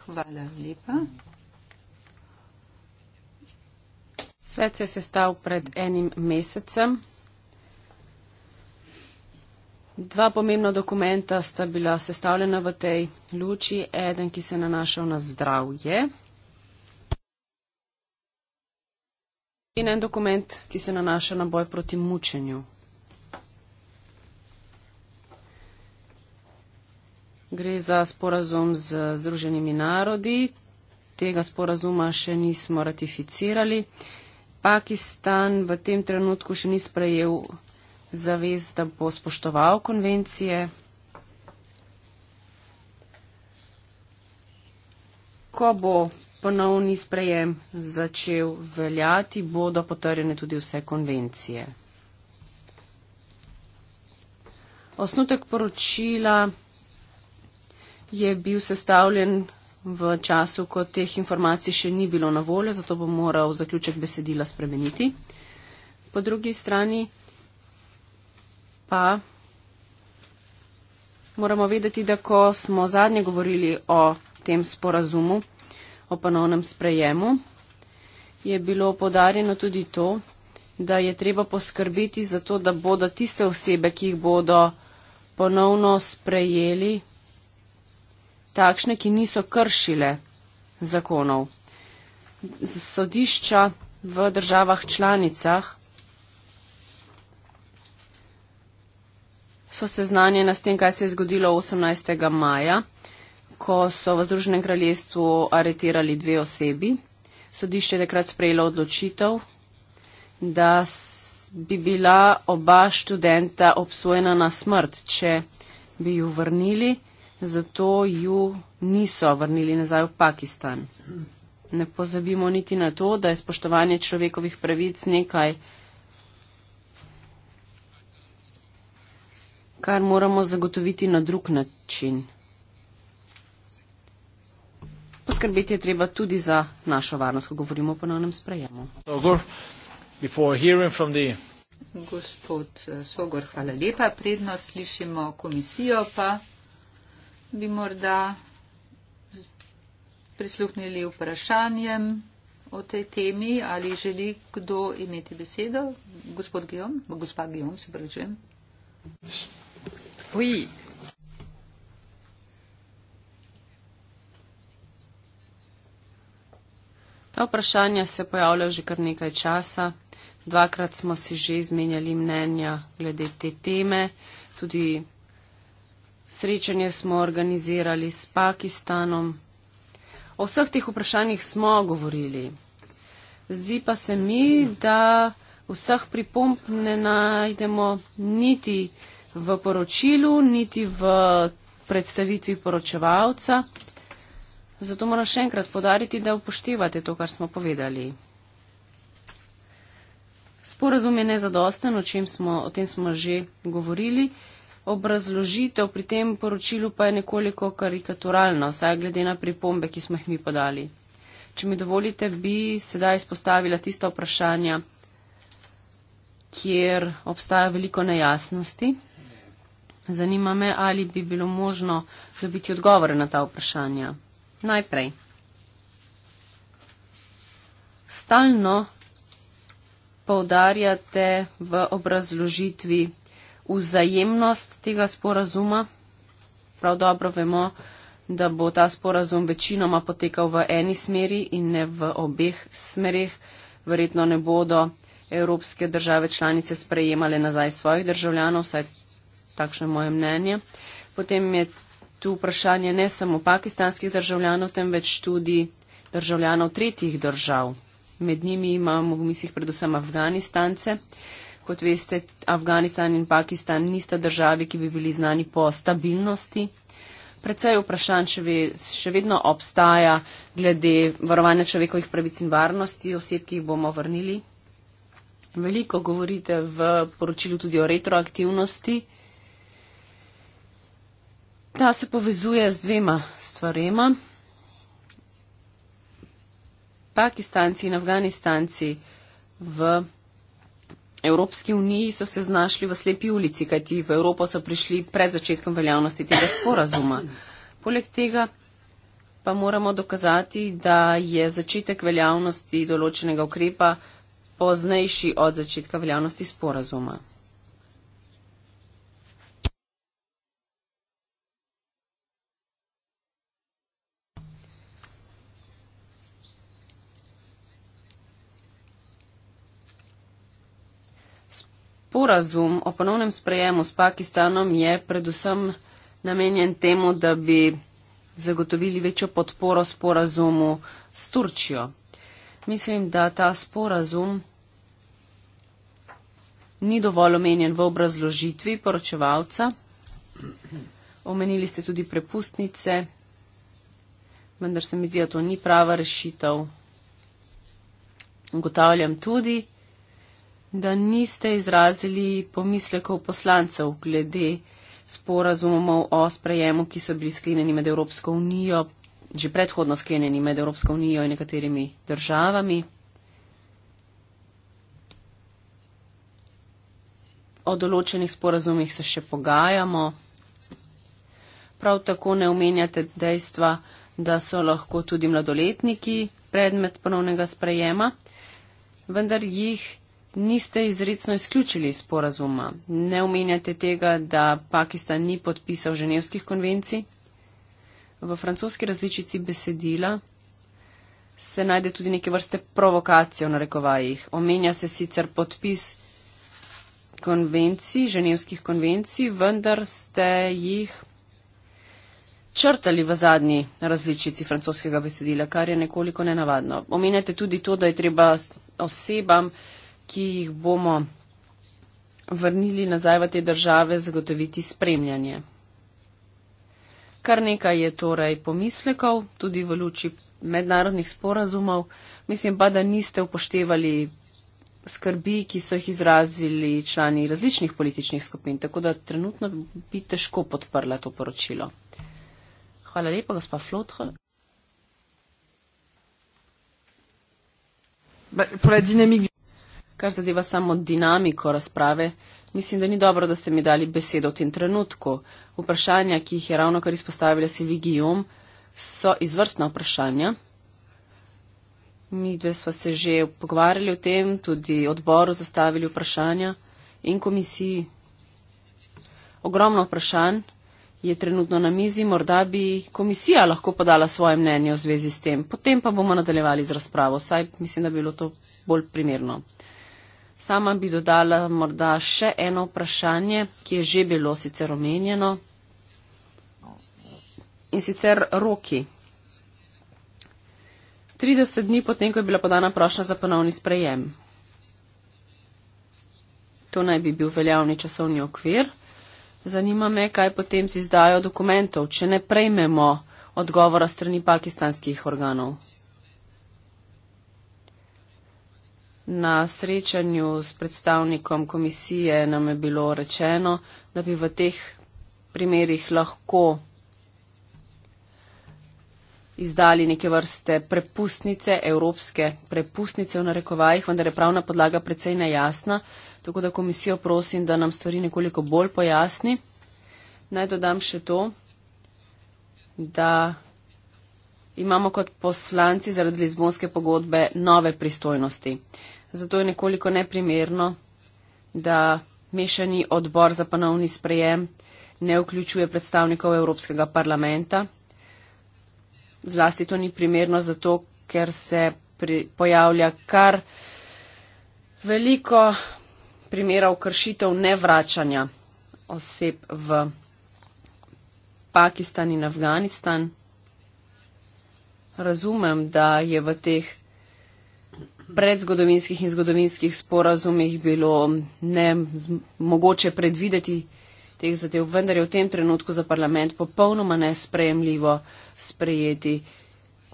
Hvala lepa. Svet se je sestal pred enim mesecem. Dva pomembna dokumenta sta bila sestavljena v tej luči. Eden, ki se nanašal na zdravje. in en dokument, ki se nanaša na boj proti mučenju. Gre za sporazum z Združenimi narodi. Tega sporazuma še nismo ratificirali. Pakistan v tem trenutku še ni sprejel zavez, da bo spoštoval konvencije. Ko bo ponovni sprejem začel veljati, bodo potrjene tudi vse konvencije. Osnutek poročila je bil sestavljen v času, ko teh informacij še ni bilo na voljo, zato bo moral zaključek besedila spremeniti. Po drugi strani pa moramo vedeti, da ko smo zadnje govorili o tem sporazumu, o ponovnem sprejemu, je bilo podarjeno tudi to, da je treba poskrbeti za to, da bodo tiste osebe, ki jih bodo ponovno sprejeli, takšne, ki niso kršile zakonov. Sodišča v državah članicah so seznanjena s tem, kaj se je zgodilo 18. maja ko so v Združenem kraljestvu aretirali dve osebi. Sodišče je takrat sprejelo odločitev, da bi bila oba študenta obsojena na smrt, če bi ju vrnili, zato ju niso vrnili nazaj v Pakistan. Ne pozabimo niti na to, da je spoštovanje človekovih pravic nekaj, kar moramo zagotoviti na drug način poskrbeti je treba tudi za našo varnost, ko govorimo o ponovnem sprejemu. Gospod eh, Sogor, hvala lepa. Predno slišimo komisijo, pa bi morda prisluhnili vprašanjem o tej temi. Ali želi kdo imeti besedo? Gospod Gijom, gospa Gijom, se pravičujem. Ta vprašanja se pojavljajo že kar nekaj časa. Dvakrat smo si že izmenjali mnenja glede te teme. Tudi srečanje smo organizirali s Pakistanom. O vseh teh vprašanjih smo govorili. Zdi pa se mi, da vseh pripomp ne najdemo niti v poročilu, niti v predstavitvi poročevalca. Zato moram še enkrat podariti, da upoštevate to, kar smo povedali. Sporazum je nezadosten, o, smo, o tem smo že govorili. Obrazložitev pri tem poročilu pa je nekoliko karikaturalna, vsaj glede na pripombe, ki smo jih mi podali. Če mi dovolite, bi sedaj izpostavila tista vprašanja, kjer obstaja veliko nejasnosti. Zanima me, ali bi bilo možno dobiti odgovore na ta vprašanja najprej. Stalno poudarjate v obrazložitvi vzajemnost tega sporazuma. Prav dobro vemo, da bo ta sporazum večinoma potekal v eni smeri in ne v obeh smerih. Verjetno ne bodo evropske države članice sprejemale nazaj svojih državljanov, vsaj takšno je moje mnenje. Potem je tu vprašanje ne samo pakistanskih državljanov, temveč tudi državljanov tretjih držav. Med njimi imamo v mislih predvsem Afganistance. Kot veste, Afganistan in Pakistan nista državi, ki bi bili znani po stabilnosti. Predvsej vprašanj še, ve, še vedno obstaja glede varovanja človekovih pravic in varnosti oseb, ki jih bomo vrnili. Veliko govorite v poročilu tudi o retroaktivnosti. Ta se povezuje z dvema stvarema. Pakistanci in Afganistanci v Evropski uniji so se znašli v slepi ulici, kajti v Evropo so prišli pred začetkom veljavnosti tega sporazuma. Poleg tega pa moramo dokazati, da je začetek veljavnosti določenega ukrepa poznejši od začetka veljavnosti sporazuma. sporazum o ponovnem sprejemu s Pakistanom je predvsem namenjen temu, da bi zagotovili večjo podporo sporazumu s Turčijo. Mislim, da ta sporazum ni dovolj omenjen v obrazložitvi poročevalca. Omenili ste tudi prepustnice, vendar se mi zdi, da to ni prava rešitev. Ugotavljam tudi, da niste izrazili pomislekov poslancev glede sporazumov o sprejemu, ki so bili sklenjeni med Evropsko unijo, že predhodno sklenjeni med Evropsko unijo in nekaterimi državami. O določenih sporazumih se še pogajamo. Prav tako ne omenjate dejstva, da so lahko tudi mladoletniki predmet ponovnega sprejema, vendar jih niste izredno izključili sporazuma. Ne omenjate tega, da Pakistan ni podpisal ženevskih konvencij. V francoski različici besedila se najde tudi neke vrste provokacije v narekovajih. Omenja se sicer podpis konvencij, ženevskih konvencij, vendar ste jih črtali v zadnji različici francoskega besedila, kar je nekoliko nenavadno. Omenjate tudi to, da je treba osebam ki jih bomo vrnili nazaj v te države, zagotoviti spremljanje. Kar nekaj je torej pomislekov, tudi v luči mednarodnih sporazumov. Mislim pa, da niste upoštevali skrbi, ki so jih izrazili člani različnih političnih skupin, tako da trenutno bi težko podprla to poročilo. Hvala lepa, gospa Flotho. Pour la dynamique kar zadeva samo dinamiko razprave, mislim, da ni dobro, da ste mi dali besedo v tem trenutku. Vprašanja, ki jih je ravno kar izpostavila Silvi Gijom, so izvrstna vprašanja. Mi dve sva se že pogovarjali o tem, tudi odboru zastavili vprašanja in komisiji. Ogromno vprašanj je trenutno na mizi, morda bi komisija lahko podala svoje mnenje v zvezi s tem. Potem pa bomo nadaljevali z razpravo, saj mislim, da bi bilo to bolj primerno. Sama bi dodala morda še eno vprašanje, ki je že bilo sicer omenjeno. In sicer roki. 30 dni potem, ko je bila podana prošnja za ponovni sprejem. To naj bi bil veljavni časovni okvir. Zanima me, kaj potem z izdajo dokumentov, če ne prejmemo odgovora strani pakistanskih organov. Na srečanju s predstavnikom komisije nam je bilo rečeno, da bi v teh primerih lahko izdali neke vrste prepustnice, evropske prepustnice v narekovajih, vendar je pravna podlaga precej nejasna, tako da komisijo prosim, da nam stvari nekoliko bolj pojasni. Naj dodam še to, da imamo kot poslanci zaradi Lizbonske pogodbe nove pristojnosti. Zato je nekoliko neprimerno, da mešani odbor za ponovni sprejem ne vključuje predstavnikov Evropskega parlamenta. Zlasti to ni primerno zato, ker se pri, pojavlja kar veliko primerov kršitev nevračanja oseb v Pakistan in Afganistan razumem, da je v teh predzgodovinskih in zgodovinskih sporazumih bilo ne mogoče predvideti teh zadev, vendar je v tem trenutku za parlament popolnoma nesprejemljivo sprejeti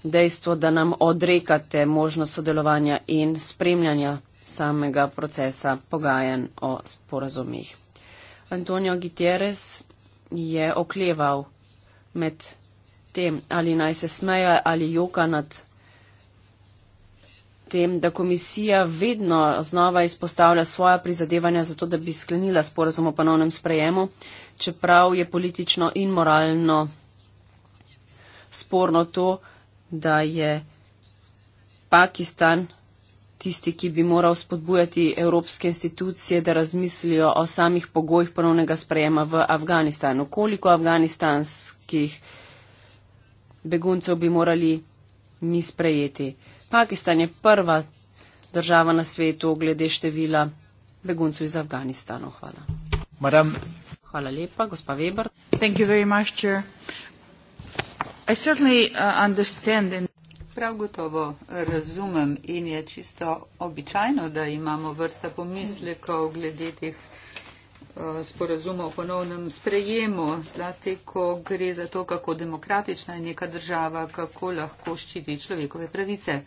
dejstvo, da nam odrekate možnost sodelovanja in spremljanja samega procesa pogajanj o sporazumih. Antonio Gutierrez je okleval med tem, ali naj se smeje ali joka nad tem, da komisija vedno znova izpostavlja svoja prizadevanja za to, da bi sklenila sporazum o ponovnem sprejemu, čeprav je politično in moralno sporno to, da je Pakistan tisti, ki bi moral spodbujati evropske institucije, da razmislijo o samih pogojih ponovnega sprejema v Afganistanu. Koliko afganistanskih beguncev bi morali mi sprejeti. Pakistan je prva država na svetu glede števila beguncev iz Afganistana. Hvala. Madam. Hvala lepa, gospa Weber. Uh, Prav gotovo razumem in je čisto običajno, da imamo vrsta pomislekov glede teh Eh, sporazuma o ponovnem sprejemu, zlasti, ko gre za to, kako demokratična je neka država, kako lahko ščiti človekove pravice.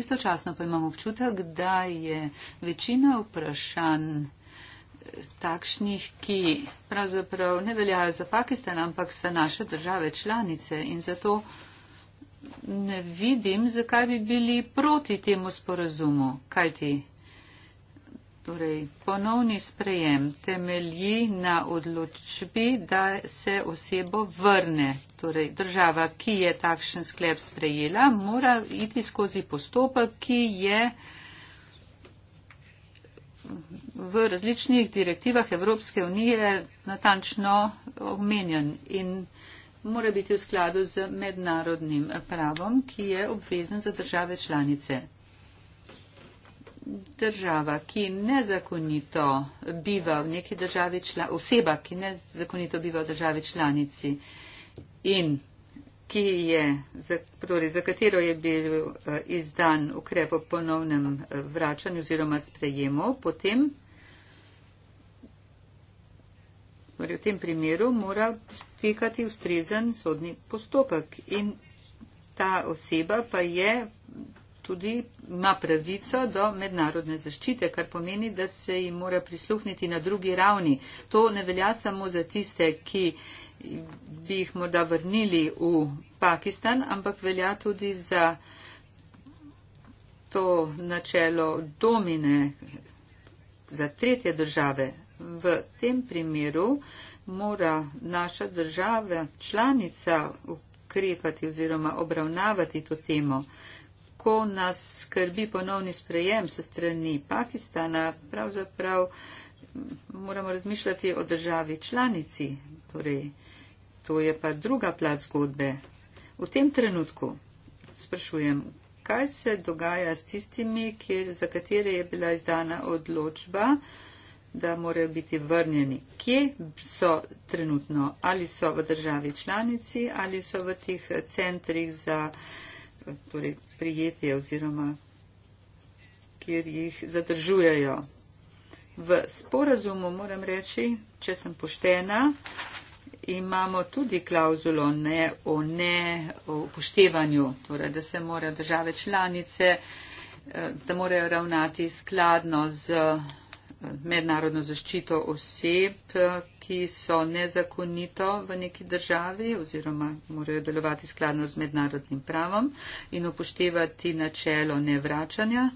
Istočasno pa imamo občutek, da je večina vprašanj eh, takšnih, ki pravzaprav ne veljajo za Pakistan, ampak za naše države članice in zato ne vidim, zakaj bi bili proti temu sporazumu. Kaj ti? Torej, ponovni sprejem temelji na odločbi, da se osebo vrne. Torej, država, ki je takšen sklep sprejela, mora iti skozi postopek, ki je v različnih direktivah Evropske unije natančno omenjen in mora biti v skladu z mednarodnim pravom, ki je obvezen za države članice država, ki nezakonito biva v neki državi, čla, oseba, ki nezakonito biva v državi članici in ki je, za, torej, za katero je bil eh, izdan ukrep o ponovnem eh, vračanju oziroma sprejemu, potem torej v tem primeru mora tekati ustrezen sodni postopek in ta oseba pa je tudi ima pravico do mednarodne zaščite, kar pomeni, da se jim mora prisluhniti na drugi ravni. To ne velja samo za tiste, ki bi jih morda vrnili v Pakistan, ampak velja tudi za to načelo domine za tretje države. V tem primeru mora naša država članica ukrepati oziroma obravnavati to temo kako nas skrbi ponovni sprejem se strani Pakistana, pravzaprav mm, moramo razmišljati o državi članici. Torej, to je pa druga plat zgodbe. V tem trenutku sprašujem, kaj se dogaja s tistimi, kjer, za katere je bila izdana odločba, da morajo biti vrnjeni. Kje so trenutno? Ali so v državi članici, ali so v tih centrih za torej, prijetje oziroma kjer jih zadržujejo. V sporazumu moram reči, če sem poštena, imamo tudi klauzulo ne o ne o upoštevanju, torej da se morajo države članice, eh, da morajo ravnati skladno z mednarodno zaščito oseb, ki so nezakonito v neki državi oziroma morajo delovati skladno z mednarodnim pravom in upoštevati načelo nevračanja.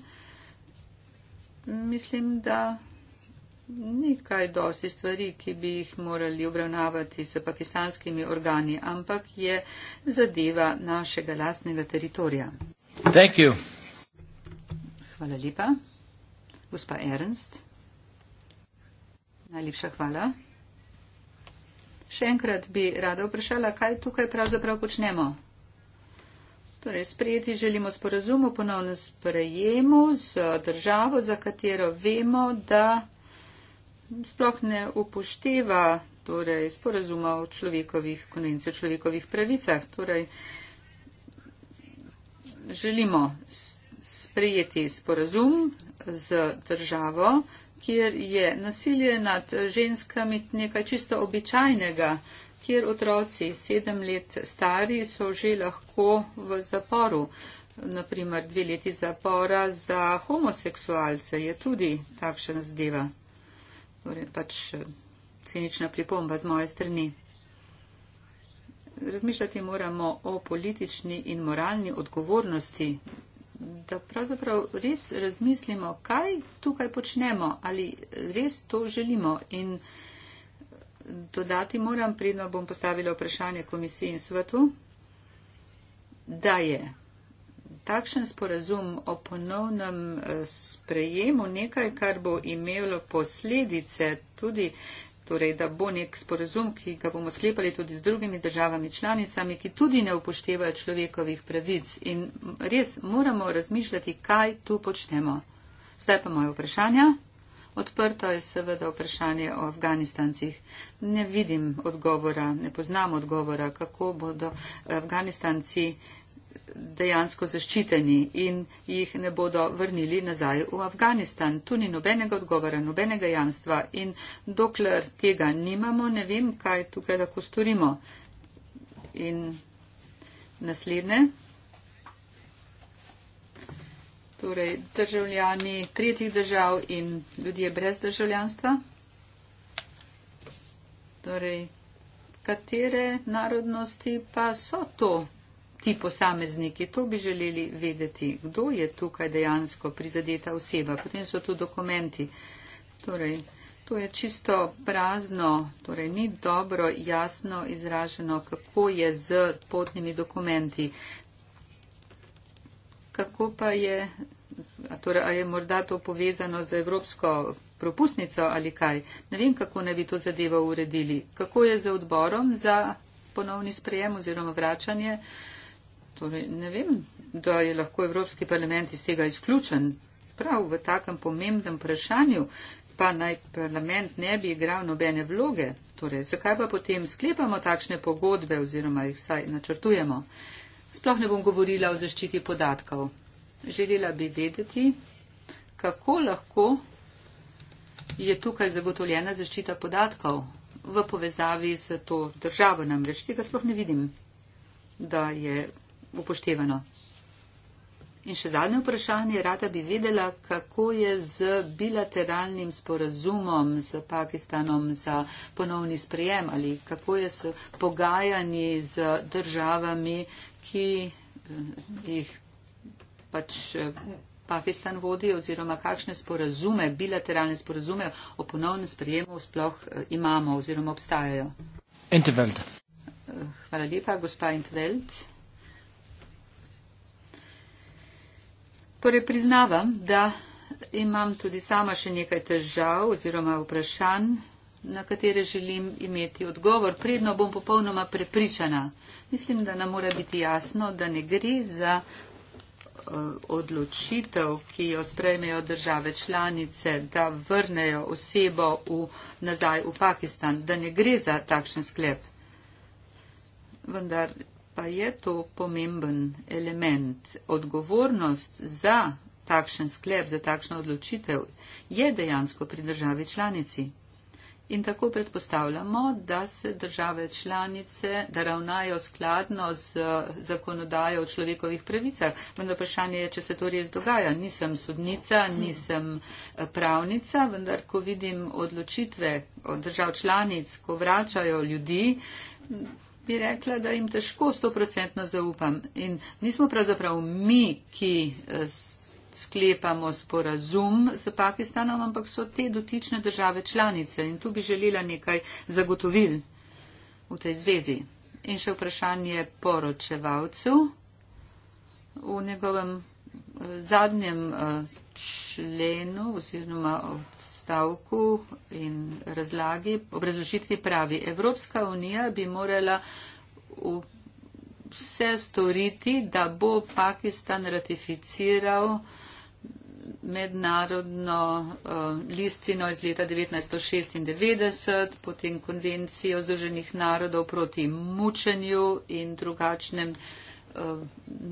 Mislim, da ni kaj dosti stvari, ki bi jih morali obravnavati s pakistanskimi organi, ampak je zadeva našega lastnega teritorija. Hvala lepa. Gospa Ernst. Najlepša hvala. Še enkrat bi rada vprašala, kaj tukaj pravzaprav počnemo. Torej, sprejeti želimo sporazum o ponovnem sprejemu z državo, za katero vemo, da sploh ne upošteva torej, sporazuma o človekovih konvencijah, človekovih pravicah. Torej, želimo sprejeti sporazum z državo, kjer je nasilje nad ženskami nekaj čisto običajnega, kjer otroci sedem let stari so že lahko v zaporu. Naprimer, dve leti zapora za homoseksualce je tudi takšna zadeva. Torej, pač eh, cenična pripomba z moje strani. Razmišljati moramo o politični in moralni odgovornosti da pravzaprav res razmislimo, kaj tukaj počnemo, ali res to želimo. In dodati moram, predno bom postavila vprašanje komisiji in svetu, da je takšen sporazum o ponovnem eh, sprejemu nekaj, kar bo imelo posledice tudi torej da bo nek sporozum, ki ga bomo sklepali tudi z drugimi državami članicami, ki tudi ne upoštevajo človekovih pravic. In res moramo razmišljati, kaj tu počnemo. Zdaj pa moje vprašanje. Odprto je seveda vprašanje o Afganistancih. Ne vidim odgovora, ne poznam odgovora, kako bodo Afganistanci eh, dejansko zaščiteni in jih ne bodo vrnili nazaj v Afganistan. Tu ni nobenega odgovora, nobenega jamstva in dokler tega nimamo, ne vem, kaj tukaj lahko storimo. In naslednje. Torej, državljani tretjih držav in ljudje brez državljanstva. Torej, katere narodnosti pa so to? ti posamezniki. To bi želeli vedeti, kdo je tukaj dejansko prizadeta oseba. Potem so tu dokumenti. Torej, to je čisto prazno, torej ni dobro jasno izraženo, kako je z potnimi dokumenti. Kako pa je, a torej, a je morda to povezano z evropsko propustnico ali kaj? Ne vem, kako ne bi to zadevo uredili. Kako je z odborom za ponovni sprejem oziroma vračanje? Uh, Torej, ne vem, da je lahko Evropski parlament iz tega izključen. Prav v takem pomembnem vprašanju pa naj parlament ne bi igral nobene vloge. Torej, zakaj pa potem sklepamo takšne pogodbe oziroma jih vsaj načrtujemo? Sploh ne bom govorila o zaščiti podatkov. Želela bi vedeti, kako lahko je tukaj zagotovljena zaščita podatkov v povezavi z to državo. Namreč tega sploh ne vidim, da je upoštevano. In še zadnje vprašanje. Rada bi vedela, kako je z bilateralnim sporazumom z Pakistanom za ponovni sprejem ali kako je s pogajanji z državami, ki eh, jih pač eh, Pakistan vodi oziroma kakšne sporazume, bilateralne sporazume o ponovnem sprejemu sploh eh, imamo oziroma obstajajo. Intervent. Hvala lepa, gospa Intveld. Torej, priznavam, da imam tudi sama še nekaj težav oziroma vprašanj, na katere želim imeti odgovor. Predno bom popolnoma prepričana. Mislim, da nam mora biti jasno, da ne gre za eh, odločitev, ki jo sprejmejo države članice, da vrnejo osebo v, nazaj v Pakistan, da ne gre za takšen sklep. Vendar pa je to pomemben element. Odgovornost za takšen sklep, za takšno odločitev je dejansko pri državi članici. In tako predpostavljamo, da se države članice, da ravnajo skladno z zakonodajo o človekovih pravicah. Vendar vprašanje je, če se to res dogaja. Nisem sodnica, nisem eh, pravnica, vendar ko vidim odločitve od držav članic, ko vračajo ljudi, bi rekla, da jim težko stoprocentno zaupam. In nismo pravzaprav mi, ki eh, sklepamo sporazum z Pakistanom, ampak so te dotične države članice. In tu bi želela nekaj zagotovil v tej zvezi. In še vprašanje poročevalcev v njegovem eh, zadnjem eh, členu oziroma stavku in razlagi, obrazložitvi pravi, Evropska unija bi morala vse storiti, da bo Pakistan ratificiral mednarodno eh, listino iz leta 1996, potem konvencijo Združenih narodov proti mučenju in drugačnem eh,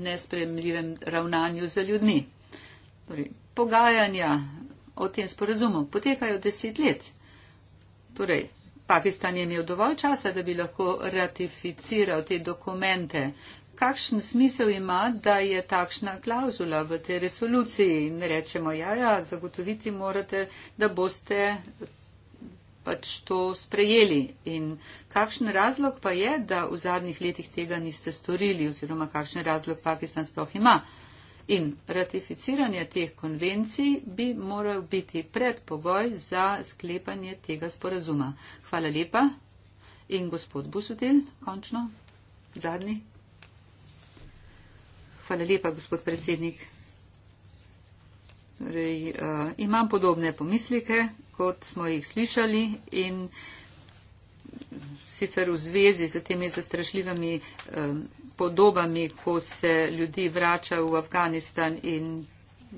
nespremljivem ravnanju za ljudmi. Torej, pogajanja o tem sporazumu. Potekajo deset let. Torej, Pakistan je imel dovolj časa, da bi lahko ratificiral te dokumente. Kakšen smisel ima, da je takšna klauzula v tej resoluciji? Ne rečemo, ja, ja, zagotoviti morate, da boste pač to sprejeli. In kakšen razlog pa je, da v zadnjih letih tega niste storili oziroma kakšen razlog Pakistan sploh ima? In ratificiranje teh konvencij bi moral biti predpogoj za sklepanje tega sporazuma. Hvala lepa. In gospod Busutil, končno, zadnji. Hvala lepa, gospod predsednik. Torej, uh, imam podobne pomislike, kot smo jih slišali in sicer v zvezi z temi zastrašljivimi. Uh, podobami, ko se ljudi vrača v Afganistan in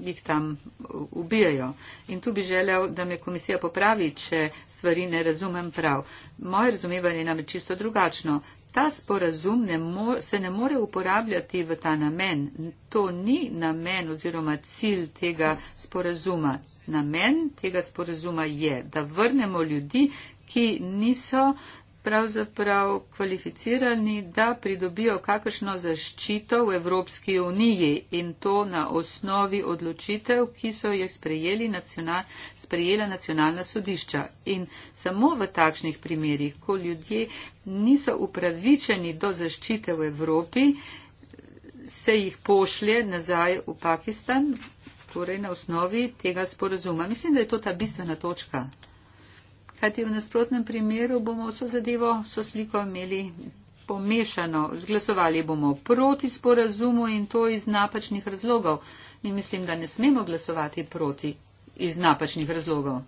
jih tam ubijajo. In tu bi želel, da me komisija popravi, če stvari ne razumem prav. Moje razumevanje je namreč čisto drugačno. Ta sporazum ne mo, se ne more uporabljati v ta namen. To ni namen oziroma cilj tega sporazuma. Namen tega sporazuma je, da vrnemo ljudi, ki niso uh, pravzaprav kvalificirani, da pridobijo kakršno zaščito v Evropski uniji in to na osnovi odločitev, ki so jih nacional, sprejela nacionalna sodišča. In samo v takšnih primerjih, ko ljudje niso upravičeni do zaščite v Evropi, se jih pošlje nazaj v Pakistan, torej na osnovi tega sporazuma. Mislim, da je to ta bistvena točka kajti v nasprotnem primeru bomo vso zadevo, vso sliko imeli pomešano. Zglasovali bomo proti sporazumu in to iz napačnih razlogov. In mislim, da ne smemo glasovati proti iz napačnih razlogov.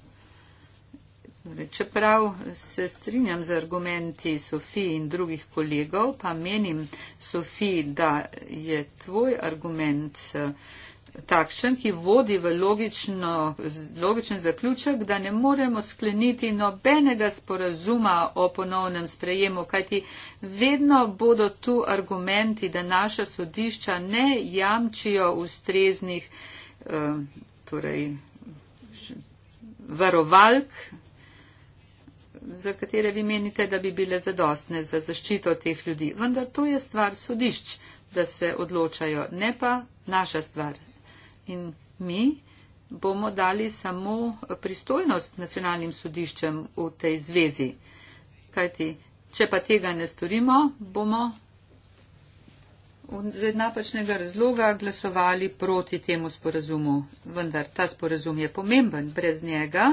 Torej, čeprav se strinjam z argumenti Sofiji in drugih kolegov, pa menim, Sofiji, da je tvoj argument. Uh, takšen, ki vodi v logično, logičen zaključek, da ne moremo skleniti nobenega sporazuma o ponovnem sprejemu, kajti vedno bodo tu argumenti, da naša sodišča ne jamčijo ustreznih eh, torej, varovalk, za katere vi menite, da bi bile zadostne za zaščito teh ljudi. Vendar to je stvar sodišč, da se odločajo, ne pa naša stvar in mi bomo dali samo pristojnost nacionalnim sodiščem v tej zvezi. Kajti, če pa tega ne storimo, bomo z napačnega razloga glasovali proti temu sporazumu. Vendar ta sporazum je pomemben. Brez njega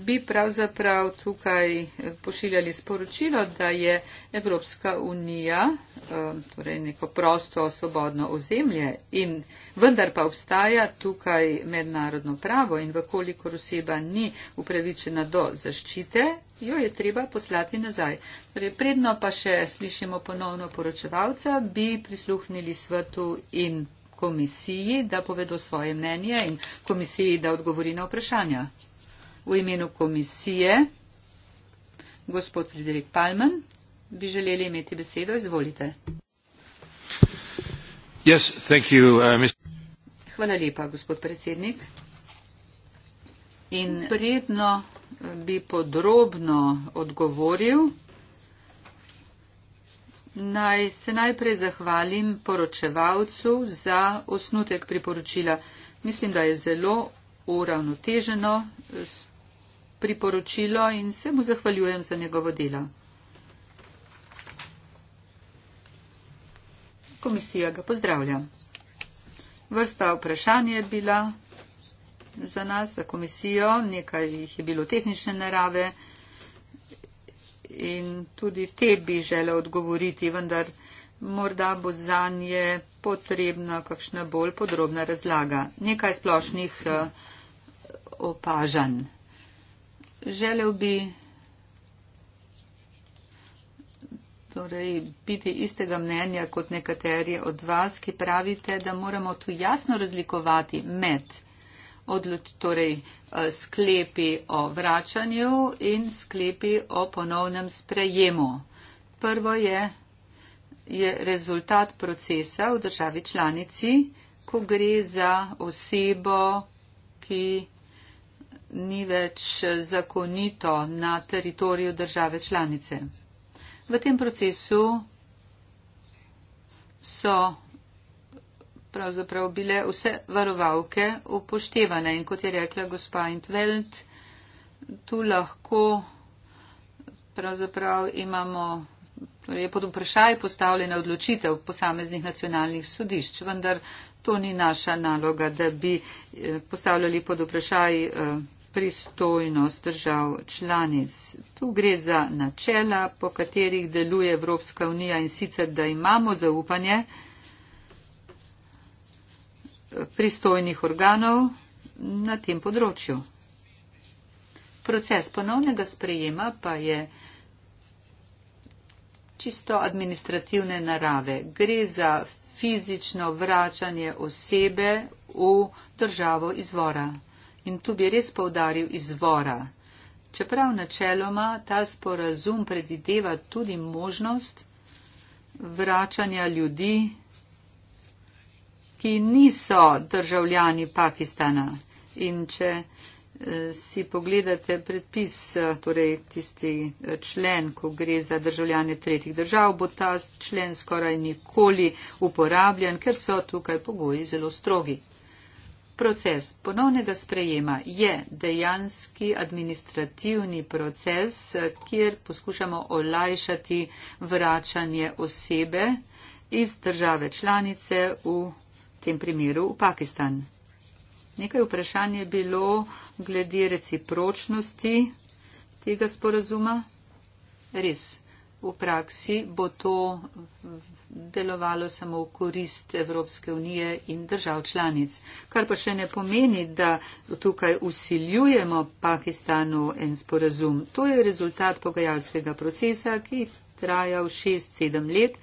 bi pravzaprav tukaj eh, pošiljali sporočilo, da je Evropska unija eh, torej neko prosto, svobodno ozemlje in vendar pa obstaja tukaj mednarodno pravo in vkoliko oseba ni upravičena do zaščite, jo je treba poslati nazaj. Torej, predno pa še slišimo ponovno poročevalca, bi prisluhnili svetu in komisiji, da povedo svoje mnenje in komisiji, da odgovori na vprašanja. V imenu komisije, gospod Friderik Palman, bi želeli imeti besedo. Izvolite. Yes, you, uh, Hvala lepa, gospod predsednik. In predno eh, bi podrobno odgovoril, naj se najprej zahvalim poročevalcu za osnutek priporočila. Mislim, da je zelo uravnoteženo priporočilo in se mu zahvaljujem za njegovo delo. Komisija ga pozdravlja. Vrsta vprašanje je bila za nas, za komisijo, nekaj jih je bilo tehnične narave in tudi te bi želel odgovoriti, vendar morda bo za nje potrebna kakšna bolj podrobna razlaga. Nekaj splošnih eh, opažanj želel bi torej, biti istega mnenja kot nekateri od vas, ki pravite, da moramo tu jasno razlikovati med odloč, torej, eh, sklepi o vračanju in sklepi o ponovnem sprejemu. Prvo je, je rezultat procesa v državi članici, ko gre za osebo, ki ni več zakonito na teritoriju države članice. V tem procesu so pravzaprav bile vse varovalke upoštevane in kot je rekla gospa Intveld, tu lahko pravzaprav imamo, torej je pod vprašaj postavljena odločitev posameznih nacionalnih sodišč, vendar to ni naša naloga, da bi eh, postavljali pod vprašaj eh, pristojnost držav članic. Tu gre za načela, po katerih deluje Evropska unija in sicer, da imamo zaupanje pristojnih organov na tem področju. Proces ponovnega sprejema pa je čisto administrativne narave. Gre za fizično vračanje osebe v državo izvora. In tu bi res povdaril izvora. Čeprav načeloma ta sporazum predideva tudi možnost vračanja ljudi, ki niso državljani Pakistana. In če eh, si pogledate predpis, eh, torej tisti eh, člen, ko gre za državljane tretjih držav, bo ta člen skoraj nikoli uporabljen, ker so tukaj pogoji zelo strogi. Proces ponovnega sprejema je dejanski administrativni proces, kjer poskušamo olajšati vračanje osebe iz države članice, v tem primeru v Pakistan. Nekaj vprašanj je bilo glede recipročnosti tega sporazuma. Res, v praksi bo to delovalo samo v korist Evropske unije in držav članic. Kar pa še ne pomeni, da tukaj usiljujemo Pakistanu en sporazum. To je rezultat pogajalskega procesa, ki traja v 6-7 let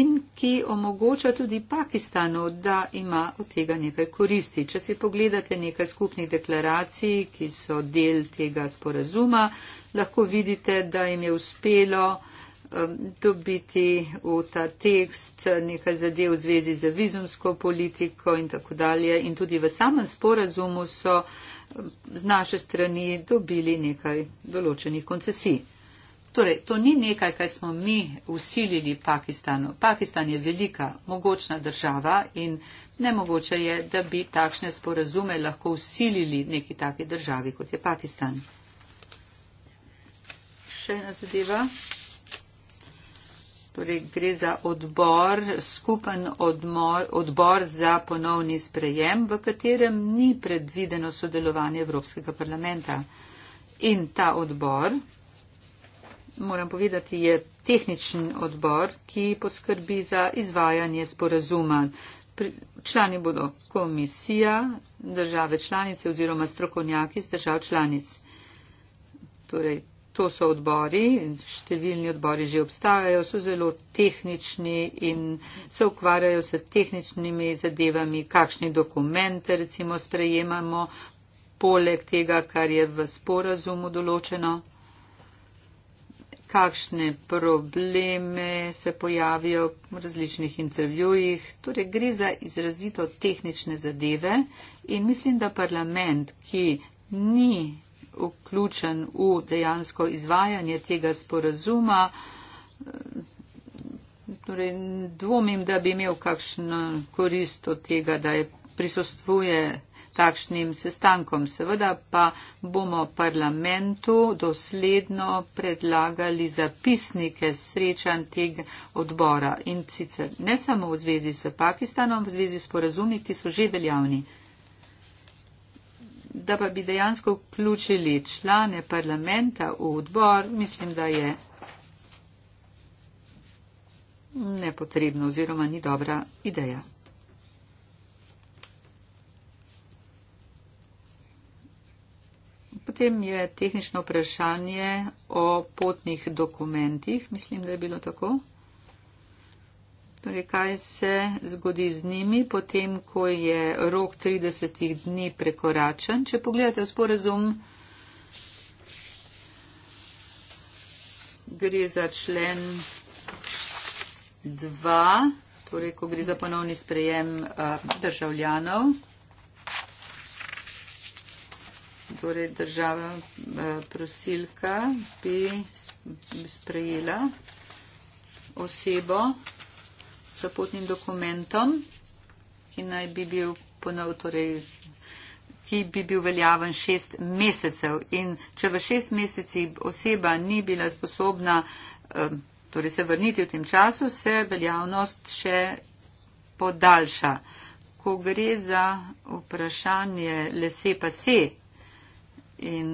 in ki omogoča tudi Pakistanu, da ima od tega nekaj koristi. Če si pogledate nekaj skupnih deklaracij, ki so del tega sporazuma, lahko vidite, da jim je uspelo dobiti v ta tekst nekaj zadev v zvezi z vizumsko politiko in tako dalje. In tudi v samem sporazumu so z naše strani dobili nekaj določenih koncesij. Torej, to ni nekaj, kaj smo mi usilili Pakistanu. Pakistan je velika, mogočna država in nemogoče je, da bi takšne sporazume lahko usilili neki taki državi, kot je Pakistan. Še ena zadeva. Torej, gre za odbor, skupen odmor, odbor za ponovni sprejem, v katerem ni predvideno sodelovanje Evropskega parlamenta. In ta odbor, moram povedati, je tehničen odbor, ki poskrbi za izvajanje sporazuma. Člani bodo komisija, države članice oziroma strokovnjaki z držav članic. Torej, to so odbori, številni odbori že obstajajo, so zelo tehnični in se ukvarjajo s tehničnimi zadevami, kakšni dokumente recimo sprejemamo, poleg tega, kar je v sporazumu določeno, kakšne probleme se pojavijo v različnih intervjujih. Torej gre za izrazito tehnične zadeve in mislim, da parlament, ki ni vključen v dejansko izvajanje tega sporazuma. Torej, dvomim, da bi imel kakšno eh, korist od tega, da je prisostvuje takšnim sestankom. Seveda pa bomo parlamentu dosledno predlagali zapisnike srečan tega odbora in sicer ne samo v zvezi s Pakistanom, v zvezi s porazumi, ki so že veljavni da pa bi dejansko vključili člane parlamenta v odbor, mislim, da je nepotrebno oziroma ni dobra ideja. Potem je tehnično vprašanje o potnih dokumentih. Mislim, da je bilo tako torej kaj se zgodi z njimi, potem, ko je rok 30 dni prekoračen. Če pogledate v sporazum, gre za člen 2, torej, ko gre za ponovni sprejem eh, državljanov. Torej, država eh, prosilka bi sprejela osebo, s potnim dokumentom, ki naj bi bil ponov, torej, ki bi bil veljaven šest mesecev. In če v šest meseci oseba ni bila sposobna eh, torej se vrniti v tem času, se veljavnost še podaljša. Ko gre za vprašanje lese pa se in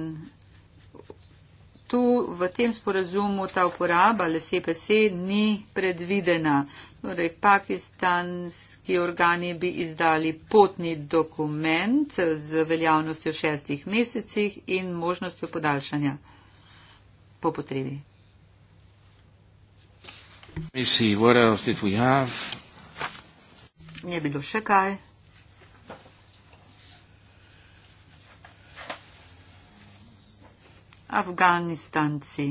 tu v tem sporazumu ta uporaba LSPC ni predvidena. Torej, pakistanski organi bi izdali potni dokument z veljavnostjo šestih mesecih in možnostjo podaljšanja po potrebi. Je bilo še kaj? Afganistanci.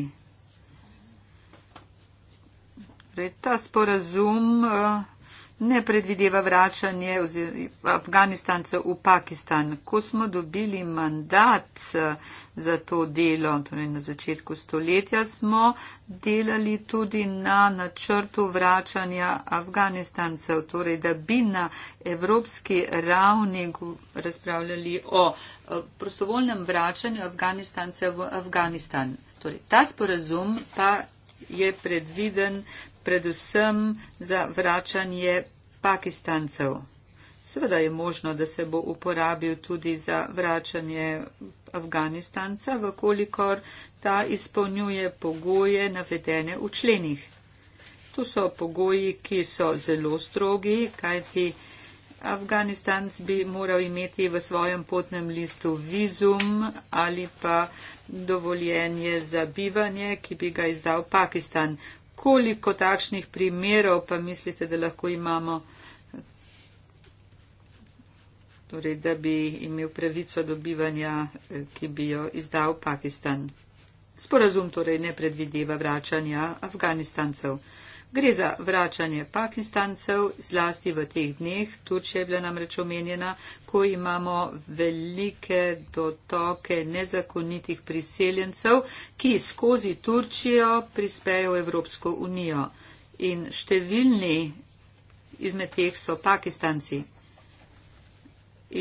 Torej, ta sporazum eh, ne predvideva vračanje Afganistancev v Pakistan. Ko smo dobili mandat eh, za to delo, torej na začetku stoletja, smo delali tudi na načrtu vračanja Afganistancev, torej da bi na evropski ravni razpravljali o eh, prostovoljnem vračanju Afganistancev v Afganistan. Torej, ta sporazum pa je predviden, predvsem za vračanje pakistancev. Sveda je možno, da se bo uporabil tudi za vračanje Afganistanca, vkolikor ta izpolnjuje pogoje navedene v členih. Tu so pogoji, ki so zelo strogi, kajti Afganistanc bi moral imeti v svojem potnem listu vizum ali pa dovoljenje za bivanje, ki bi ga izdal Pakistan koliko takšnih primerov pa mislite, da lahko imamo, torej, da bi imel pravico dobivanja, eh, ki bi jo izdal Pakistan. Sporazum torej ne predvideva vračanja Afganistancev. Gre za vračanje pakistancev, zlasti v teh dneh, Turčija je bila namreč omenjena, ko imamo velike dotoke nezakonitih priseljencev, ki skozi Turčijo prispejo v Evropsko unijo. In številni izmed teh so pakistanci.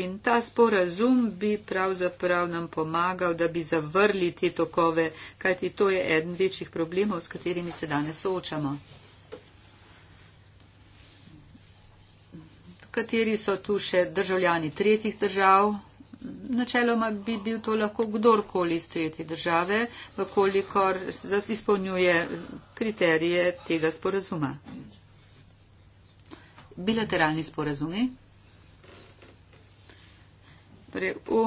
In ta sporazum bi pravzaprav nam pomagal, da bi zavrli te tokove, kajti to je eden večjih problemov, s katerimi se danes soočamo. kateri so tu še državljani tretjih držav. Načeloma bi bil to lahko kdorkoli iz tretje države, vkolikor izpolnjuje kriterije tega sporazuma. Bilateralni sporazumi. Torej, v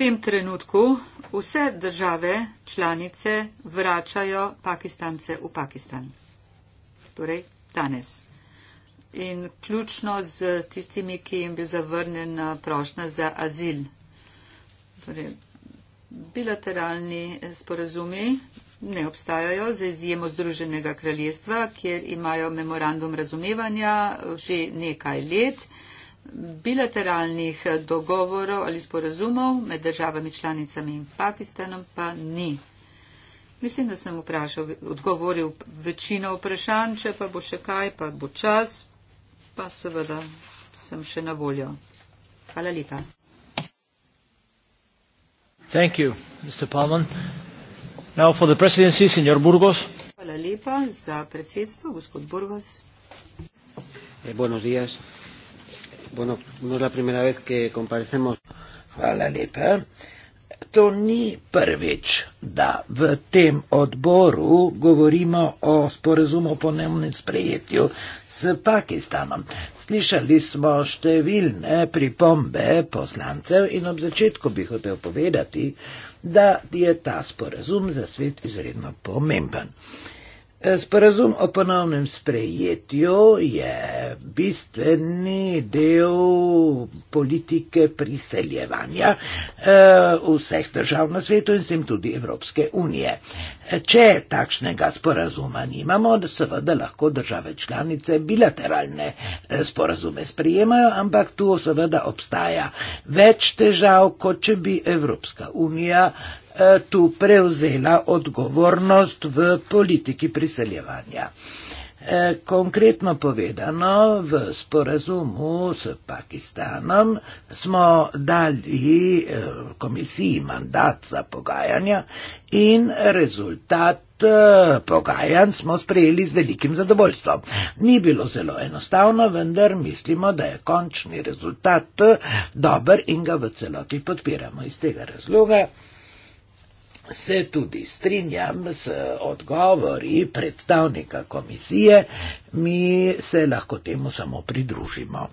tem trenutku vse države članice vračajo Pakistance v Pakistan. Torej, danes in ključno z tistimi, ki jim bi zavrnjena prošnja za azil. Torej, bilateralni sporazumi ne obstajajo za izjemo Združenega kraljestva, kjer imajo memorandum razumevanja že nekaj let. Bilateralnih dogovorov ali sporazumov med državami članicami in Pakistanom pa ni. Mislim, da sem vprašal, odgovoril večino vprašanj, če pa bo še kaj, pa bo čas, pa seveda sem še na voljo. Hvala lepa. Thank you, Mr. Palman. Now for the presidency, Senor Burgos. Hvala lepa za predsedstvo, gospod Burgos. Eh, buenos días. Bueno, no es la primera vez que comparecemos. Hvala lepa. To ni prvič, da v tem odboru govorimo o sporazumu o ponovnem sprejetju s Pakistanom. Slišali smo številne pripombe poslancev in ob začetku bi hotel povedati, da je ta sporazum za svet izredno pomemben. Eh, sporazum o ponovnem sprejetju je bistveni del politike priseljevanja eh, vseh držav na svetu in s tem tudi Evropske unije. Eh, če takšnega sporazuma nimamo, da seveda lahko države članice bilateralne sporazume sprijemajo, ampak tu seveda obstaja več težav, kot če bi Evropska unija Eh, tu prevzela odgovornost v politiki priseljevanja. Eh, konkretno povedano, v sporazumu s Pakistanom smo dali eh, komisiji mandat za pogajanja in rezultat pogajanj smo sprejeli z velikim zadovoljstvom. Ni bilo zelo enostavno, vendar mislimo, da je končni rezultat dober in ga v celoti podpiramo iz tega razloga. Se tudi strinjam z odgovori predstavnika komisije, mi se lahko temu samo pridružimo.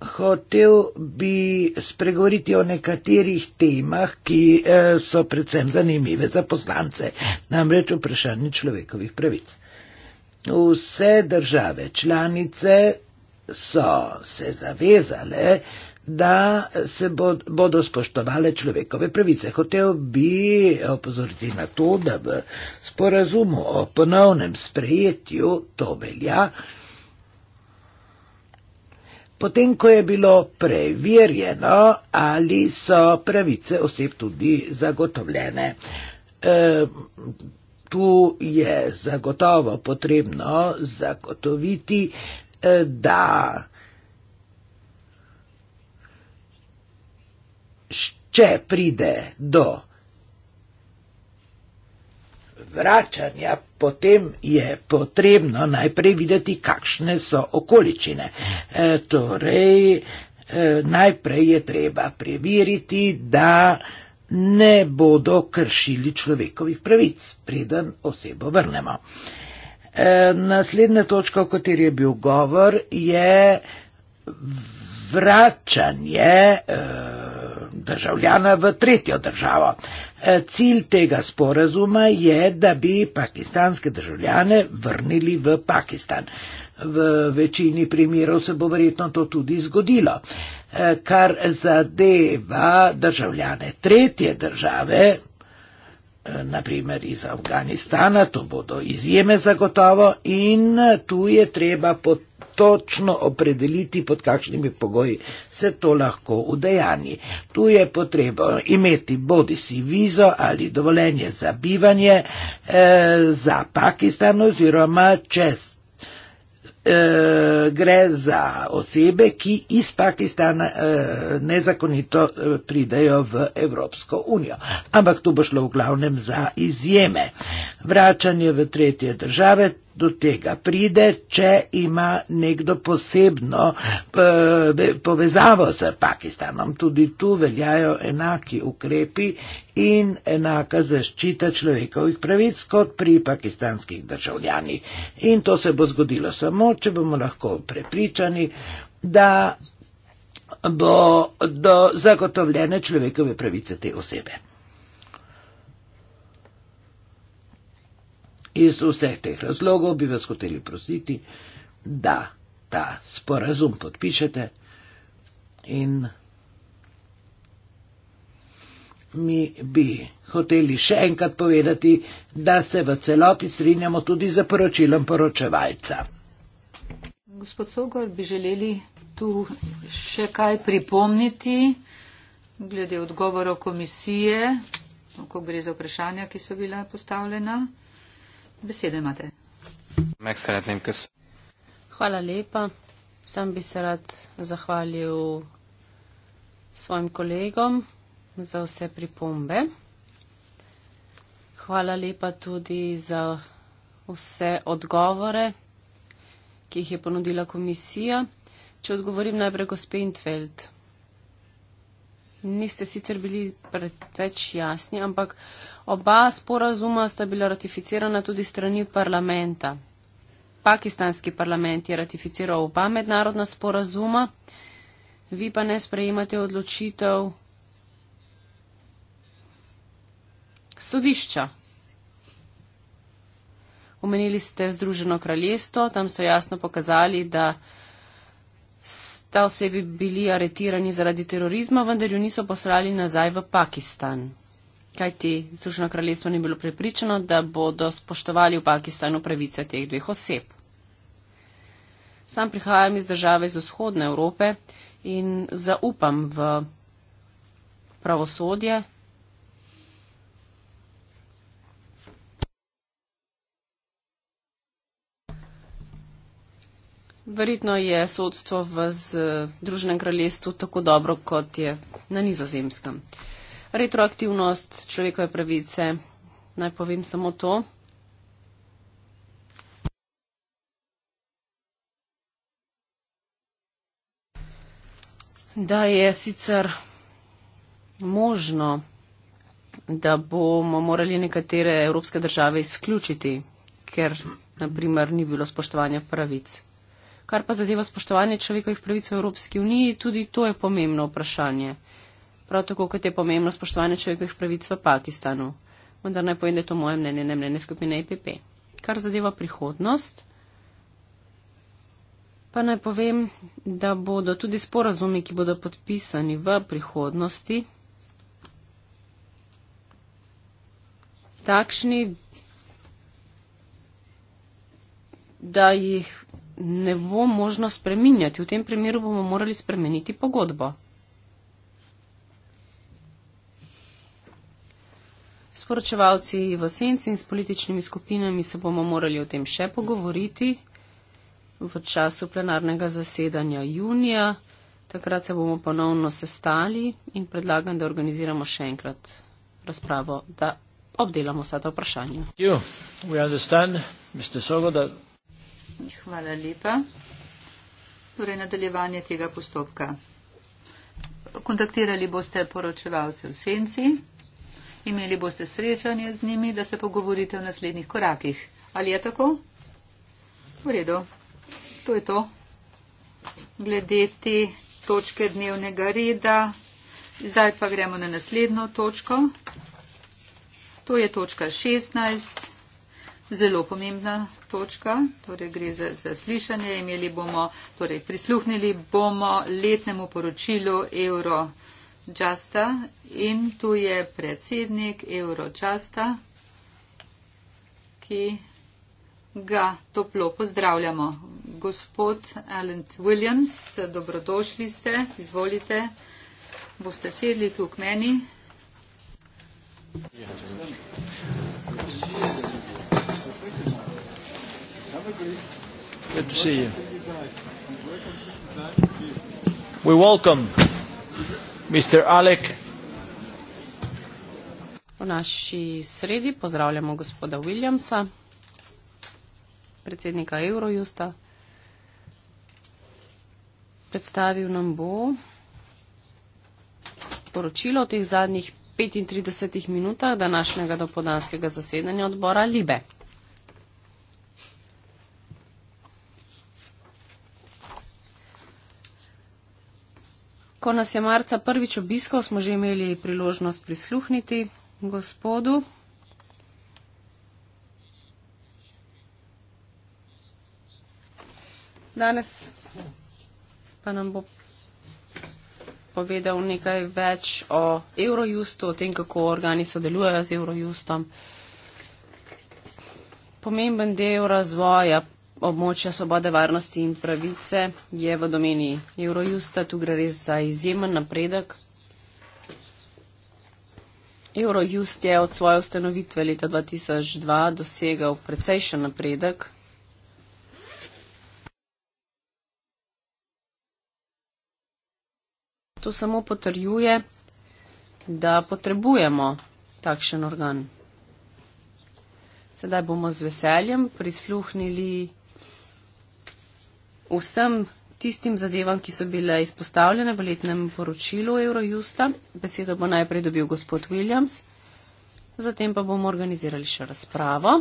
Hotev bi spregovoriti o nekaterih temah, ki eh, so predvsem zanimive za poslance, namreč vprašanje človekovih pravic. Vse države članice so se zavezale, da se bodo spoštovale človekove pravice. Hotev bi opozoriti na to, da v sporazumu o ponovnem sprejetju to velja. Potem, ko je bilo preverjeno, ali so pravice oseb tudi zagotovljene, e, tu je zagotovo potrebno zagotoviti, e, da še pride do vračanja, potem je potrebno najprej videti, kakšne so okoličine. E, torej, e, najprej je treba preveriti, da ne bodo kršili človekovih pravic, preden osebo vrnemo. E, naslednja točka, o kateri je bil govor, je vračanje. E, državljana v tretjo državo. E, cilj tega sporazuma je, da bi pakistanske državljane vrnili v Pakistan. V večini primerov se bo verjetno to tudi zgodilo. E, kar zadeva državljane tretje države, e, naprimer iz Afganistana, to bodo izjeme zagotovo in tu je treba potrebno točno opredeliti, pod kakšnimi pogoji se to lahko udejani. Tu je potrebo imeti bodi si vizo ali dovoljenje za bivanje eh, za Pakistan oziroma čez. Eh, gre za osebe, ki iz Pakistana eh, nezakonito eh, pridejo v Evropsko unijo. Ampak tu bo šlo v glavnem za izjeme. Vračanje v tretje države, do tega pride, če ima nekdo posebno eh, povezavo z Pakistanom. Tudi tu veljajo enaki ukrepi in enaka zaščita človekovih pravic kot pri pakistanskih državljanih. In to se bo zgodilo samo, če bomo lahko prepričani, da bo do zagotovljene človekove pravice te osebe. Iz vseh teh razlogov bi vas hoteli prositi, da ta sporazum podpišete in mi bi hoteli še enkrat povedati, da se v celoti strinjamo tudi za poročilom poročevalca. Gospod Sogor, bi želeli tu še kaj pripomniti glede odgovorov komisije, ko gre za vprašanja, ki so bila postavljena? Besede imate. Meg szeretném köszönni. Hvala lepa. Sam bi se rad zahvalil svojim kolegom za vse pripombe. Hvala lepa tudi za vse odgovore, ki jih je ponudila komisija. Če odgovorim najprej gospe Intveld niste sicer bili preveč jasni, ampak oba sporazuma sta bila ratificirana tudi strani parlamenta. Pakistanski parlament je ratificiral oba mednarodna sporazuma, vi pa ne sprejemate odločitev sodišča. Omenili ste Združeno kraljestvo, tam so jasno pokazali, da Ta osebi bili aretirani zaradi terorizma, vendar jo niso poslali nazaj v Pakistan. Kaj ti Združeno kraljestvo ni bilo prepričano, da bodo spoštovali v Pakistanu pravice teh dveh oseb. Sam prihajam iz države iz vzhodne Evrope in zaupam v pravosodje, Verjetno je sodstvo v Združenem kraljestvu tako dobro, kot je na nizozemskem. Retroaktivnost človekove pravice, naj povem samo to. Da je sicer možno, da bomo morali nekatere evropske države izključiti, ker naprimer ni bilo spoštovanja pravic kar pa zadeva spoštovanje človekovih pravic v Evropski uniji, tudi to je pomembno vprašanje. Prav tako, kot je pomembno spoštovanje človekovih pravic v Pakistanu. Vendar naj povem, da je to moje mnenje, ne mnenje skupine EPP. Kar zadeva prihodnost, pa naj povem, da bodo tudi sporazumi, ki bodo podpisani v prihodnosti, takšni, da jih ne bo možno spreminjati. V tem primeru bomo morali spremeniti pogodbo. Sporočevalci v senci in s političnimi skupinami se bomo morali o tem še pogovoriti v času plenarnega zasedanja junija. Takrat se bomo ponovno sestali in predlagam, da organiziramo še enkrat razpravo, da obdelamo vsa ta vprašanja. Hvala lepa. Torej, nadaljevanje tega postopka. Kontaktirali boste poročevalce v senci, imeli boste srečanje z njimi, da se pogovorite v naslednjih korakih. Ali je tako? V redu. To je to. Glede te točke dnevnega reda. Zdaj pa gremo na naslednjo točko. To je točka 16. Zelo pomembna točka, torej gre za zaslišanje, imeli bomo, torej prisluhnili bomo letnemu poročilu Eurojusta in tu je predsednik Eurojusta, ki ga toplo pozdravljamo. Gospod Alan Williams, dobrodošli ste, izvolite, boste sedli tu k meni. Yeah. Ja, Good to see you. We welcome Mr. Alec. V naši sredi pozdravljamo gospoda Williamsa, predsednika Eurojusta. Predstavil nam bo poročilo o teh zadnjih 35 minutah današnjega dopodanskega zasedanja odbora Libe. Ko nas je marca prvič obiskal, smo že imeli priložnost prisluhniti gospodu. Danes pa nam bo povedal nekaj več o Eurojustu, o tem, kako organi sodelujejo z Eurojustom. Pomemben del razvoja območja svobode, varnosti in pravice je v domeni Eurojusta. Tu gre res za izjemen napredek. Eurojust je od svoje ustanovitve leta 2002 dosegal precejšen napredek. To samo potrjuje, da potrebujemo takšen organ. Sedaj bomo z veseljem prisluhnili vsem tistim zadevam, ki so bile izpostavljene v letnem poročilu Eurojusta. Besedo bo najprej dobil gospod Williams, zatem pa bomo organizirali še razpravo.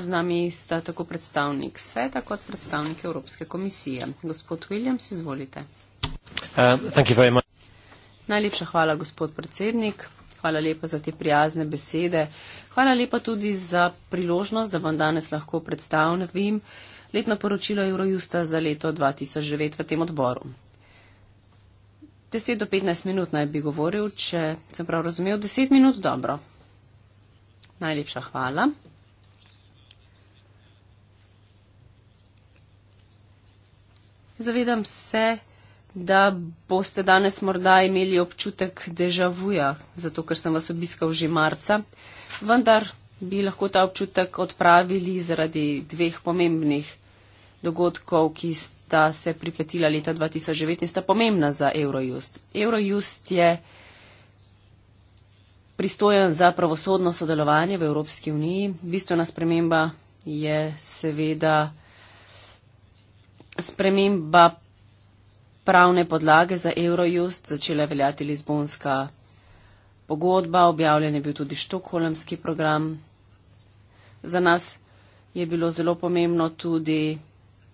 Z nami sta tako predstavnik sveta kot predstavnik Evropske komisije. Gospod Williams, izvolite. Um, Najlepša hvala, gospod predsednik. Hvala lepa za te prijazne besede. Hvala lepa tudi za priložnost, da vam danes lahko predstavim letno poročilo Eurojusta za leto 2009 v tem odboru. 10 do 15 minut naj bi govoril, če sem prav razumel, 10 minut dobro. Najlepša hvala. Zavedam se, da boste danes morda imeli občutek dežavuja, zato ker sem vas obiskal že marca, vendar bi lahko ta občutek odpravili zaradi dveh pomembnih dogodkov, ki sta se pripetila leta 2009 in sta pomembna za Eurojust. Eurojust je pristojen za pravosodno sodelovanje v Evropski uniji. Bistvena sprememba je seveda sprememba pravne podlage za Eurojust, začela je veljati Lizbonska pogodba, objavljen je bil tudi Štokholmski program. Za nas je bilo zelo pomembno tudi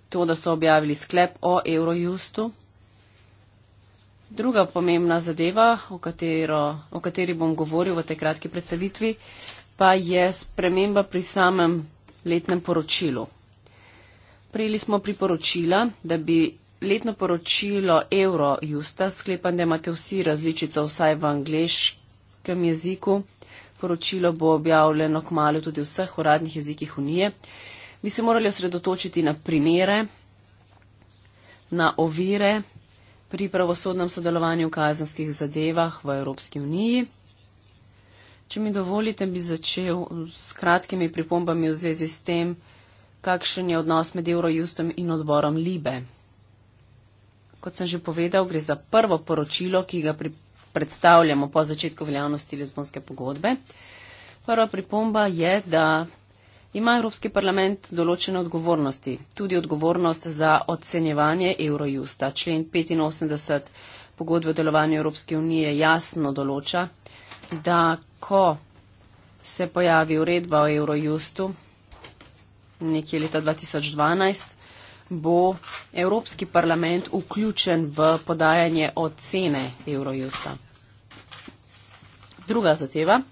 to, da so objavili sklep o Eurojustu. Druga pomembna zadeva, o, katero, o kateri bom govoril v tej kratki predstavitvi, pa je sprememba pri samem letnem poročilu. Prijeli smo priporočila, da bi letno poročilo Eurojusta, sklepam, da imate vsi različico vsaj v angliškem jeziku, poročilo bo objavljeno k malu tudi v vseh uradnih jezikih Unije bi se morali osredotočiti na primere, na ovire pri pravosodnem sodelovanju v kazenskih zadevah v Evropski uniji. Če mi dovolite, bi začel s kratkimi pripombami v zvezi s tem, kakšen je odnos med Eurojustom in odborom Libe. Kot sem že povedal, gre za prvo poročilo, ki ga predstavljamo po začetku veljavnosti Lizbonske pogodbe. Prva pripomba je, da ima Evropski parlament določene odgovornosti, tudi odgovornost za ocenjevanje Eurojusta. Člen 85 pogodbe o delovanju Evropske unije jasno določa, da ko se pojavi uredba o Eurojustu nekje leta 2012, bo Evropski parlament vključen v podajanje ocene Eurojusta. Druga zadeva.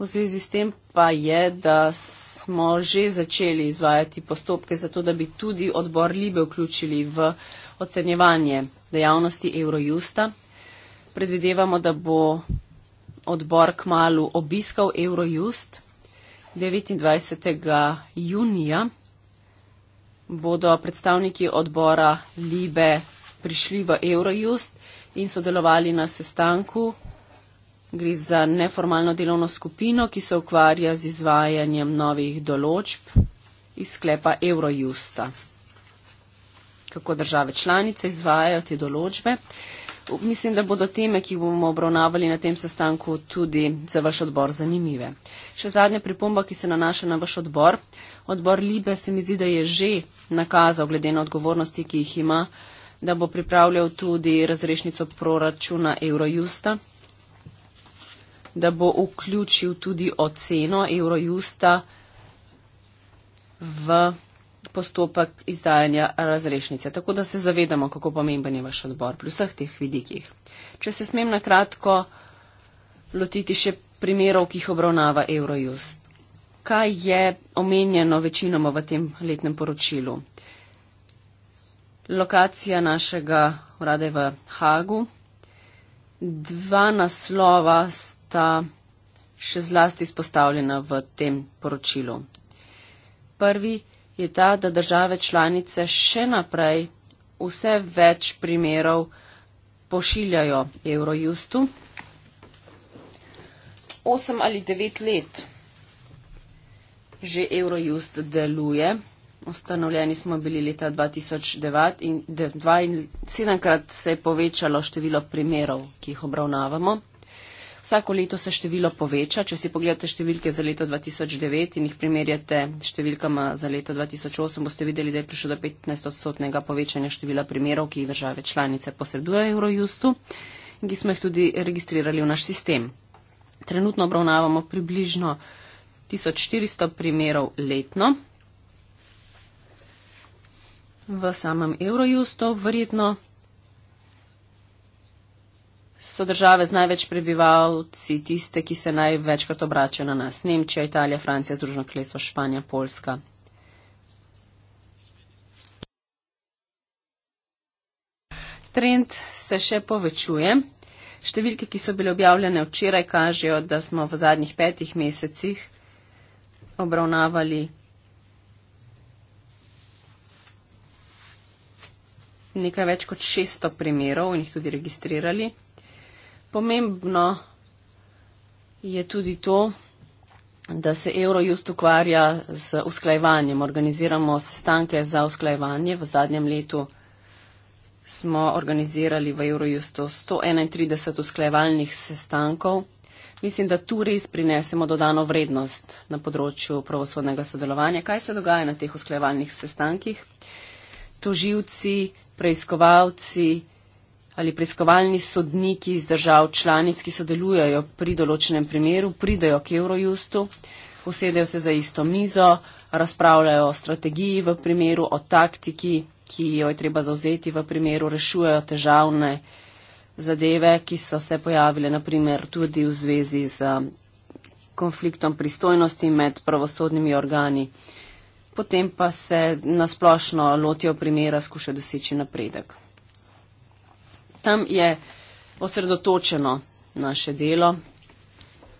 V zvezi s tem pa je, da smo že začeli izvajati postopke za to, da bi tudi odbor Libe vključili v ocenjevanje dejavnosti Eurojusta. Predvidevamo, da bo odbor k malu obiskal Eurojust. 29. junija bodo predstavniki odbora Libe prišli v Eurojust in sodelovali na sestanku Gre za neformalno delovno skupino, ki se ukvarja z izvajanjem novih določb iz sklepa Eurojusta. Kako države članice izvajajo te določbe? Mislim, da bodo teme, ki bomo obravnavali na tem sestanku, tudi za vaš odbor zanimive. Še zadnja pripomba, ki se nanaša na vaš odbor. Odbor Libe se mi zdi, da je že nakazal, glede na odgovornosti, ki jih ima, da bo pripravljal tudi razrešnico proračuna Eurojusta, da bo vključil tudi oceno Eurojusta v postopek izdajanja razrešnice. Tako da se zavedamo, kako pomemben je vaš odbor pri vseh teh vidikih. Če se smem na kratko lotiti še primerov, ki jih obravnava Eurojust. Kaj je omenjeno večinoma v tem letnem poročilu? Lokacija našega urada je v Hagu. Dva naslova sta sta še zlasti izpostavljena v tem poročilu. Prvi je ta, da države članice še naprej vse več primerov pošiljajo Eurojustu. Osem ali devet let že Eurojust deluje. Ustanovljeni smo bili leta 2009 in sedemkrat se je povečalo število primerov, ki jih obravnavamo. Vsako leto se število poveča. Če si pogledate številke za leto 2009 in jih primerjate s številkama za leto 2008, boste videli, da je prišlo do 15-odstotnega povečanja števila primerov, ki jih države članice posredujejo Eurojustu in ki smo jih tudi registrirali v naš sistem. Trenutno obravnavamo približno 1400 primerov letno. V samem Eurojustu verjetno so države z največ prebivalci tiste, ki se največkrat obračajo na nas. Nemčija, Italija, Francija, Združeno kraljestvo, Španija, Poljska. Trend se še povečuje. Številke, ki so bile objavljene včeraj, kažejo, da smo v zadnjih petih mesecih obravnavali nekaj več kot 600 primerov in jih tudi registrirali. Pomembno je tudi to, da se Eurojust ukvarja z usklajevanjem. Organiziramo sestanke za usklajevanje. V zadnjem letu smo organizirali v Eurojustu 131 usklajevalnih sestankov. Mislim, da tu res prinesemo dodano vrednost na področju pravosodnega sodelovanja. Kaj se dogaja na teh usklajevalnih sestankih? Toživci, preiskovalci, ali preiskovalni sodniki iz držav članic, ki sodelujejo pri določenem primeru, pridejo k Eurojustu, usedejo se za isto mizo, razpravljajo o strategiji v primeru, o taktiki, ki jo je treba zauzeti v primeru, rešujejo težavne zadeve, ki so se pojavile naprimer tudi v zvezi z um, konfliktom pristojnosti med pravosodnimi organi. Potem pa se nasplošno lotijo primera, skušajo doseči napredek tam je osredotočeno naše delo.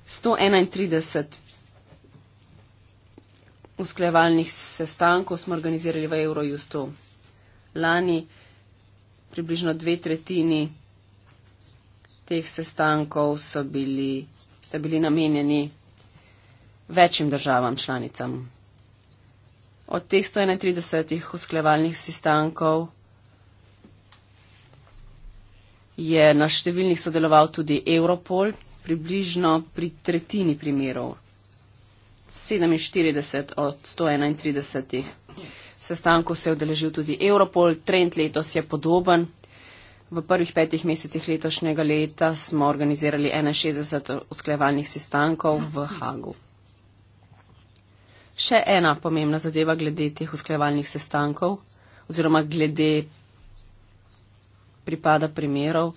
131 usklejevalnih sestankov smo organizirali v Eurojustu lani, približno dve tretjini teh sestankov so bili, so bili namenjeni večjim državam članicam. Od teh 131 usklejevalnih sestankov je na številnih sodeloval tudi Europol, približno pri tretjini primerov, 47 od 131 sestankov se je odeležil tudi Europol, trend letos je podoben. V prvih petih mesecih letošnjega leta smo organizirali 61 usklajevalnih sestankov v Hagu. Še ena pomembna zadeva glede teh usklajevalnih sestankov oziroma glede pripada primerov.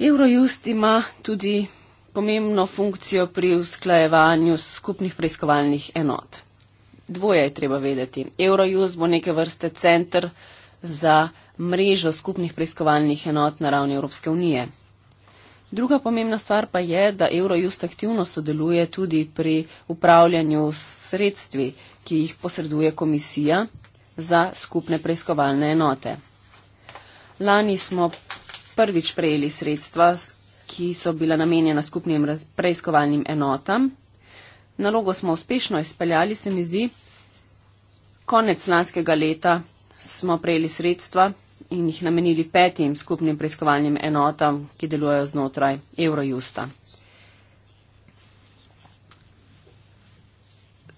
Eurojust ima tudi pomembno funkcijo pri usklajevanju skupnih preiskovalnih enot. Dvoje je treba vedeti. Eurojust bo neke vrste centr za mrežo skupnih preiskovalnih enot na ravni Evropske unije. Druga pomembna stvar pa je, da Eurojust aktivno sodeluje tudi pri upravljanju sredstvi, ki jih posreduje komisija za skupne preiskovalne enote. Lani smo prvič prejeli sredstva, ki so bila namenjena skupnim preiskovalnim enotam. Nalogo smo uspešno izpeljali, se mi zdi. Konec lanskega leta smo prejeli sredstva in jih namenili petim skupnim preiskovalnim enotam, ki delujejo znotraj Eurojusta.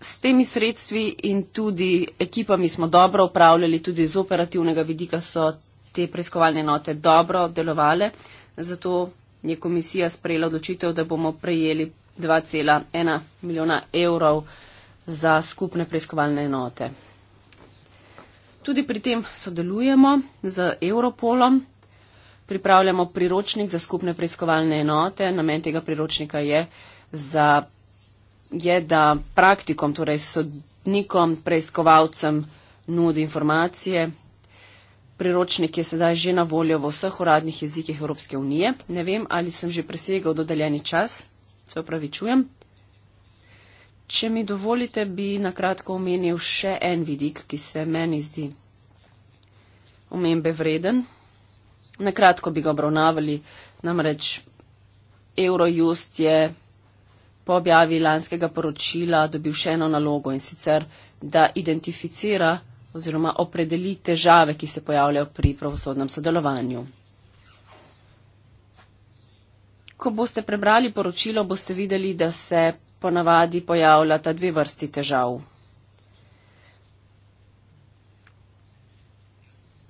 S temi sredstvi in tudi ekipami smo dobro upravljali, tudi z operativnega vidika so te preiskovalne note dobro delovale, zato je komisija sprejela odločitev, da bomo prejeli 2,1 milijona evrov za skupne preiskovalne note. Tudi pri tem sodelujemo z Europolom, pripravljamo priročnik za skupne preiskovalne enote. Namen tega priročnika je, za, je da praktikom, torej sodnikom, preiskovalcem nudi informacije, priročnik je sedaj že na voljo v vseh uradnih jezikih Evropske unije. Ne vem, ali sem že presegel dodeljeni čas, se opravičujem. Če mi dovolite, bi na kratko omenil še en vidik, ki se meni zdi omembe vreden. Na kratko bi ga obravnavali, namreč Eurojust je po objavi lanskega poročila dobil še eno nalogo in sicer, da identificira oziroma opredeli težave, ki se pojavljajo pri pravosodnem sodelovanju. Ko boste prebrali poročilo, boste videli, da se ponavadi pojavljata dve vrsti težav.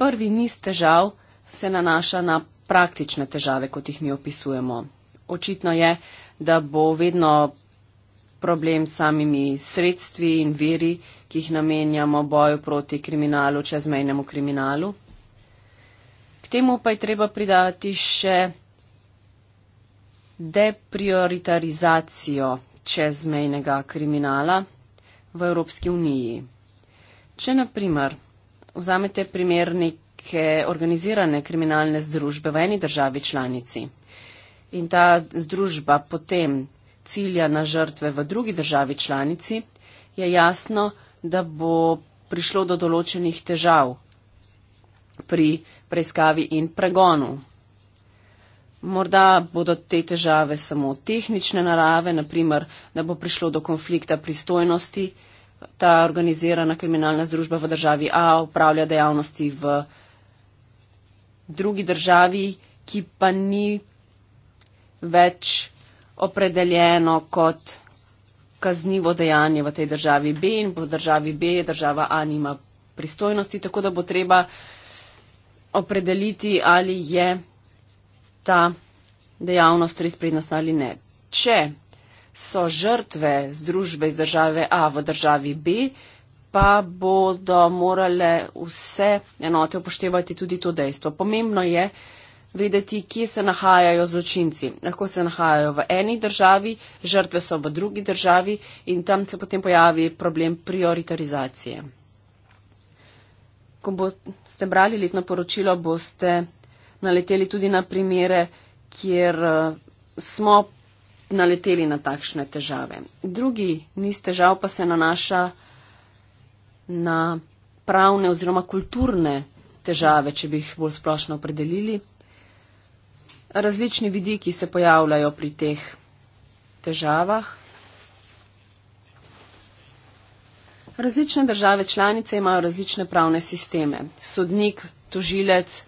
Prvi niz težav se nanaša na praktične težave, kot jih mi opisujemo. Očitno je, da bo vedno problem s samimi sredstvi in veri, ki jih namenjamo boju proti kriminalu, čezmejnemu kriminalu. K temu pa je treba pridati še deprioritarizacijo čezmejnega kriminala v Evropski uniji. Če naprimer vzamete primer neke organizirane kriminalne združbe v eni državi članici in ta združba potem cilja na žrtve v drugi državi članici, je jasno, da bo prišlo do določenih težav pri preiskavi in pregonu. Morda bodo te težave samo tehnične narave, naprimer, da bo prišlo do konflikta pristojnosti, ta organizirana kriminalna združba v državi A upravlja dejavnosti v drugi državi, ki pa ni več opredeljeno kot kaznivo dejanje v tej državi B in v državi B država A nima pristojnosti, tako da bo treba opredeliti, ali je ta dejavnost res prednostna ali ne. Če so žrtve z družbe iz države A v državi B, pa bodo morale vse enote upoštevati tudi to dejstvo. Pomembno je, vedeti, kje se nahajajo zločinci. Lahko se nahajajo v eni državi, žrtve so v drugi državi in tam se potem pojavi problem prioritarizacije. Ko boste brali letno poročilo, boste naleteli tudi na primere, kjer eh, smo naleteli na takšne težave. Drugi niz težav pa se nanaša na pravne oziroma kulturne težave, če bi jih bolj splošno opredelili različni vidiki se pojavljajo pri teh težavah. Različne države članice imajo različne pravne sisteme. Sodnik, tožilec,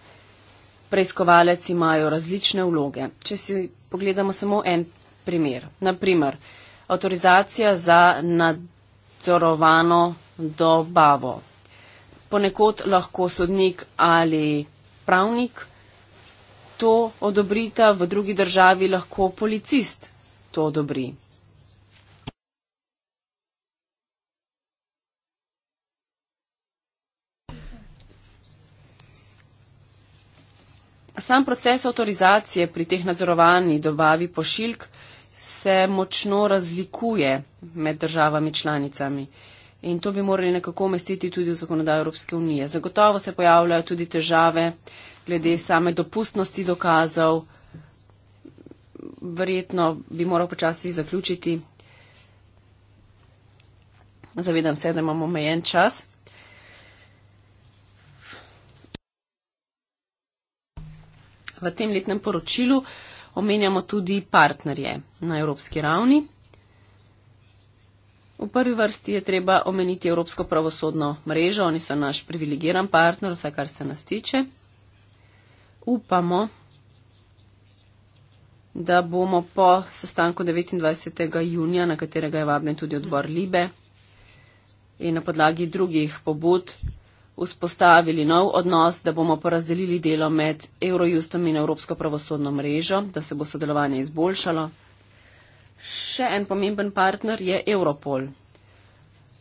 preiskovalec imajo različne vloge. Če si pogledamo samo en primer. Naprimer, avtorizacija za nadzorovano dobavo. Ponekod lahko sodnik ali pravnik to odobrita, v drugi državi lahko policist to odobri. Sam proces avtorizacije pri teh nadzorovanjih dobavi pošiljk se močno razlikuje med državami članicami in to bi morali nekako umestiti tudi v zakonodajo Evropske unije. Zagotovo se pojavljajo tudi težave uh, glede same dopustnosti dokazov, verjetno bi moral počasi zaključiti. Zavedam se, da imamo omejen čas. V tem letnem poročilu omenjamo tudi partnerje na evropski ravni. V prvi vrsti je treba omeniti Evropsko pravosodno mrežo, oni so naš privilegiran partner, vsaj kar se nas tiče upamo, da bomo po sestanku 29. junija, na katerega je vabljen tudi odbor Libe in na podlagi drugih pobud, vzpostavili nov odnos, da bomo porazdelili delo med Eurojustom in Evropsko pravosodno mrežo, da se bo sodelovanje izboljšalo. Še en pomemben partner je Europol.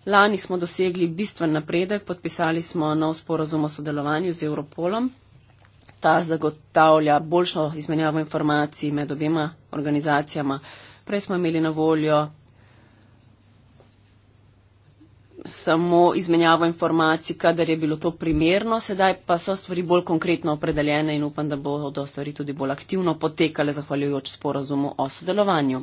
Lani smo dosegli bistven napredek, podpisali smo nov sporozum o sodelovanju z Europolom ta zagotavlja boljšo izmenjavo informacij med obima organizacijama. Prej smo imeli na voljo samo izmenjavo informacij, kadar je bilo to primerno, sedaj pa so stvari bolj konkretno opredeljene in upam, da bodo stvari tudi bolj aktivno potekale, zahvaljujoč sporazumu o sodelovanju.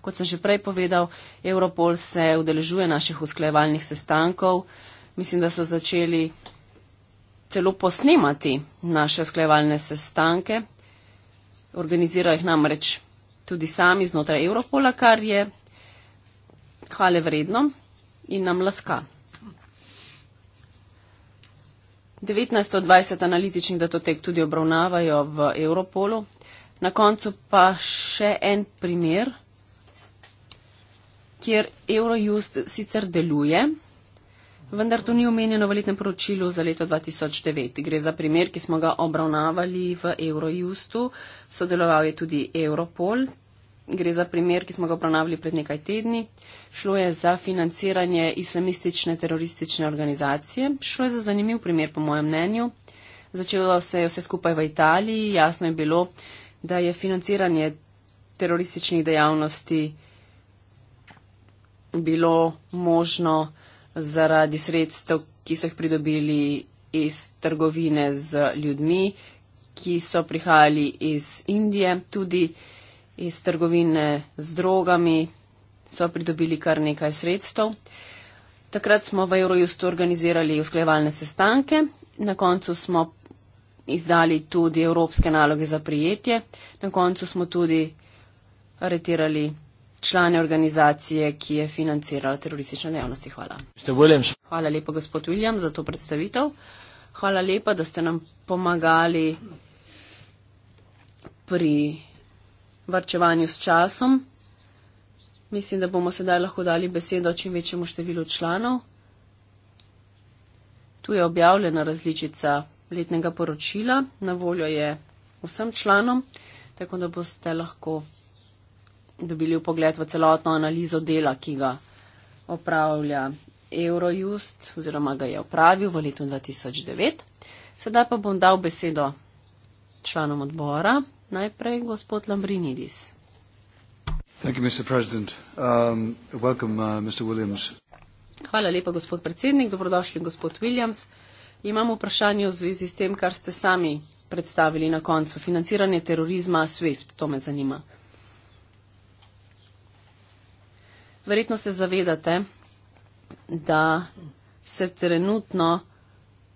Kot sem že prej povedal, Europol se udeležuje naših usklajevalnih sestankov. Mislim, da so začeli celo posnemati naše usklajevalne sestanke. Organizirajo jih namreč tudi sami znotraj Evropola, kar je hvale vredno in nam laska. 19 od 20 analitičnih datotek tudi obravnavajo v Evropolu. Na koncu pa še en primer, kjer Eurojust sicer deluje. Vendar to ni omenjeno v letnem poročilu za leto 2009. Gre za primer, ki smo ga obravnavali v Eurojustu. Sodeloval je tudi Europol. Gre za primer, ki smo ga obravnavali pred nekaj tedni. Šlo je za financiranje islamistične teroristične organizacije. Šlo je za zanimiv primer, po mojem mnenju. Začelo se je vse skupaj v Italiji. Jasno je bilo, da je financiranje terorističnih dejavnosti bilo možno zaradi sredstev, ki so jih pridobili iz trgovine z ljudmi, ki so prihajali iz Indije, tudi iz trgovine z drogami, so pridobili kar nekaj sredstev. Takrat smo v Eurojustu organizirali usklajevalne sestanke, na koncu smo izdali tudi evropske naloge za prijetje, na koncu smo tudi aretirali člane organizacije, ki je financirala teroristične dejavnosti. Hvala. Hvala lepa, gospod William, za to predstavitev. Hvala lepa, da ste nam pomagali pri varčevanju s časom. Mislim, da bomo sedaj lahko dali besedo čim večjemu številu članov. Tu je objavljena različica letnega poročila, na voljo je vsem članom, tako da boste lahko dobili vpogled v celotno analizo dela, ki ga opravlja Eurojust oziroma ga je opravil v letu 2009. Sedaj pa bom dal besedo članom odbora. Najprej gospod Lambrinidis. Um, uh, Hvala lepa, gospod predsednik. Dobrodošli, gospod Williams. Imam vprašanje v zvezi s tem, kar ste sami predstavili na koncu. Financiranje terorizma SWIFT, to me zanima. verjetno se zavedate, da se trenutno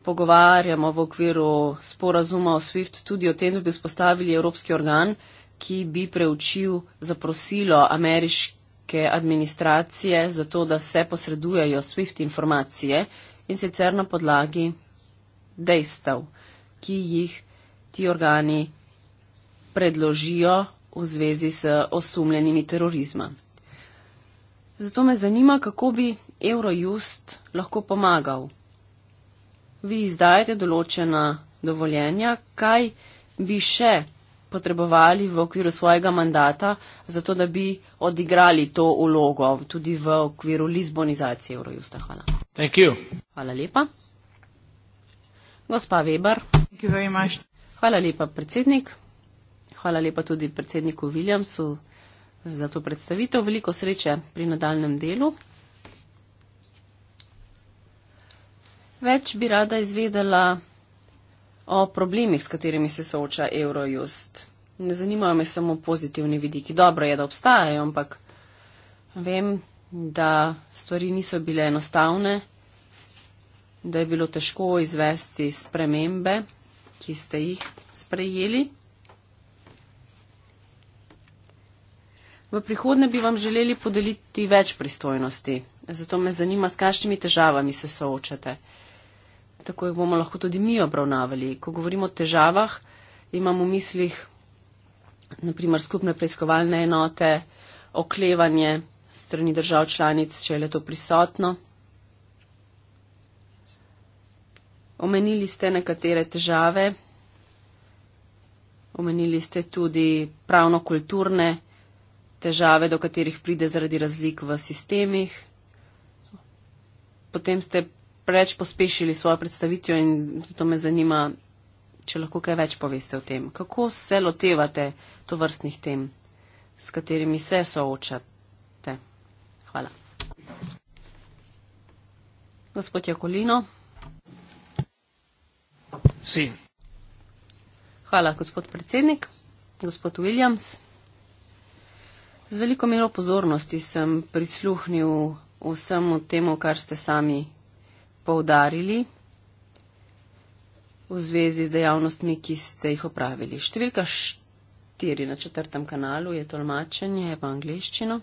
pogovarjamo v okviru sporazuma o SWIFT tudi o tem, da bi vzpostavili evropski organ, ki bi preučil zaprosilo ameriške administracije za to, da se posredujejo SWIFT informacije in sicer na podlagi dejstev, ki jih ti organi predložijo v zvezi s osumljenimi terorizma. Zato me zanima, kako bi Eurojust lahko pomagal. Vi izdajate določena dovoljenja, kaj bi še potrebovali v okviru svojega mandata, zato da bi odigrali to ulogo tudi v okviru lizbonizacije Eurojusta. Hvala. Hvala lepa. Gospa Weber. Hvala lepa, predsednik. Hvala lepa tudi predsedniku Williamsu za to predstavitev. Veliko sreče pri nadaljem delu. Več bi rada izvedela o problemih, s katerimi se sooča Eurojust. Ne zanimajo me samo pozitivni vidiki. Dobro je, da obstajajo, ampak vem, da stvari niso bile enostavne, da je bilo težko izvesti spremembe, ki ste jih sprejeli. V prihodnje bi vam želeli podeliti več pristojnosti. Zato me zanima, s kakšnimi težavami se soočate. Tako jih bomo lahko tudi mi obravnavali. Ko govorimo o težavah, imamo v mislih naprimer skupne preiskovalne enote, oklevanje strani držav članic, če je le to prisotno. Omenili ste nekatere težave, omenili ste tudi pravno-kulturne težave težave, do katerih pride zaradi razlik v sistemih. Potem ste preveč pospešili svojo predstavitev in zato me zanima, če lahko kaj več poveste o tem. Kako se lotevate to vrstnih tem, s katerimi se soočate? Hvala. Gospod Jakolino. Si. Hvala, gospod predsednik. Gospod Williams. Z veliko mero pozornosti sem prisluhnil vsemu temu, kar ste sami poudarili v zvezi z dejavnostmi, ki ste jih opravili. Številka štiri na četrtem kanalu je tolmačenje v angliščino.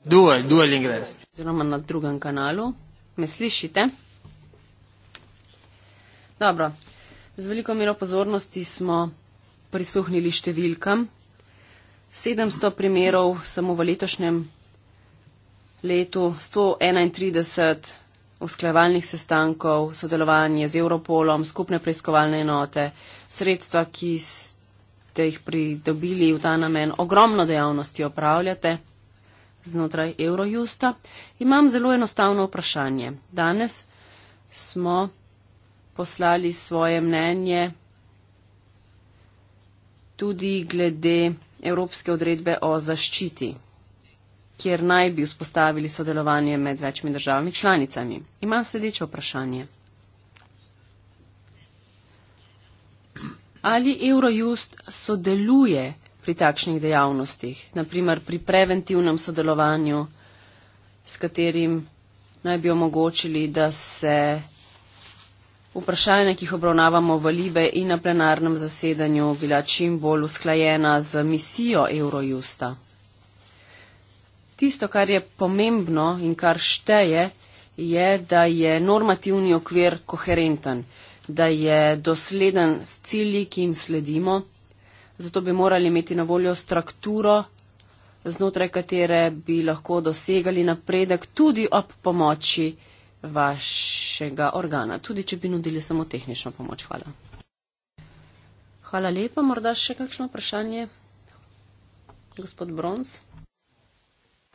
Duel, duel ingres. Oziroma na drugem kanalu. Me slišite? Dobro. Z veliko mero pozornosti smo prisluhnili številkam. 700 primerov samo v letošnjem letu, 131 usklajevalnih sestankov, sodelovanje z Europolom, skupne preiskovalne enote, sredstva, ki ste jih pridobili v ta namen, ogromno dejavnosti opravljate znotraj Eurojusta. Imam zelo enostavno vprašanje. Danes smo poslali svoje mnenje tudi glede evropske odredbe o zaščiti, kjer naj bi vzpostavili sodelovanje med večmi državami članicami. Imam sledeče vprašanje. Ali Eurojust sodeluje pri takšnih dejavnostih, naprimer pri preventivnem sodelovanju, s katerim naj bi omogočili, da se vprašanja, ki jih obravnavamo v Libe in na plenarnem zasedanju, bila čim bolj usklajena z misijo Eurojusta. Tisto, kar je pomembno in kar šteje, je, da je normativni okvir koherenten, da je dosleden s cilji, ki jim sledimo. Zato bi morali imeti na voljo strukturo, znotraj katere bi lahko dosegali napredek tudi ob pomoči vašega organa, tudi če bi nudili samo tehnično pomoč. Hvala. Hvala lepa. Morda še kakšno vprašanje? Gospod Bronz.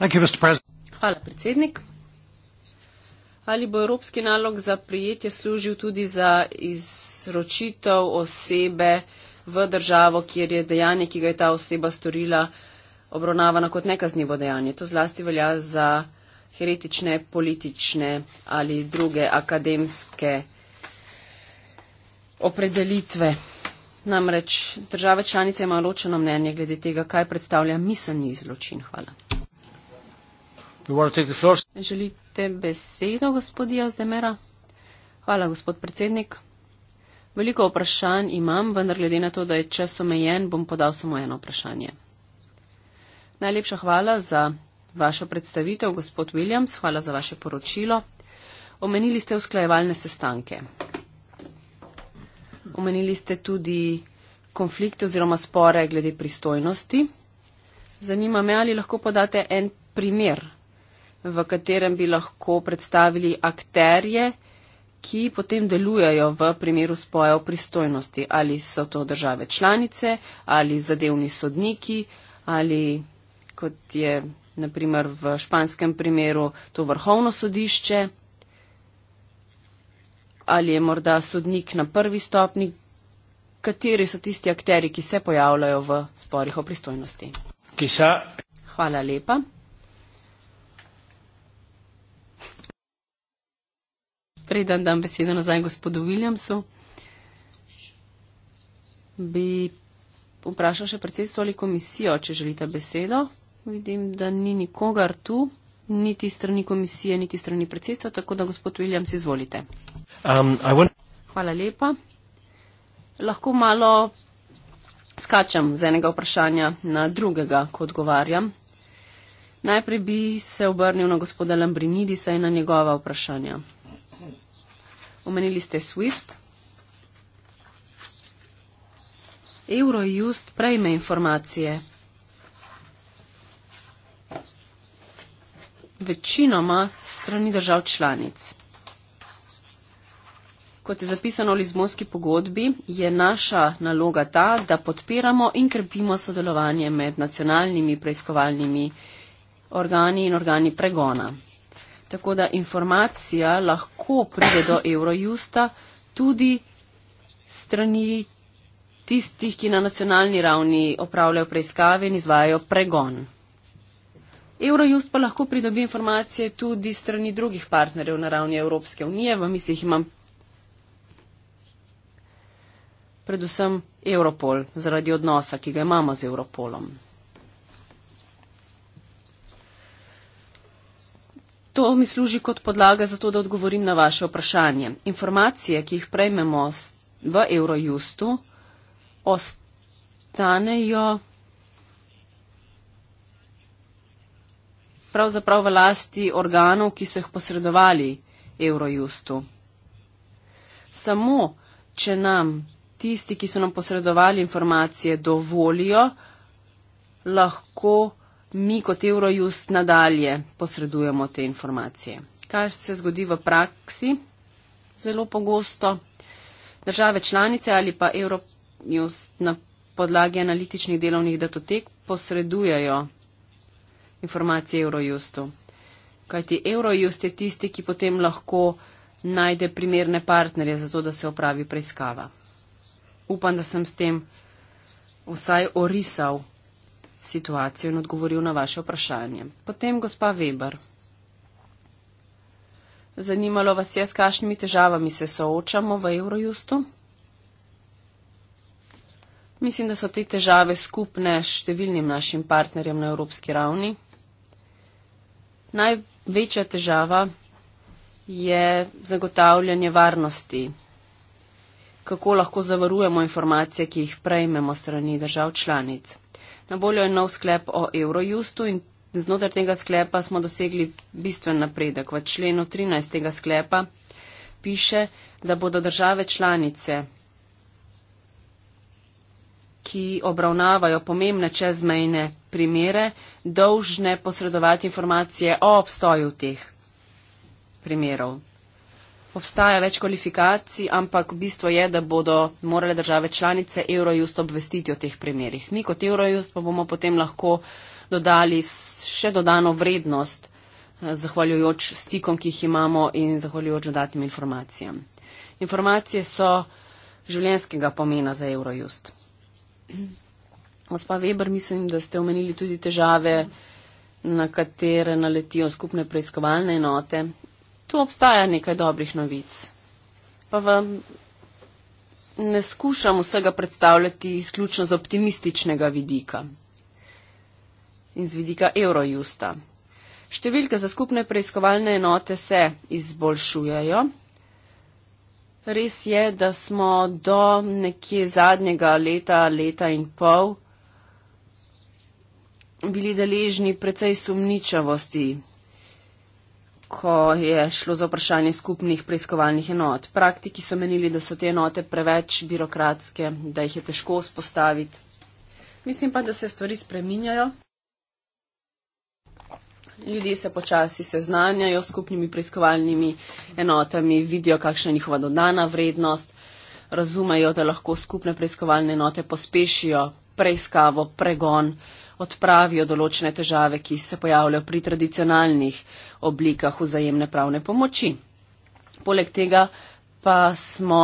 Hvala, predsednik. Ali bo evropski nalog za prijetje služil tudi za izročitev osebe v državo, kjer je dejanje, ki ga je ta oseba storila, obravnavano kot nekaznivo dejanje? To zlasti velja za heretične, politične ali druge akademske opredelitve. Namreč države članice imajo ločeno mnenje glede tega, kaj predstavlja miselni zločin. Hvala. Želite besedo, gospod Jazdemera? Hvala, gospod predsednik. Veliko vprašanj imam, vendar glede na to, da je čas omejen, bom podal samo eno vprašanje. Najlepša hvala za vašo predstavitev, gospod Williams, hvala za vaše poročilo. Omenili ste usklajevalne sestanke. Omenili ste tudi konflikte oziroma spore glede pristojnosti. Zanima me, ali lahko podate en primer, v katerem bi lahko predstavili akterje, ki potem delujejo v primeru spoja o pristojnosti. Ali so to države članice, ali zadevni sodniki, ali kot je naprimer v španskem primeru to vrhovno sodišče, ali je morda sodnik na prvi stopni, kateri so tisti akteri, ki se pojavljajo v sporih o pristojnosti. Kisa. Hvala lepa. Preden dam besedo nazaj gospodu Williamsu, bi vprašal še predsedstvo ali komisijo, če želite besedo vidim, da ni nikogar tu, niti strani komisije, niti strani predsedstva, tako da gospod Williams, izvolite. Um, want... Hvala lepa. Lahko malo skačem z enega vprašanja na drugega, ko odgovarjam. Najprej bi se obrnil na gospoda Lambrinidisa in na njegova vprašanja. Omenili ste SWIFT. Eurojust prejme informacije, večinoma strani držav članic. Kot je zapisano v Lizbonski pogodbi, je naša naloga ta, da podpiramo in krepimo sodelovanje med nacionalnimi preiskovalnimi organi in organi pregona. Tako da informacija lahko pride do Eurojusta tudi strani tistih, ki na nacionalni ravni opravljajo preiskave in izvajajo pregon. Eurojust pa lahko pridobi informacije tudi strani drugih partnerjev na ravni Evropske unije, v mislih imam predvsem Europol zaradi odnosa, ki ga imamo z Europolom. To mi služi kot podlaga za to, da odgovorim na vaše vprašanje. Informacije, ki jih prejmemo v Eurojustu, ostanejo. pravzaprav v lasti organov, ki so jih posredovali Eurojustu. Samo, če nam tisti, ki so nam posredovali informacije, dovolijo, lahko mi kot Eurojust nadalje posredujemo te informacije. Kaj se zgodi v praksi? Zelo pogosto države članice ali pa Euronews na podlagi analitičnih delovnih datotek posredujajo informacije Eurojustu. Kajti Eurojust je tisti, ki potem lahko najde primerne partnerje za to, da se opravi preiskava. Upam, da sem s tem vsaj orisal situacijo in odgovoril na vaše vprašanje. Potem gospa Weber. Zanimalo vas je, s kakšnimi težavami se soočamo v Eurojustu? Mislim, da so te težave skupne številnim našim partnerjem na evropski ravni največja težava je zagotavljanje varnosti. Kako lahko zavarujemo informacije, ki jih prejmemo strani držav članic. Na voljo je nov sklep o Eurojustu in znotraj tega sklepa smo dosegli bistven napredek. V členu 13. sklepa piše, da bodo države članice ki obravnavajo pomembne čezmejne primere, dolžne posredovati informacije o obstoju teh primerov. Obstaja več kvalifikacij, ampak bistvo je, da bodo morale države članice Eurojust obvestiti o teh primerih. Mi kot Eurojust pa bomo potem lahko dodali še dodano vrednost, eh, zahvaljujoč stikom, ki jih imamo in zahvaljujoč dodatnim informacijam. Informacije so življenskega pomena za Eurojust. Gospa Weber, mislim, da ste omenili tudi težave, na katere naletijo skupne preiskovalne enote. Tu obstaja nekaj dobrih novic. Pa vam ne skušam vsega predstavljati izključno z optimističnega vidika in z vidika Eurojusta. Številke za skupne preiskovalne enote se izboljšujejo, Res je, da smo do nekje zadnjega leta, leta in pol bili deležni precej sumničavosti, ko je šlo za vprašanje skupnih preiskovalnih enot. Praktiki so menili, da so te enote preveč birokratske, da jih je težko vzpostaviti. Mislim pa, da se stvari spreminjajo ljudje se počasi seznanjajo s skupnimi preiskovalnimi enotami, vidijo, kakšna je njihova dodana vrednost, razumejo, da lahko skupne preiskovalne enote pospešijo preiskavo, pregon, odpravijo določene težave, ki se pojavljajo pri tradicionalnih oblikah vzajemne pravne pomoči. Poleg tega pa smo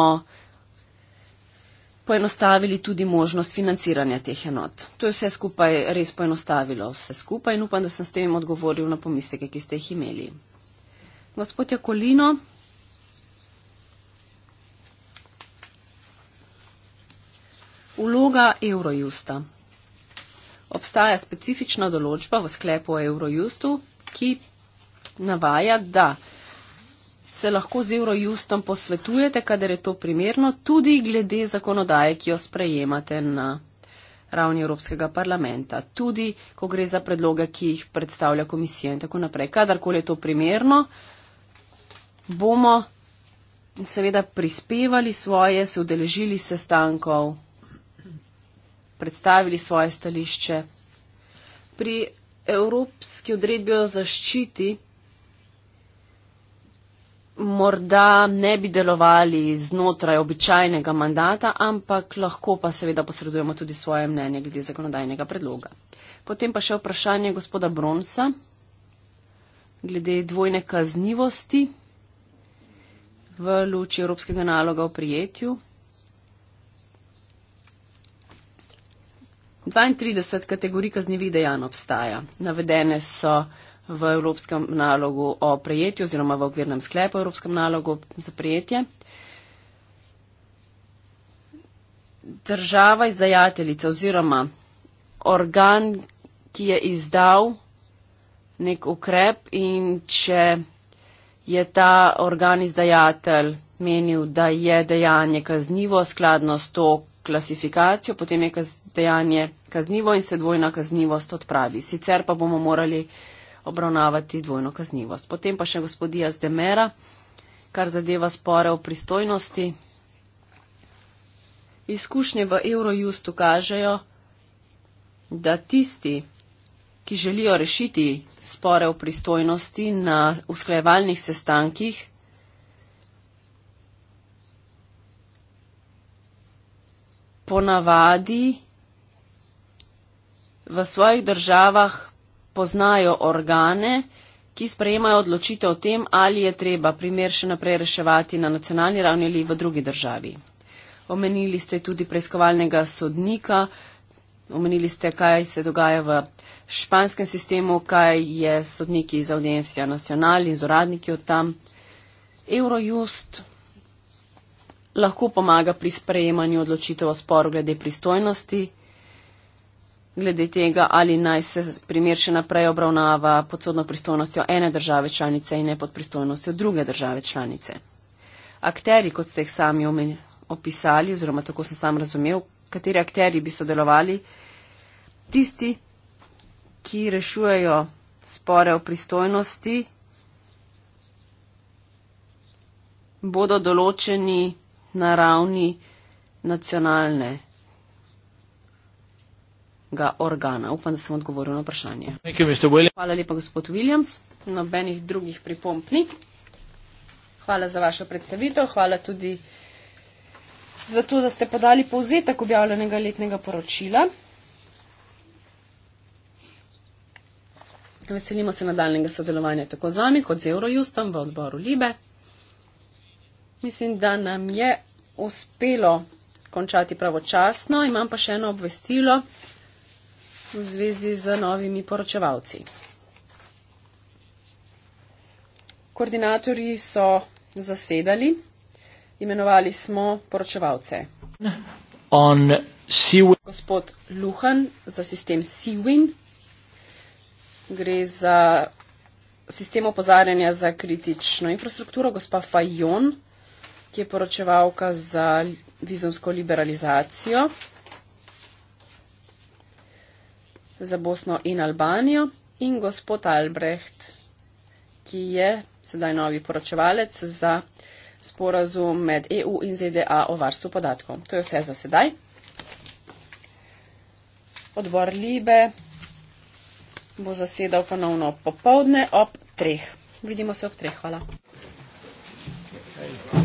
poenostavili tudi možnost financiranja teh enot. To je vse skupaj res poenostavilo, vse skupaj in upam, da sem s tem odgovoril na pomisleke, ki ste jih imeli. Gospod Jakolino. Uloga Eurojusta. Obstaja specifična določba v sklepu o Eurojustu, ki navaja, da se lahko z Eurojustom posvetujete, kadar je to primerno, tudi glede zakonodaje, ki jo sprejemate na ravni Evropskega parlamenta, tudi ko gre za predloge, ki jih predstavlja komisija in tako naprej. Kadarkoli je to primerno, bomo seveda prispevali svoje, se udeležili sestankov, predstavili svoje stališče. Pri Evropski odredbi o zaščiti morda ne bi delovali znotraj običajnega mandata, ampak lahko pa seveda posredujemo tudi svoje mnenje glede zakonodajnega predloga. Potem pa še vprašanje gospoda Bronsa glede dvojne kaznivosti v luči Evropskega naloga o prijetju. 32 kategorij kaznjivih dejanj obstaja. Navedene so v evropskem nalogu o prejetju oziroma v okvirnem sklepu evropskem nalogu za prejetje. Država izdajateljica oziroma organ, ki je izdal nek ukrep in če je ta organ izdajatelj menil, da je dejanje kaznivo skladno s to klasifikacijo, potem je kaz, dejanje kaznivo in se dvojna kaznivost odpravi. Sicer pa bomo morali obravnavati dvojno kaznivost. Potem pa še gospodija Zdemera, kar zadeva spore o pristojnosti. Izkušnje v Eurojustu kažejo, da tisti, ki želijo rešiti spore o pristojnosti na usklajevalnih sestankih, ponavadi v svojih državah poznajo organe, ki sprejemajo odločitev o tem, ali je treba primer še naprej reševati na nacionalni ravni ali v drugi državi. Omenili ste tudi preiskovalnega sodnika, omenili ste, kaj se dogaja v španskem sistemu, kaj je sodniki iz Audiencija Nacional in z uradniki od tam. Eurojust lahko pomaga pri sprejemanju odločitev o sporu glede pristojnosti glede tega, ali naj se primer še naprej obravnava pod sodno pristojnostjo ene države članice in ne pod pristojnostjo druge države članice. Akteri, kot ste jih sami opisali, oziroma tako sem sam razumel, kateri akteri bi sodelovali, tisti, ki rešujejo spore o pristojnosti, bodo določeni na ravni nacionalne nadzornega organa. Upam, da sem odgovoril na vprašanje. Hvala lepa, gospod Williams. Nobenih drugih pripomp ni. Hvala za vašo predstavitev, hvala tudi za to, da ste podali povzetek objavljenega letnega poročila. Veselimo se nadaljnega sodelovanja tako z vami kot z Eurojustom v odboru Libe. Mislim, da nam je uspelo končati pravočasno. Imam pa še eno obvestilo v zvezi z novimi poročevalci. Koordinatorji so zasedali, imenovali smo poročevalce. Gospod Luhan za sistem SeaWin. Gre za sistem opozarjanja za kritično infrastrukturo. Gospa Fajon, ki je poročevalka za vizumsko liberalizacijo. za Bosno in Albanijo in gospod Albrecht, ki je sedaj novi poročevalec za sporazum med EU in ZDA o varstvu podatkov. To je vse za sedaj. Odbor Libe bo zasedal ponovno popovdne ob treh. Vidimo se ob treh. Hvala. Thank you.